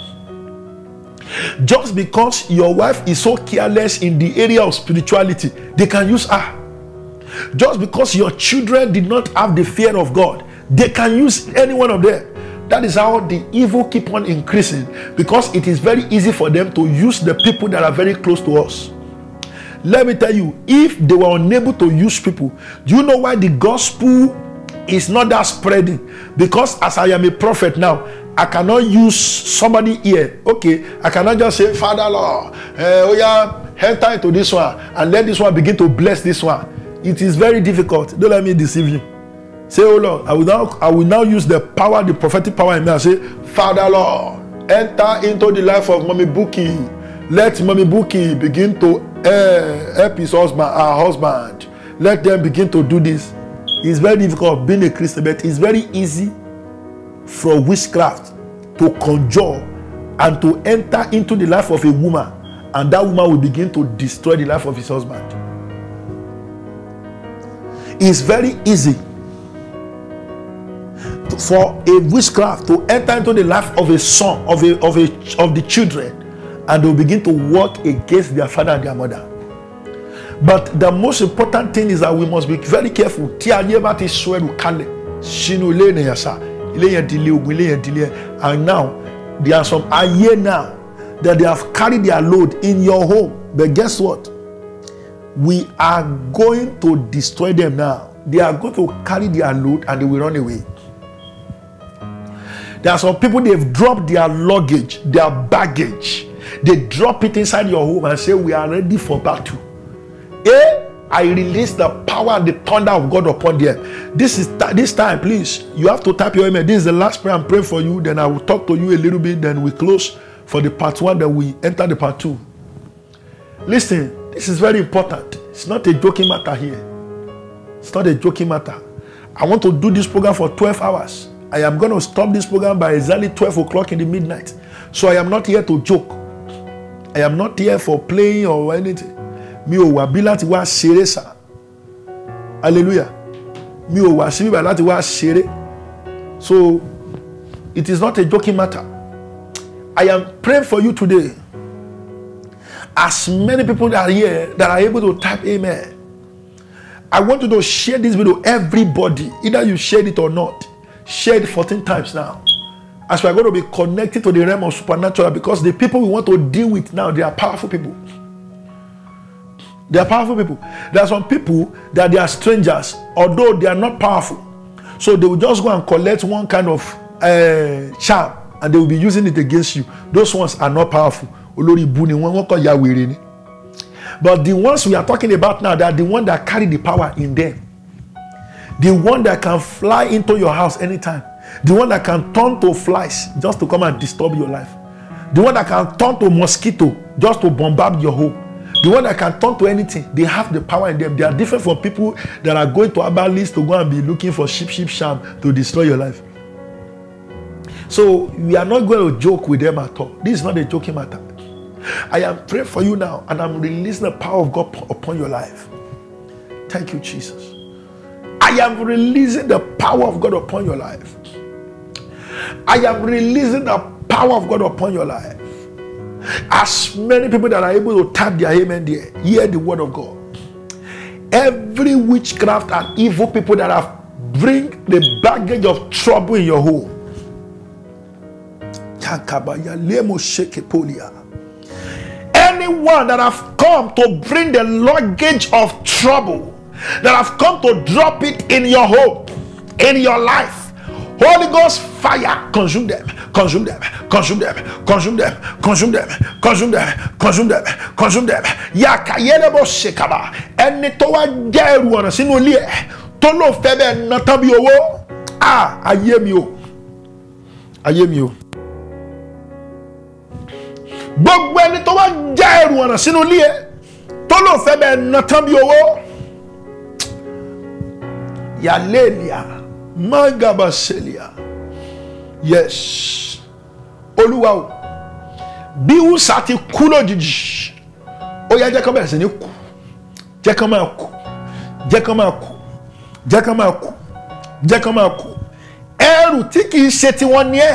Just because your wife is so careless in the area of spirituality, they can use her. Just because your children did not have the fear of God, they can use any one of them. That is how the evil keep on increasing because it is very easy for them to use the people that are very close to us. Let me tell you, if they were unable to use people, do you know why the gospel it's not that spreading. Because as I am a prophet now, I cannot use somebody here. Okay, I cannot just say, Father Lord, uh, eh, oh yeah, enter into this one and let this one begin to bless this one. It is very difficult. Don't let me deceive you. Say, Oh Lord, I will now, I will now use the power, the prophetic power in me and say, Father Lord, enter into the life of Mommy Buki. Let Mommy Buki begin to uh, help his husband, her husband. Let them begin to do this. It's very difficult being a Christian, but it's very easy for witchcraft to conjure and to enter into the life of a woman, and that woman will begin to destroy the life of his husband. It's very easy for a witchcraft to enter into the life of a son, of, a, of, a, of the children, and they'll begin to work against their father and their mother. But the most important thing is that we must be very careful. Tí ayé bá ti sọ kale ilé ènìyàn ilé yẹn And now there are some ayé now that they have carried their load in your home. But guess what? We are going to destroy them now. They are going to carry their load and they will run away. There are some people they've dropped their luggage, their baggage. They drop it inside your home and say, We are ready for battle. Yea, I release the power and the thunder of God upon the earth. This is th- this time, please. You have to type your amen. This is the last prayer I'm praying for you. Then I will talk to you a little bit. Then we close for the part one. Then we enter the part two. Listen, this is very important. It's not a joking matter here. It's not a joking matter. I want to do this program for 12 hours. I am going to stop this program by exactly 12 o'clock in the midnight. So I am not here to joke. I am not here for playing or anything. mi ò wá bí láti wá ṣeré sá hallelujah mi ò wá síbí bá láti wá ṣeré so it is not a joking matter i am praying for you today as many people that are here that are able to type amen i want you to share this video everybody either you shared it or not share it 14 times now as we are going to be connected to the realm of supernatural because the people we want to deal with now they are powerful people They are powerful people. There are some people that they are strangers, although they are not powerful. So they will just go and collect one kind of uh, eh, charm and they will be using it against you. Those ones are not powerful. But the ones we are talking about now, they are the ones that carry the power in them. The one that can fly into your house anytime. The one that can turn to flies just to come and disturb your life. The one that can turn to mosquito just to bombard your home. The one that can turn to anything, they have the power in them. They are different from people that are going to Abba list to go and be looking for sheep, sheep, sham to destroy your life. So we are not going to joke with them at all. This is not a joking matter. I am praying for you now and I'm releasing the power of God upon your life. Thank you, Jesus. I am releasing the power of God upon your life. I am releasing the power of God upon your life. As many people that are able to tap their amen there, hear the word of God. Every witchcraft and evil people that have bring the baggage of trouble in your home. Anyone that have come to bring the luggage of trouble, that have come to drop it in your home, in your life, Holy Ghost fire consume them. consume them, consume them, consume them, consume them, consume them, consume them, consume them. Yàkà yẹ́lẹ́bọ̀ ṣèkàbà ẹni tó wá jẹ́ ẹrù ọ̀nà sínú ilé ẹ̀ tó lò fẹ́ bẹ́ẹ̀ ná tán bí owó ayé mi o ayé mi o gbogbo ẹni tó wá já ọ̀nà sínú ilé ẹ tó lò fẹ́ bẹ́ẹ̀ ná bí owó yàlẹ́ẹ̀lìà mágàbàṣẹ̀lìà yes olúwa o bí wùsà ti kú lójijì ó yá jẹ́ kán bẹ̀rẹ̀ sí ní kú jẹ́ kán máa kú jẹ́ kán máa kú jẹ́ kán máa kú jẹ́ kán máa kú ẹrù tí kìí ṣe tiwọn ni ẹ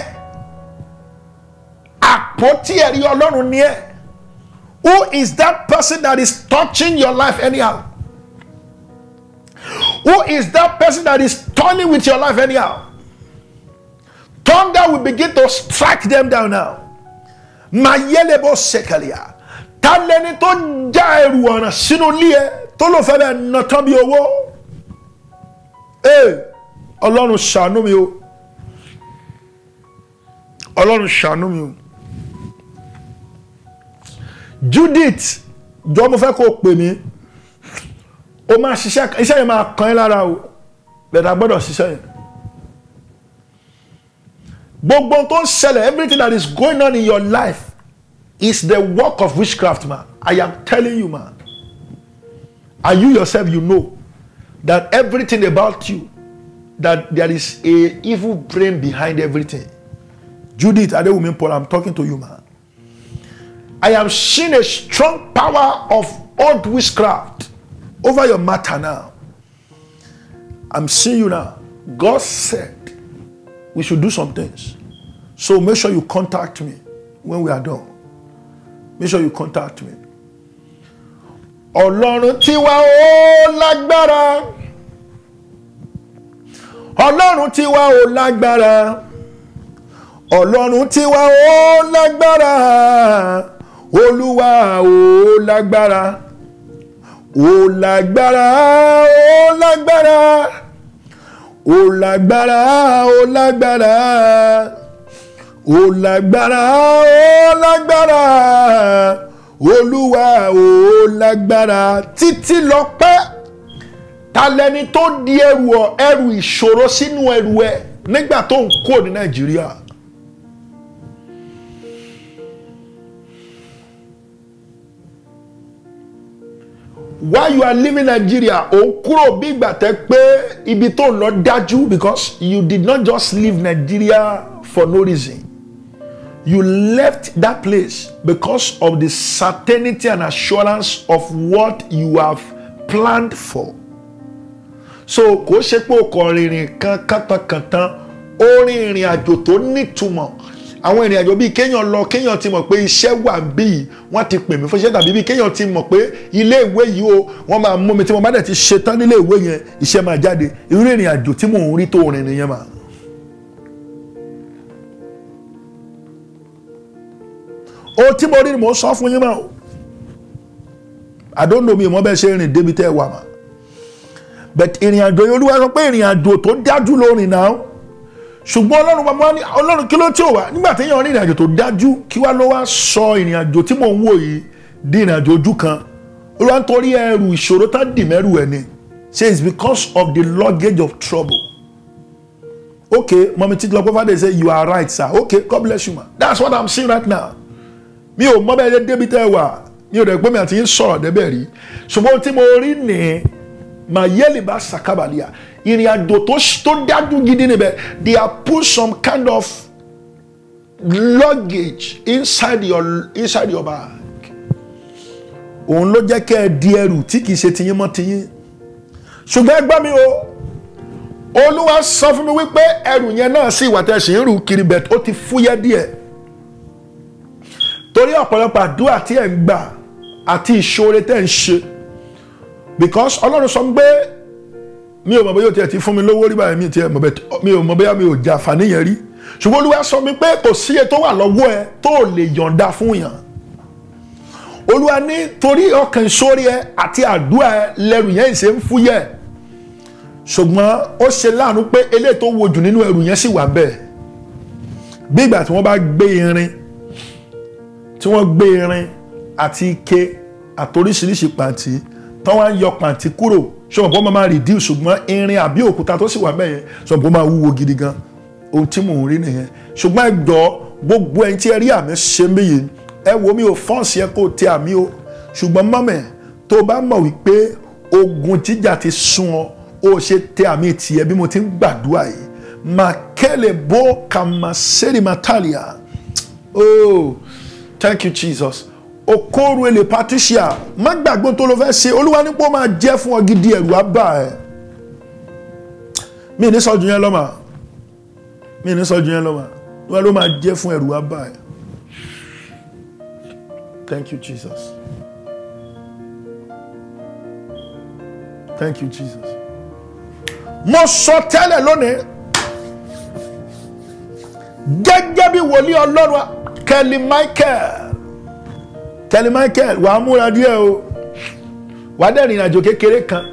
àpótí ẹ̀rí ọlọ́run ni ẹ who is that person that is touching your life anyhow who is that person that is turning with your life anyhow Thunder will begin to strike them down now. Mayelebo Sekalia. Ta lẹni tó já ẹrù ọ̀ràn sínú ilé ẹ tó ló fẹ́ bẹ́ẹ̀ nà tán bí owó. Ee eh, Ọlọ́run ṣàánú mi o. Ọlọ́run ṣàánú mi o. Judith jọ mo fẹ́ kó o pè mí. O máa ṣiṣẹ́ iṣẹ́ yẹn máa kàn ẹ́ lára o. Bẹ̀dà gbọ́dọ̀ ṣiṣẹ́ yẹn. gbogbo tó ń ṣẹlẹ̀ everything that is going on in your life is the work of witchcraft man I am telling you man and you yourself you know that everything about you that there is a evil brain behind everything Judith Adewumi Paul I'm talking to you man I am seeing a strong power of old witchcraft over your matter now I'm seeing you now God said we should do some things. So make sure you contact me when we are done. Make sure you contact me. Ọlọ́run tiwa ó lágbára. Ọlọ́run tiwa ó lágbára. Ọlọ́run tiwa ó lágbára. Olúwa ó lágbára. Ó lágbára ó lágbára ó lágbára ó lágbára ó lágbára ó lágbára olúwa ó lágbára títí lọ́pẹ́ ta lẹni tó di ẹrù ẹrù ìṣòro sínú ẹrù ẹ nígbà tó ń kó ní nàìjíríà why you are leaving Nigeria o kúrò bí ìgbà tẹ pé ibi tó lọ dájú because you did not just leave Nigeria for no reason you left that place because of the certainty and assurance of what you have planned for so kò ṣe pé o kọ rìnrìn kan kàtàkàtà ó ìrìn àjò tó nítumọ̀ àwọn ìrìn àjò bíi kéèyàn lọ kéèyàn ti mọ̀ pé iṣẹ́ wà bí yìí wọ́n ti pè mí fún iṣẹ́ tàbí bíi kéèyàn ti mọ̀ pé ilé ìwé yìí o wọ́n máa mú mi tí mo bá dẹ̀ ti ṣe tán nílé ìwé yẹn iṣẹ́ máa jáde irú ìrìn àjò tí mò ń rí tó rìn nìyẹn mà. o tí mo rí ni mò ń sọ fún yín mà o àdóńdó mi ìmọ̀ bẹ́ẹ̀ ṣe rìn débi tẹ́ wà mà but ìrìn àjò yìí olúwa sọ pé ìrìn àjò tó dájú lórin náà ṣùgbọ́n ọlọ́run wa mo ní ọlọ́run kí ló tí ò wá nígbà téèyàn rìn ìrìnàjò tó dájú kí wá ló wá sọ ìrìnàjò tí mò ń wò yìí di ìrìnàjò ojú kan ó lọ nítorí ẹrù ìṣòro tá dì mẹ́rù ẹ̀ ni say because of the luggage of trouble okay mọ̀mí títí lọ fàdé say you are right sir okay God bless you ma that's what I'm seeing right now mi ò mọ bẹ́ẹ̀ débi tẹ́ wà mi ò rẹ̀ pé mi àti yín sọ̀rọ̀ débẹ̀ rí ṣùgbọ́n tí mo rí nìyẹn màá yẹ́lì ìrìn àjò tó dájú gidi níbẹ̀ they are put some kind of luggage inside your inside your bag òun ló jẹ́ kẹ́ ẹ di ẹrù tí kìí ṣe tiyín mọ́ tiyín ṣùgbọ́n ẹ gbọ́ mi o olúwa sọ fún mi wípé ẹrù yẹn náà sì wà tẹ́ ṣì ń rù kiri bẹ̀ ó ti fúyẹ́ díẹ̀ torí ọ̀pọ̀lọpọ̀ àdúrà tí ẹ̀ ń gbà àti ìṣòro tẹ́ ń ṣe because ọlọ́run sọ pé mi ò mọ̀ bóyá o tiẹ̀ ti fún mi lówó rí báyìí mi tiẹ̀ mi ò mọ̀ bóyá mi ò jà fàní yẹn rí ṣùgbọ́n olúwa sọ mi pé kò sí ètò wà lọ́wọ́ ẹ tó lè yọ̀ǹda fún yàn olúwa ní torí ọkàn ìsórí ẹ àti àdúrà ẹ lẹ́rù yẹn ṣe ń fúyẹ́ ṣùgbọ́n ó ṣe láàánú pé eléyìí tó wojù nínú ẹrù yẹn sì wà bẹ́ẹ̀ bí ìgbà tí wọ́n bá gbé irin tí wọ́n gbé irin àti ike àtoríṣiríṣi pàǹtí tán wá ń yọ pàǹtí kúrò ṣọmọ pé wọ́n máa reduce ṣùgbọ́n irin àbí òkúta tó sì wà bẹ́ẹ̀ yẹn ṣọmọ pé wọ́n máa wúwo gidi gan ohun tí mò ń rí nìyẹn ṣùgbọ́n ẹgbọ́ gbogbo ẹni tí ẹ rí àmì ṣe mí yìí ẹ wo mi ò fọ́ọ̀sì ẹ kó tẹ àmì o ṣùgbọ́n mọ́mẹ́ tó bá mọ̀ wípé ogun jíjà ti sún ọ ó ṣe tẹ àmì tiẹ̀ bí mo ti ń gbàdúrà yìí makele bo kama seri matalia oh thank you jesus okoro ele patricia má gbàgbọ́ tó ló fẹ́ ṣe olúwa ní pé ó máa jẹ́ fún ọ gidi ẹ̀rù àbá ẹ̀ mi ní sọ́jú yẹn lọ́mà mi ní sọ́jú yẹn lọ́mà olúwa ló máa jẹ́ fún ẹ̀rù àbá ẹ̀ thank you jesus thank you jesus mo sọ tẹ́lẹ̀ lónìí gẹ́gẹ́ bí wòlíì ọlọ́run kẹ́lí michael tẹ̀lé Michael wàá múra díẹ̀ o wàá dẹ̀ rìnrìn àjò kékeré kan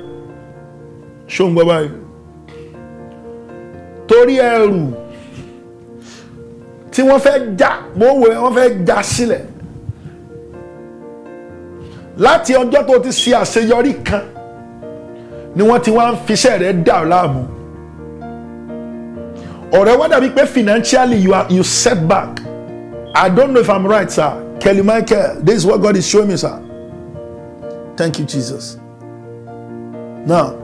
ṣóun gbọ́ báyìí torí ẹrù tí wọ́n fẹ́ já mọ́wé wọ́n fẹ́ já sílẹ̀ láti ọjọ́ tó ti ṣe àṣeyọrí kan ni wọ́n ti wá ń fiṣẹ́ rẹ̀ dà láàmú ọ̀rẹ́ wá dàbí pé financially you are you set back I don't know if I'm right sir Kelly Michael, this is what God is showing me, sir. Thank you, Jesus. Now,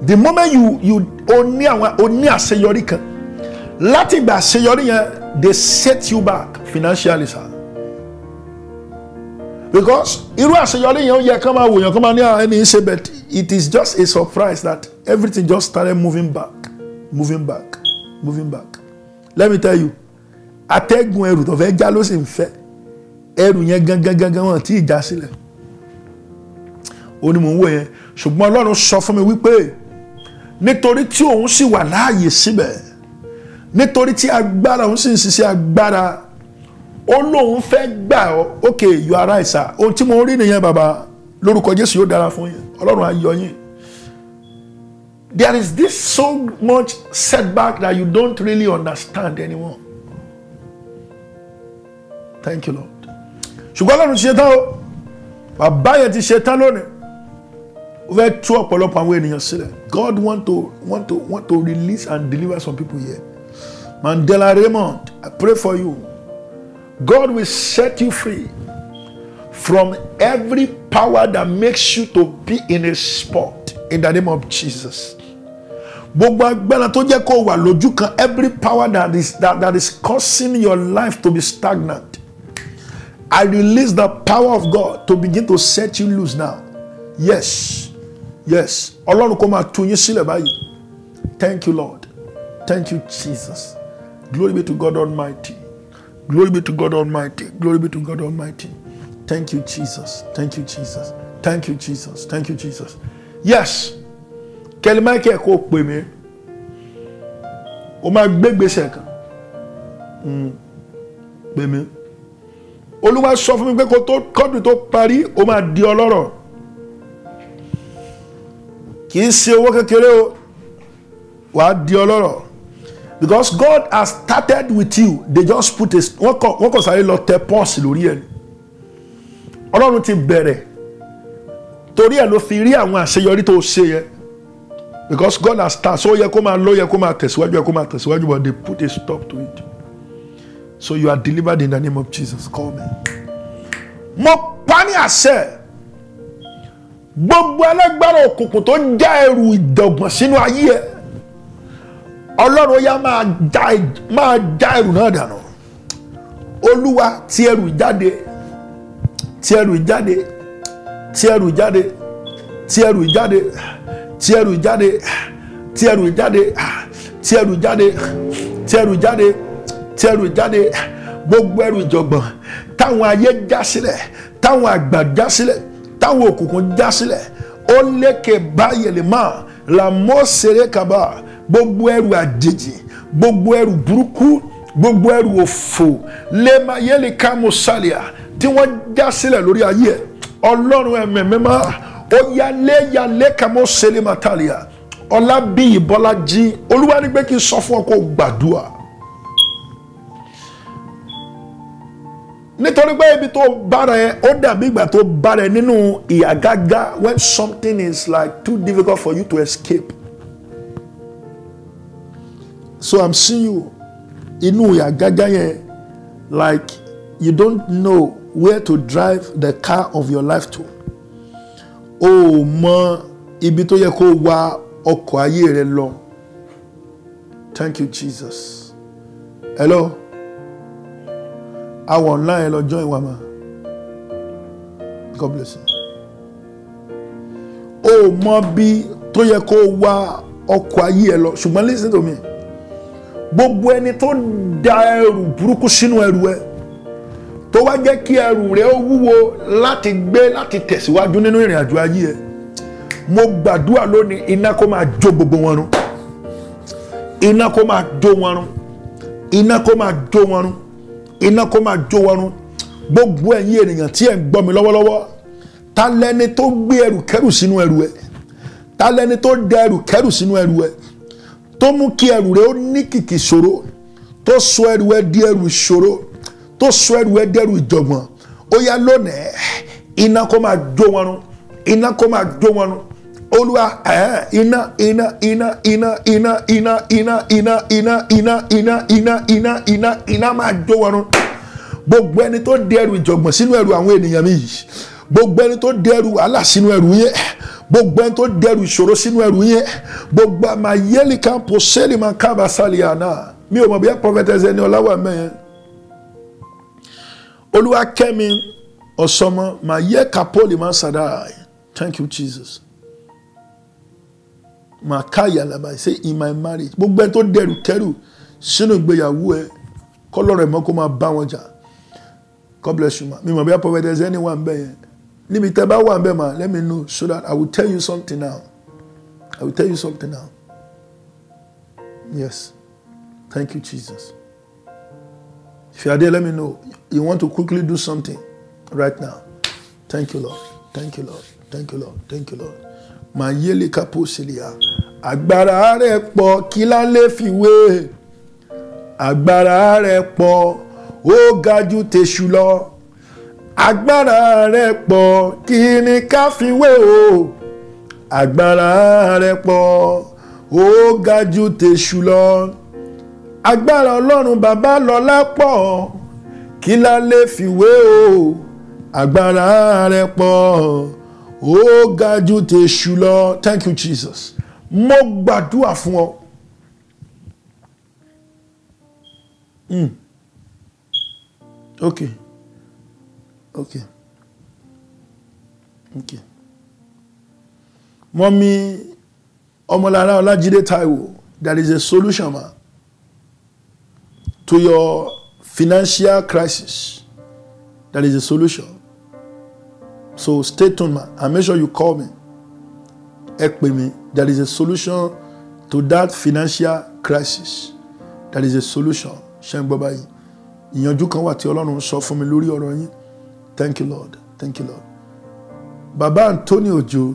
the moment you you only only a kan láti gba àṣeyọrí they set you back financially, sir. Because irú àṣeyọrí yẹn ó yẹ kán máa wòyàn kán máa ní ah, ẹni but it is just a surprise that everything just started moving back moving back moving back. Let me tell you, I take my fẹ́ já ló sì ń ẹrù yẹn gangan wọn tí ìjà sílẹ̀ ó yẹn ṣùgbọ́n Ọlọ́run sọ fún mi wípé nítorí tí òun sì wà láàyè síbẹ̀ nítorí tí agbára òun sì ń ṣiṣẹ́ agbára ó lóun fẹ́ gbà ọ́ ókè yọ ara ìsà ohun tí mo rí nìyẹn bàbá lórúkọ Jésù yóò dára fún yín Ọlọ́run á yín there is this so much setback that you don't really understand anymore thank you Lord. ṣùgbọ́n ọlọ́run ti ṣe tán o bàbá yẹn ti ṣe tán lónìí ó fẹ́ tú ọ̀pọ̀lọpọ̀ àwọn ènìyàn sílẹ̀ God want to want to want to release and deliver some people here Mandela Raymond I pray for you God will set you free from every power that makes you to be in a spot in the name of Jesus. gbogbo agbára tó jẹ́ kó wà lójú kan every power that is that, that is causing your life to be stagnant I release the power of God to begin to set you loose now. Yes. Yes. Ọlọ́run kò máa tú yín sílẹ̀ báyìí. Thank you Lord. Thank you Jesus. Glory be to God Almighty. Glory be to God Almighty. Glory be to God Almighty. Thank you Jesus. Thank you Jesus. Thank you Jesus. Thank you Jesus. Yes. Kẹ̀lẹ́máìkì ẹ̀ kò pè mí. O máa gbégbèsè kan. Hmm. Pè mí. Mm olúwa sọ fún mi pé kó tó kọ́dù tó parí ó máa di ọlọ́rọ̀ kì í ṣe owó kékeré o wàá di ọlọ́rọ̀ because God has started with you they just put a wọ́n kọ̀ wọ́n kọ̀ sáré lọ tẹ pọ́ọ̀sì lórí ẹ̀ ọlọ́run ti bẹ̀rẹ̀ torí ẹ̀ ló fi rí àwọn àṣeyọrí tó ṣe yẹ because God has started so yẹ kó máa lọ yẹ kó máa tẹ̀síwájú yẹ kó máa tẹ̀síwájú but they put a stop to it. So you are delivered in the name of Jesus. Call me. Mo pa àṣẹ. Gbogbo ẹlẹ́gbẹ́rẹ́ òkùnkùn tó já ẹrù ìdọ̀gbọ̀n sínú ayé ẹ̀. Ọlọ́run ó máa já ẹrù náà dànù. Olúwa ti ẹrù ìjáde. Ti ẹrù ìjáde. Ti ẹrù ìjáde. Ti ẹrù ìjáde. Ti ẹrù ìjáde. Ti ẹrù ìjáde. Ti ẹrù ìjáde. Ti ẹrù ìjáde tí ẹrù jáde gbogbo ẹrù ìjọ̀gbọ̀n táwọn ayé já sílẹ̀ táwọn àgbà já sílẹ̀ táwọn òkùnkùn já sílẹ̀ ó lékè báyẹlẹ mọ́ sèré kaba gbogbo ẹrù àjèjì gbogbo ẹrù burúkú gbogbo ẹrù òfò lẹ́mayẹ́lì kámọ́sálíà tí wọ́n já sílẹ̀ lórí ayé ẹ̀ ọlọ́run ẹ̀mẹ̀ mímọ́ ó yálé yálé kámọ́sálíà ọlábíyì bọ́lájí olúwa ní pé kí n sọ fún ọ kó gbàdúrà. nítorí pé ibi tó bára ẹ ó dàbí ìgbà tó bára ẹ nínú ìyàgágá when something is like too difficult for you to escape so i'm seeing you inú ìyàgágá yẹn like you don't know where to drive the car of your life to o ò mọ ibi tó yẹ kó wa ọkọ̀ ayé rẹ lọ thank you jesus hello àwa online ẹ lọ join wa ma God bless you. o mọ bí tó yẹ kó wá ọkọ̀ ayé ẹ lọ ṣùgbọ́n listen to me gbogbo ẹni tó da ẹrù burúkú sínú ẹrù ẹ tó wá jẹ́ kí ẹrù rẹ ó wúwo láti gbé láti tẹ̀síwájú nínú ìrìn àjò ayé ẹ mo gbàdúrà lónìí iná kó máa jó gbogbo wọn run iná kó máa jó wọn run iná kó máa jó wọn run iná kó máa jó wọrun gbogbo ẹ̀yin ènìyàn tí ẹ̀ ń gbọ́ mi lọ́wọ́lọ́wọ́ ta lẹni tó gbé ẹrù kẹrù sínú ẹrù ẹ ta lẹni tó dẹ ẹrù kẹrù sínú ẹrù ẹ tó mú kí ẹrù rẹ ó ní kìkì ṣòro tó sọ ẹrù ẹ di ẹrù ìṣòro tó sọ ẹrù ẹ di ẹrù ìjọ̀gbọ̀n ó yá lónìí iná kó máa jó wọrun iná kó máa jó wọrun olúwa iná iná iná iná iná iná iná iná iná iná iná iná iná iná iná máa jó wọrun gbogbo ẹni tó di ẹrù ìjọ̀gbọ̀n sínú ẹrù àwọn ènìyàn mi yìí gbogbo ẹni tó di ẹrù wàhálà sínú ẹrù yẹn gbogbo ẹni tó di ẹrù ìṣòro sínú ẹrù yẹn gbogbo àmà yẹ́lì kan pò sẹ́lì máa kábà sálìyà náà mi ò mọ̀ bí ẹ pọfẹtẹsẹ ni ọláwà mẹ́yẹn olúwa kẹ́mi ọ̀sọ́mọ màá yẹ kápọ́ọ̀lì máa ń sàdáà thank you Jesus màkàyà làbà ṣe in my marriage gbogbo ẹni tó dẹrù kẹrù sínú ìgbéyàwó ẹ kọlọ́rọ̀ ẹ̀mọ́ kó máa bá wọn jà God bless you ma mi mọ̀ bí apọ̀fẹ́tẹ̀ ṣe ẹni wà ń bẹ̀ yẹn níbi tẹ́ bá wà ń ma let me know so that I will tell you something now I will tell you something now yes thank you Jesus if you are there let me know you want to quickly do something right now thank you Lord thank you Lord thank you Lord thank you Lord. yele Kapo Silia agbára rẹ̀ pọ̀ kí lálé fi wé agbára rẹ̀ pọ̀ ó ga ju tèṣù lọ agbára rẹ̀ pọ̀ kí ni ká fi wé o agbára rẹ̀ pọ̀ ó ga ju tèṣù lọ agbára ọlọ́run bàbá lọ́lá pọ̀ kí lálé fi wé o agbára rẹ̀ pọ̀ ó ga ju tèṣù lọ thank you jesus mo gbàdúrà fún ọ. Mm. Okay. Okay. Okay. Mọ́mí Ọmọlára Ọlájídé Táíwò, there is a solution ma to your financial crisis. There is a solution. So stay tuned ma and make sure you call me ẹ pè there is a solution to that financial crisis there is a solution ṣe ń gbọ́ báyìí ìyànjú kan wà tí ọlọ́run sọ fún mi lórí ọ̀rọ̀ yín thank you lord thank you lord bàbá Anthony Ojo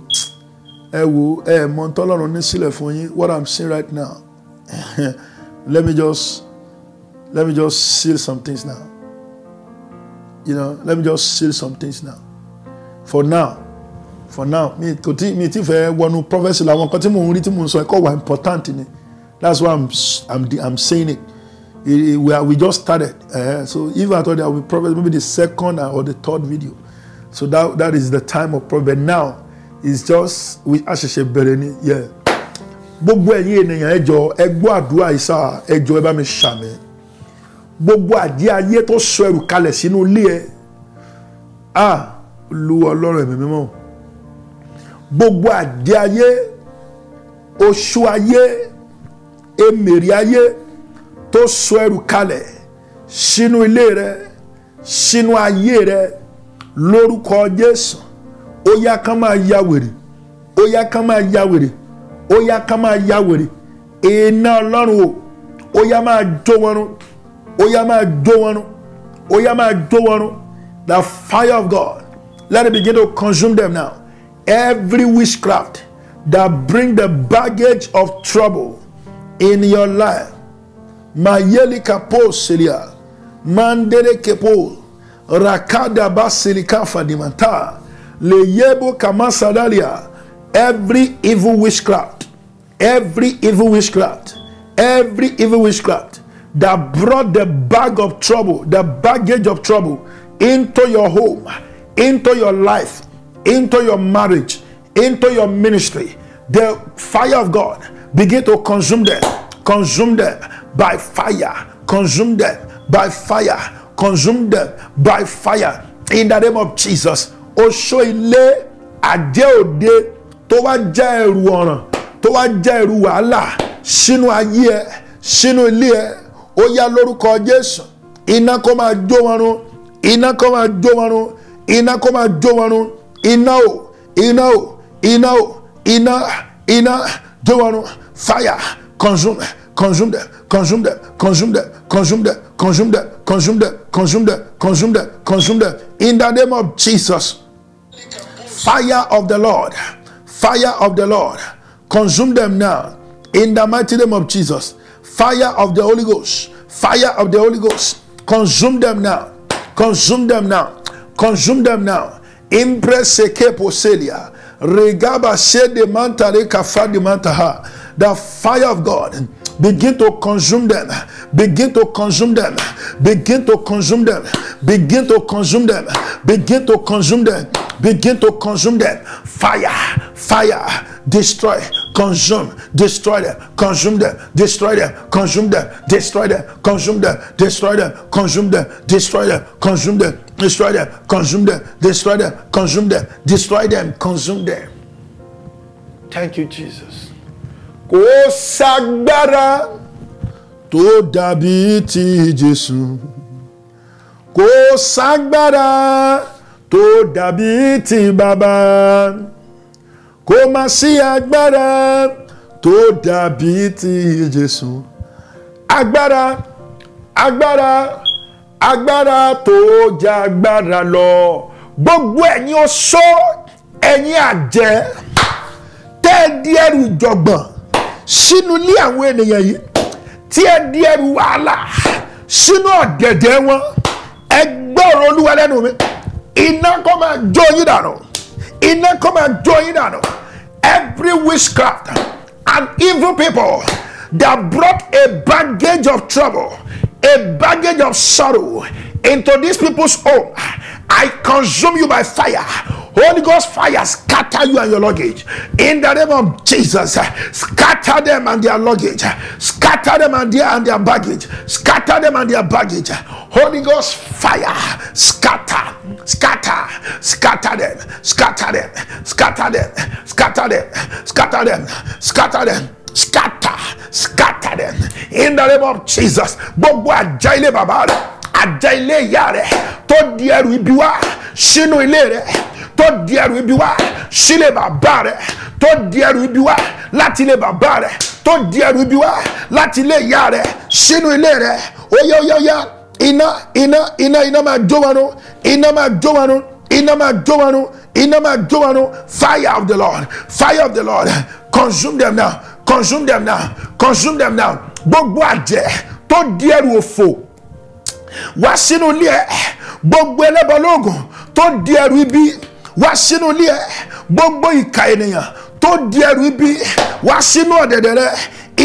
ẹ wo ẹ mọ tọ́lọ́run ní sílẹ̀ fún yín what i'm seeing right now let me just let me just seal some things now you know let me just seal some things now for now for now mi kò tí mi ti fẹ́ wọnú prophecy làwọn nǹkan tí mò ń rí tí mò ń sọ ẹ̀kọ́ wà important ni that's why i'm i'm i'm saying it we are we just started uh, so if at all there will be maybe the second or the third video so that that is the time of prophecy now it's just we àṣẹ̀ṣẹ̀ bẹ̀rẹ̀ ni yeah gbogbo ẹ̀yin ènìyàn ẹ jọ̀ọ́ ẹ gbọ́ àdúrà yìí sáà ẹ jọ̀ọ́ ẹ bá mi ṣàmì gbogbo àdí ayé tó sọ ẹrù kalẹ̀ sínú ilé ẹ ah lu ọlọ́run ẹ̀mí mímọ́ gbogbo àjẹ ayé oṣù ayé emèrè ayé tó sọ ẹrù kalẹ̀ sínú ilé rẹ sínú ayé rẹ lórúkọ Jésù ó yá kán máa ya wèrè ó yá máa ya wèrè ó yá máa ya wèrè iná Ọlọ́run o ó máa jó wọn run máa jó wọn run máa jó wọn the fire of God let it begin to consume them now every witchcraft that bring the baggage of trouble in your life. Mayeli kapo silia, mandere kepo, rakada basilika fadimanta, leyebo kamasadalia, every evil witchcraft, every evil witchcraft, every evil witchcraft that brought the bag of trouble, the baggage of trouble into your home, into your life, into your marriage, into your ministry. The fire of God begin to consume them, consume them by fire, consume them by fire, consume them by fire. In the name of Jesus, oṣó ilé àjẹ́ òde ẹrù ọ̀ràn tó wá ẹrù wàhálà sínú ayé ẹ sínú ilé ẹ ó yá lórúkọ Jésù iná kó máa jó wọn run iná kó máa jó wọn run iná kó máa jó wọn run Eno, Eno, Eno, Eno, Eno, devant fire, consume, consume them, consume them, consume them, consume them, consume them, consume them, consume them, consume them, consume them. In the name of Jesus, fire of the Lord, fire of the Lord, consume them now. In the mighty name of Jesus, fire of the Holy Ghost, fire of the Holy Ghost, consume them now, consume them now, consume them now. Impreseke poselia. Regaba de mantare kafadi The fire of God begin to consume them begin to consume them begin to consume them begin to consume them begin to consume them begin to consume them fire fire destroy consume, destroy them, consume them, destroy them, consume them, destroy them, consume them, destroy them, consume them, destroy them, consume them, destroy them, consume them, destroy them, consume them, destroy them, consume them. Thank you, Jesus. Kò ságbára tó dàbí ti Jésù. Kò ságbára tó dàbí ti bàbá kó má sí agbára tó dàbí ti Jésù agbára agbára agbára tó jà agbára lọ gbogbo ẹ̀yin oṣó ẹ̀yin àjẹ́ tẹ́ ẹ di ẹrù ìjọ̀gbọ̀n sínú ilé àwọn ènìyàn yìí tí ẹ di ẹrù wàhálà sínú ọ̀dẹ̀dẹ̀ wọn ẹ gbọ́rọ̀ olúwa lẹ́nu mi iná kó máa jó yín dànù iná kó máa jó yín dànù every witchcraft and evil people that brought a baggage of trouble, a baggage of sorrow into these people's home, I consume you by fire Holy Ghost fire scatter you and your luggage in the name of Jesus. Scatter them and their luggage. Scatter them and their and their baggage. Scatter them and their baggage. Holy Ghost fire scatter, scatter, scatter them, scatter them, scatter them, scatter them, scatter them, scatter them. Scatter, scatter them in the name of Jesus. Gbogbo àjà ilé bàbá rẹ̀ àjà ilé ìyá rẹ tó di ẹrù ibi wá sínú ilé rẹ tó di ẹrù ibi wá sílé bàbá rẹ tó di ẹrù ibi wá láti ilé bàbá rẹ tó di ẹrù ibi wá láti ilé ìyá rẹ sínú ilé rẹ óyá óyá óyá iná iná iná iná máa jó wọn iná máa jó wọn iná máa jó wọn iná máa jó wọn fire of the lord fire of the lord consume them now consume them now consume them now gbogbo àjẹ́ tó di ẹrù òfò wá sínú ilé ẹ gbogbo ẹlẹ́bọ lóògùn tó di ẹrù ibi wá sínú ilé ẹ gbogbo ìka ènìyàn tó di ẹrù ibi wá sínú ọ̀dẹ̀dẹ̀ rẹ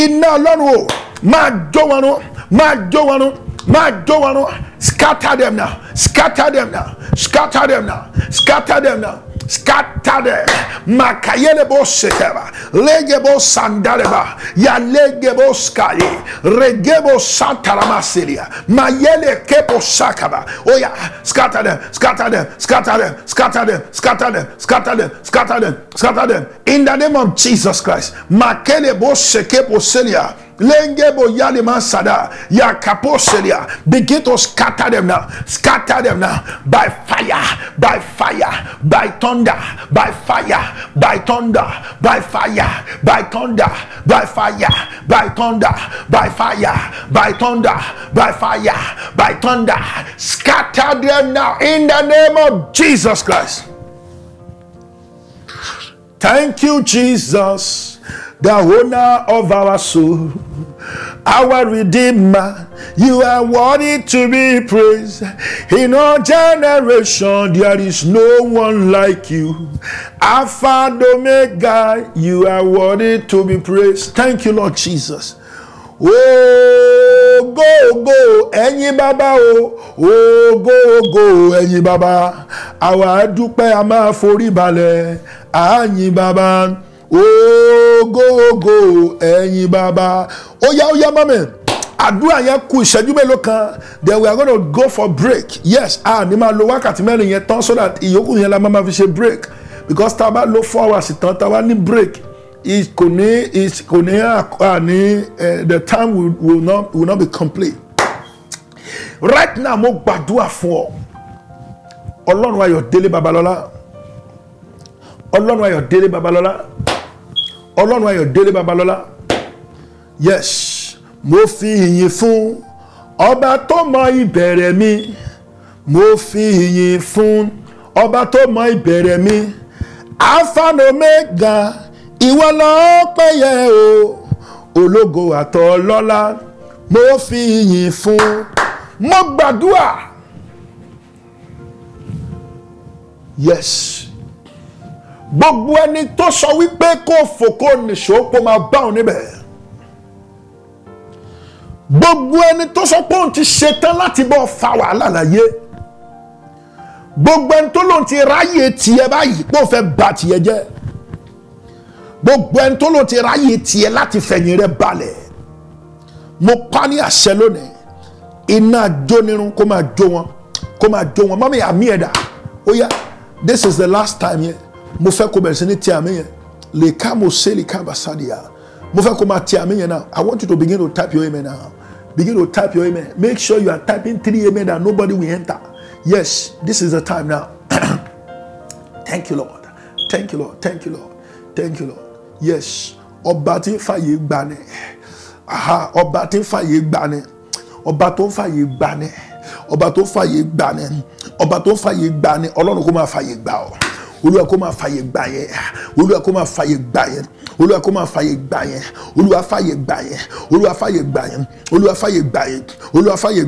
iná ọlọ́run o máa jó wọn run máa jó wọn run máa jó wọn run scatter them now scatter them now scatter them now scatter them now. scatter them makayelebo seteva legebo sandaleba ya legebo skali regebo santaramasilia mayele kebo sakaba oh yeah scatter them scatter them scatter them scatter them scatter them scatter them scatter them scatter them in the name of Jesus Christ makelebo sekebo selia Lengebo Yaliman Sada, Yakaposelia, begin to scatter them now, scatter them now by fire, by fire, by thunder, by fire, by thunder, by fire, by thunder, by fire, by thunder, by fire, by thunder, by fire, by thunder, scatter them now in the name of Jesus Christ. Thank you, Jesus. the owner of our soul, our Redeemer. You are worthy to be praised. In all generation, there is no one like you. Alpha and Omega, you are worthy to be praised. Thank you, Lord Jesus. Oh ògo ẹ̀yin bàbá o ògo ògo ẹ̀yin bàbá àwa dúpẹ́ a máa forí balẹ̀ àyìn bàbá ògo ògo ẹ̀yin bàbá ó yá ó yá mọ́mì àdúrà yẹn kù ìṣẹ́jú mélòó kan then we are gonna go for break yes a ní máa lo wákàtí mẹ́rin yẹn tán so that ìyókù yẹn la máa fi ṣe break because tá a bá lo four hours tán tá a bá ní break kò ní kò ní àní eh, the time will, will, not, will not be complete right now mo gbàdúrà fún ọ ọlọ́run ayọ̀délé babalọ́lá ọlọ́run ayọ̀délé babalọ́lá ọlọ́run ayọ̀délé babalọ́lá yes mo fi ìyìn fún ọba tó mọ ìbẹ̀rẹ̀ mi mo fi ìyìn fún ọba tó mọ ìbẹ̀rẹ̀ mi afanomega ìwọ lọ́ọ́ pẹ́yẹ o ológo àtọ́lọ́lá mo fi ìyìn fún mo gbàdúrà yes gbogbo ẹni tó sọ wípé kó fòkó nìṣó kó máa bá òun níbẹ̀ gbogbo ẹni tó sọ pé òun ti ṣetán láti bọ́ fa wàhálà láyé gbogbo ẹni tó lòun ti ráyè tiẹ̀ báyìí pé òun fẹ́ bà tiẹ̀ jẹ́ gbogbo ẹni tó lòun ti ráyè tiẹ̀ láti fẹ̀yìn rẹ̀ balẹ̀ mo pa ní àṣẹ lónìí iná jónirun kó máa jó wọn kó máa jó wọn mọ́mí àmì ẹ̀dá ó yá this is the last time yẹn mo fẹ́ kó bẹ̀rẹ̀ sí ní ti àmì yẹn lè ká mo ṣe lè ká basadia mo fẹ́ kó máa ti àmì yẹn now I want you to begin to type your amen now begin to type your amen make sure you are typing three amen that nobody will enter yes this is the time now thank you Lord thank you Lord thank you Lord thank you Lord yes ọba tí ń fàyè gbani ọba tí ń fàyè gbani ọba tó ń fàyè gbani ọba tó ń fàyè gbani ọba tó ń fàyè gbani ọlọ́run kó máa fàyè gbà ọ́ olúwa kó máa fàyè gbà yẹn olúwa kó máa fàyè gbà yẹn olúwa kó máa fàyè gbà yẹn olúwa fàyè gbà yẹn olúwa fàyè gbà yẹn olúwa fàyè gbà yẹn olúwa fàyè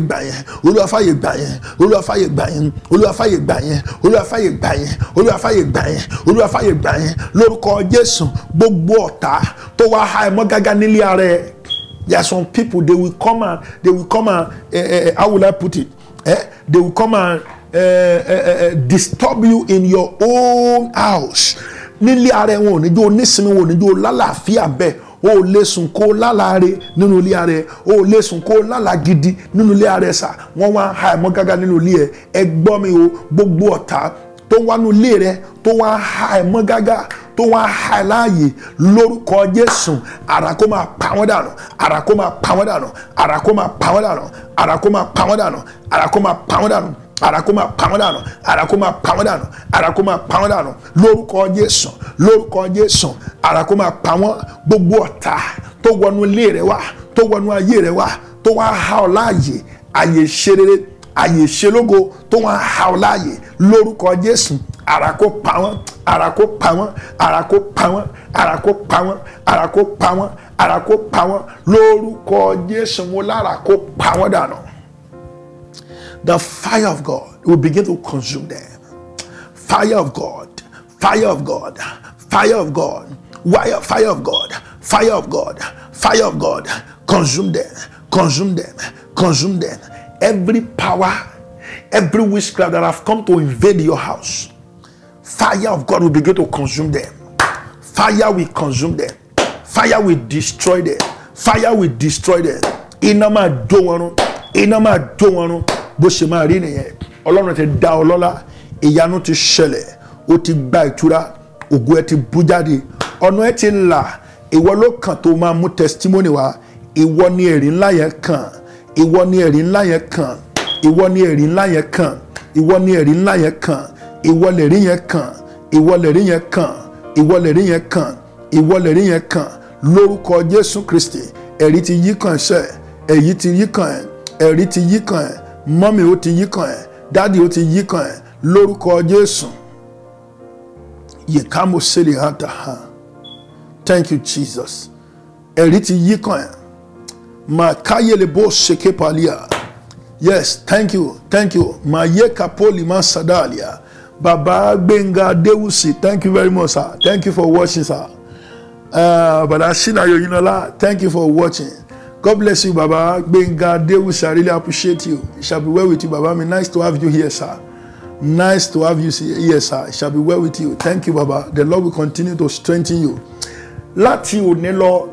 gbà yẹn olúwa fàyè gbà yẹn olúwa fàyè gbà yẹn olúwa fàyè gbà yẹn olúwa fàyè gbà yẹn olúwa fàyè gbà yẹn olúwa fàyè gbà yẹn olúwa fàyè gbà yẹn lórúkọ jésù gbogbo ọ̀tá tó wá ha ẹ̀mọ́ gágá nílé ara ẹ̀ there are some people they will come and they will come and eh, eh, how will I put it eh? they will come and uh, disturb you in your own house nílé ara wọn ò ní jó nísìnyí wọn ò ní jó lálàáfíà bẹ́ẹ̀ o lè sùn kó lálàáre nínú ilé ààrẹ o lè sùn kó lálàá gidi nínú ilé ààrẹ sà wọn wá ha ẹmọ gágá nínú ilé ẹ ẹ gbọ́ mi o gbogbo ọ̀tá tó wá nu ilé rẹ tó wá ha ẹmọ gágá tó wá ha ẹ láàyè lórúkọ Jésù ara kó máa pa wọ́n dànù ara kó máa pa wọ́n dànù ara kó máa pa wọ́n dànù ara kó máa pa wọ́n dànù ara kó máa pa wọ́n dànù ara kó máa pa wọ́n dànù ara kó máa pa wọ́n dànù ara kó máa pa wọ́n dànù lórúkọ Jésù lórúkọ Jésù ara kó máa pa wọ́n gbogbo ọ̀tá tó wọnú ilé rẹ wá tó wọnú ayé rẹ wá tó wá ha ọ láàyè àyè ṣe rere àyè tó wá ha ọ láàyè lórúkọ Jésù ara kó pa wọ́n ara kó pa wọ́n ara kó pa wọ́n ara kó pa wọ́n ara lára kó pa dànù the fire of God will begin to consume them. Fire of God, fire of God, fire of God, fire, fire of God, fire of God, fire of God, consume them, consume them, consume them. Every power, every witchcraft that have come to invade your house, fire of God will begin to consume them. Fire will consume them. Fire will destroy them. Fire will destroy them. Inama do wanu. Inama do wanu bó ṣe máa rí nìyẹn ọlọ́run ti dá ọ lọ́lá ìyanu ti ṣẹlẹ̀ ó ti gba ìtura ògo ẹ ti bú jáde ọ̀nà ẹ ti là ìwọ ló kàn tó máa mú testimony wá ìwọ ni ẹ̀rí ńlá yẹn kàn ìwọ ni ẹ̀rí ńlá yẹn kàn ìwọ ni ẹ̀rí ńlá yẹn kàn ìwọ ni ẹ̀rí ńlá yẹn kàn ìwọ lẹ̀rí yẹn kàn ìwọ lẹ̀rí yẹn kàn ìwọ lẹ̀rí yẹn kàn ìwọ lẹ̀rí yẹn kàn lórúkọ Jésù Kristi ẹ̀rí ti yí kàn ṣẹ́ ẹ̀yí ti yí kàn ẹ̀rí ti yí kàn ẹ̀ mọ́mì ó ti yí kàn ẹ́ dáàdì ó ti yí kàn ẹ́ lórúkọ Jésù yìkámo sílẹ̀ hàtà hàn thank you Jesus ẹ̀rí ti yí kàn ẹ́ mà káyẹ̀lẹ̀ bó ṣèké pàlíà yes thank you thank you mà yẹ kapoli má sàdáàlìà bàbá Gbẹ́ngà Adéwùsì thank you very much sir thank you for watching sir uh, bàdá Ṣínà Oyinlọ́lá thank you for watching. God bless you, Baba. Benga Deus, I really appreciate you. It shall be well with you, Baba. I mean, nice to have you here, sir. Nice to have you here, sir. It shall be well with you. Thank you, Baba. The Lord will continue to strengthen you. Láti òní lọ,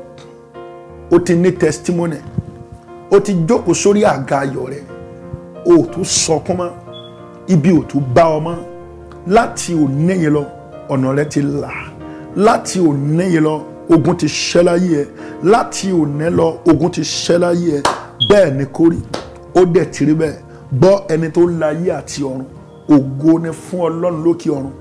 o ti ní testimony. O ti jókòó sórí àga ayọ̀ rẹ̀. O tún sọkún mọ́. Ibi ò tún bá ọ mọ́. Láti òní yẹn lọ, ọ̀nà rẹ ti là. Láti òní yẹn lọ, ogun ti ṣẹ́ láyé ẹ láti òní lọ ogun ti ṣẹ́ láyé ẹ bẹ́ẹ̀ ni kò rí ó dẹ̀ ti rí bẹ́ẹ̀ gbọ́ ẹni tó láyé àti ọ̀run ògo ni fún ọlọ́run lókè ọ̀run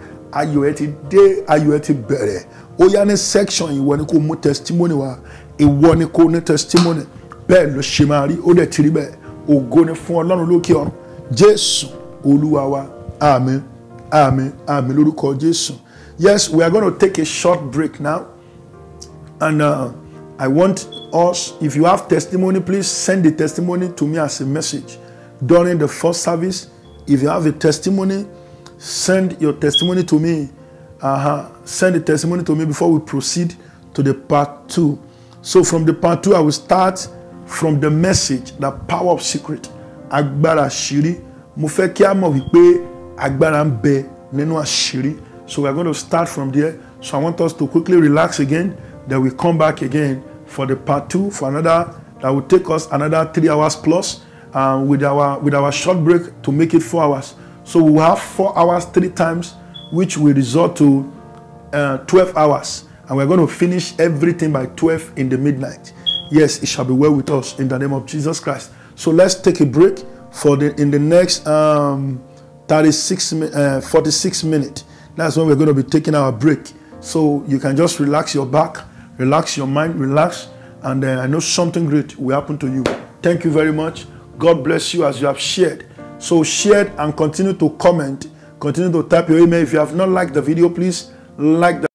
ayọ̀ ẹ ti dé ayọ̀ ẹ ti bẹ̀rẹ̀ ó yá ní section ìwọ ni kò mú testimony wa ìwọ ni kò ní testimony bẹ́ẹ̀ ló ṣe máa rí ó dẹ̀ ti rí bẹ́ẹ̀ ògo ni fún ọlọ́run lókè ọ̀run jésù olúwa wa àmín àmín àmín lórúkọ jésù yes we are gonna take a short break now. And uh, I want us, if you have testimony, please send the testimony to me as a message during the first service. If you have a testimony, send your testimony to me. Uh-huh. Send the testimony to me before we proceed to the part two. So from the part two, I will start from the message, the power of secret. Agbára àṣírí. Mo fẹ́ kí a mọ̀ wípé agbára ń bẹ nínú So we are going to start from there. So I want us to quickly relax again. Then we come back again for the part two for another that will take us another three hours plus um, with our with our short break to make it four hours. So we will have four hours three times, which will result to uh, 12 hours. And we're going to finish everything by 12 in the midnight. Yes, it shall be well with us in the name of Jesus Christ. So let's take a break for the in the next um, 36 uh, 46 minutes. That's when we're going to be taking our break. So you can just relax your back Relax your mind, relax, and uh, I know something great will happen to you. Thank you very much. God bless you as you have shared. So share and continue to comment. Continue to type your email. If you have not liked the video, please like the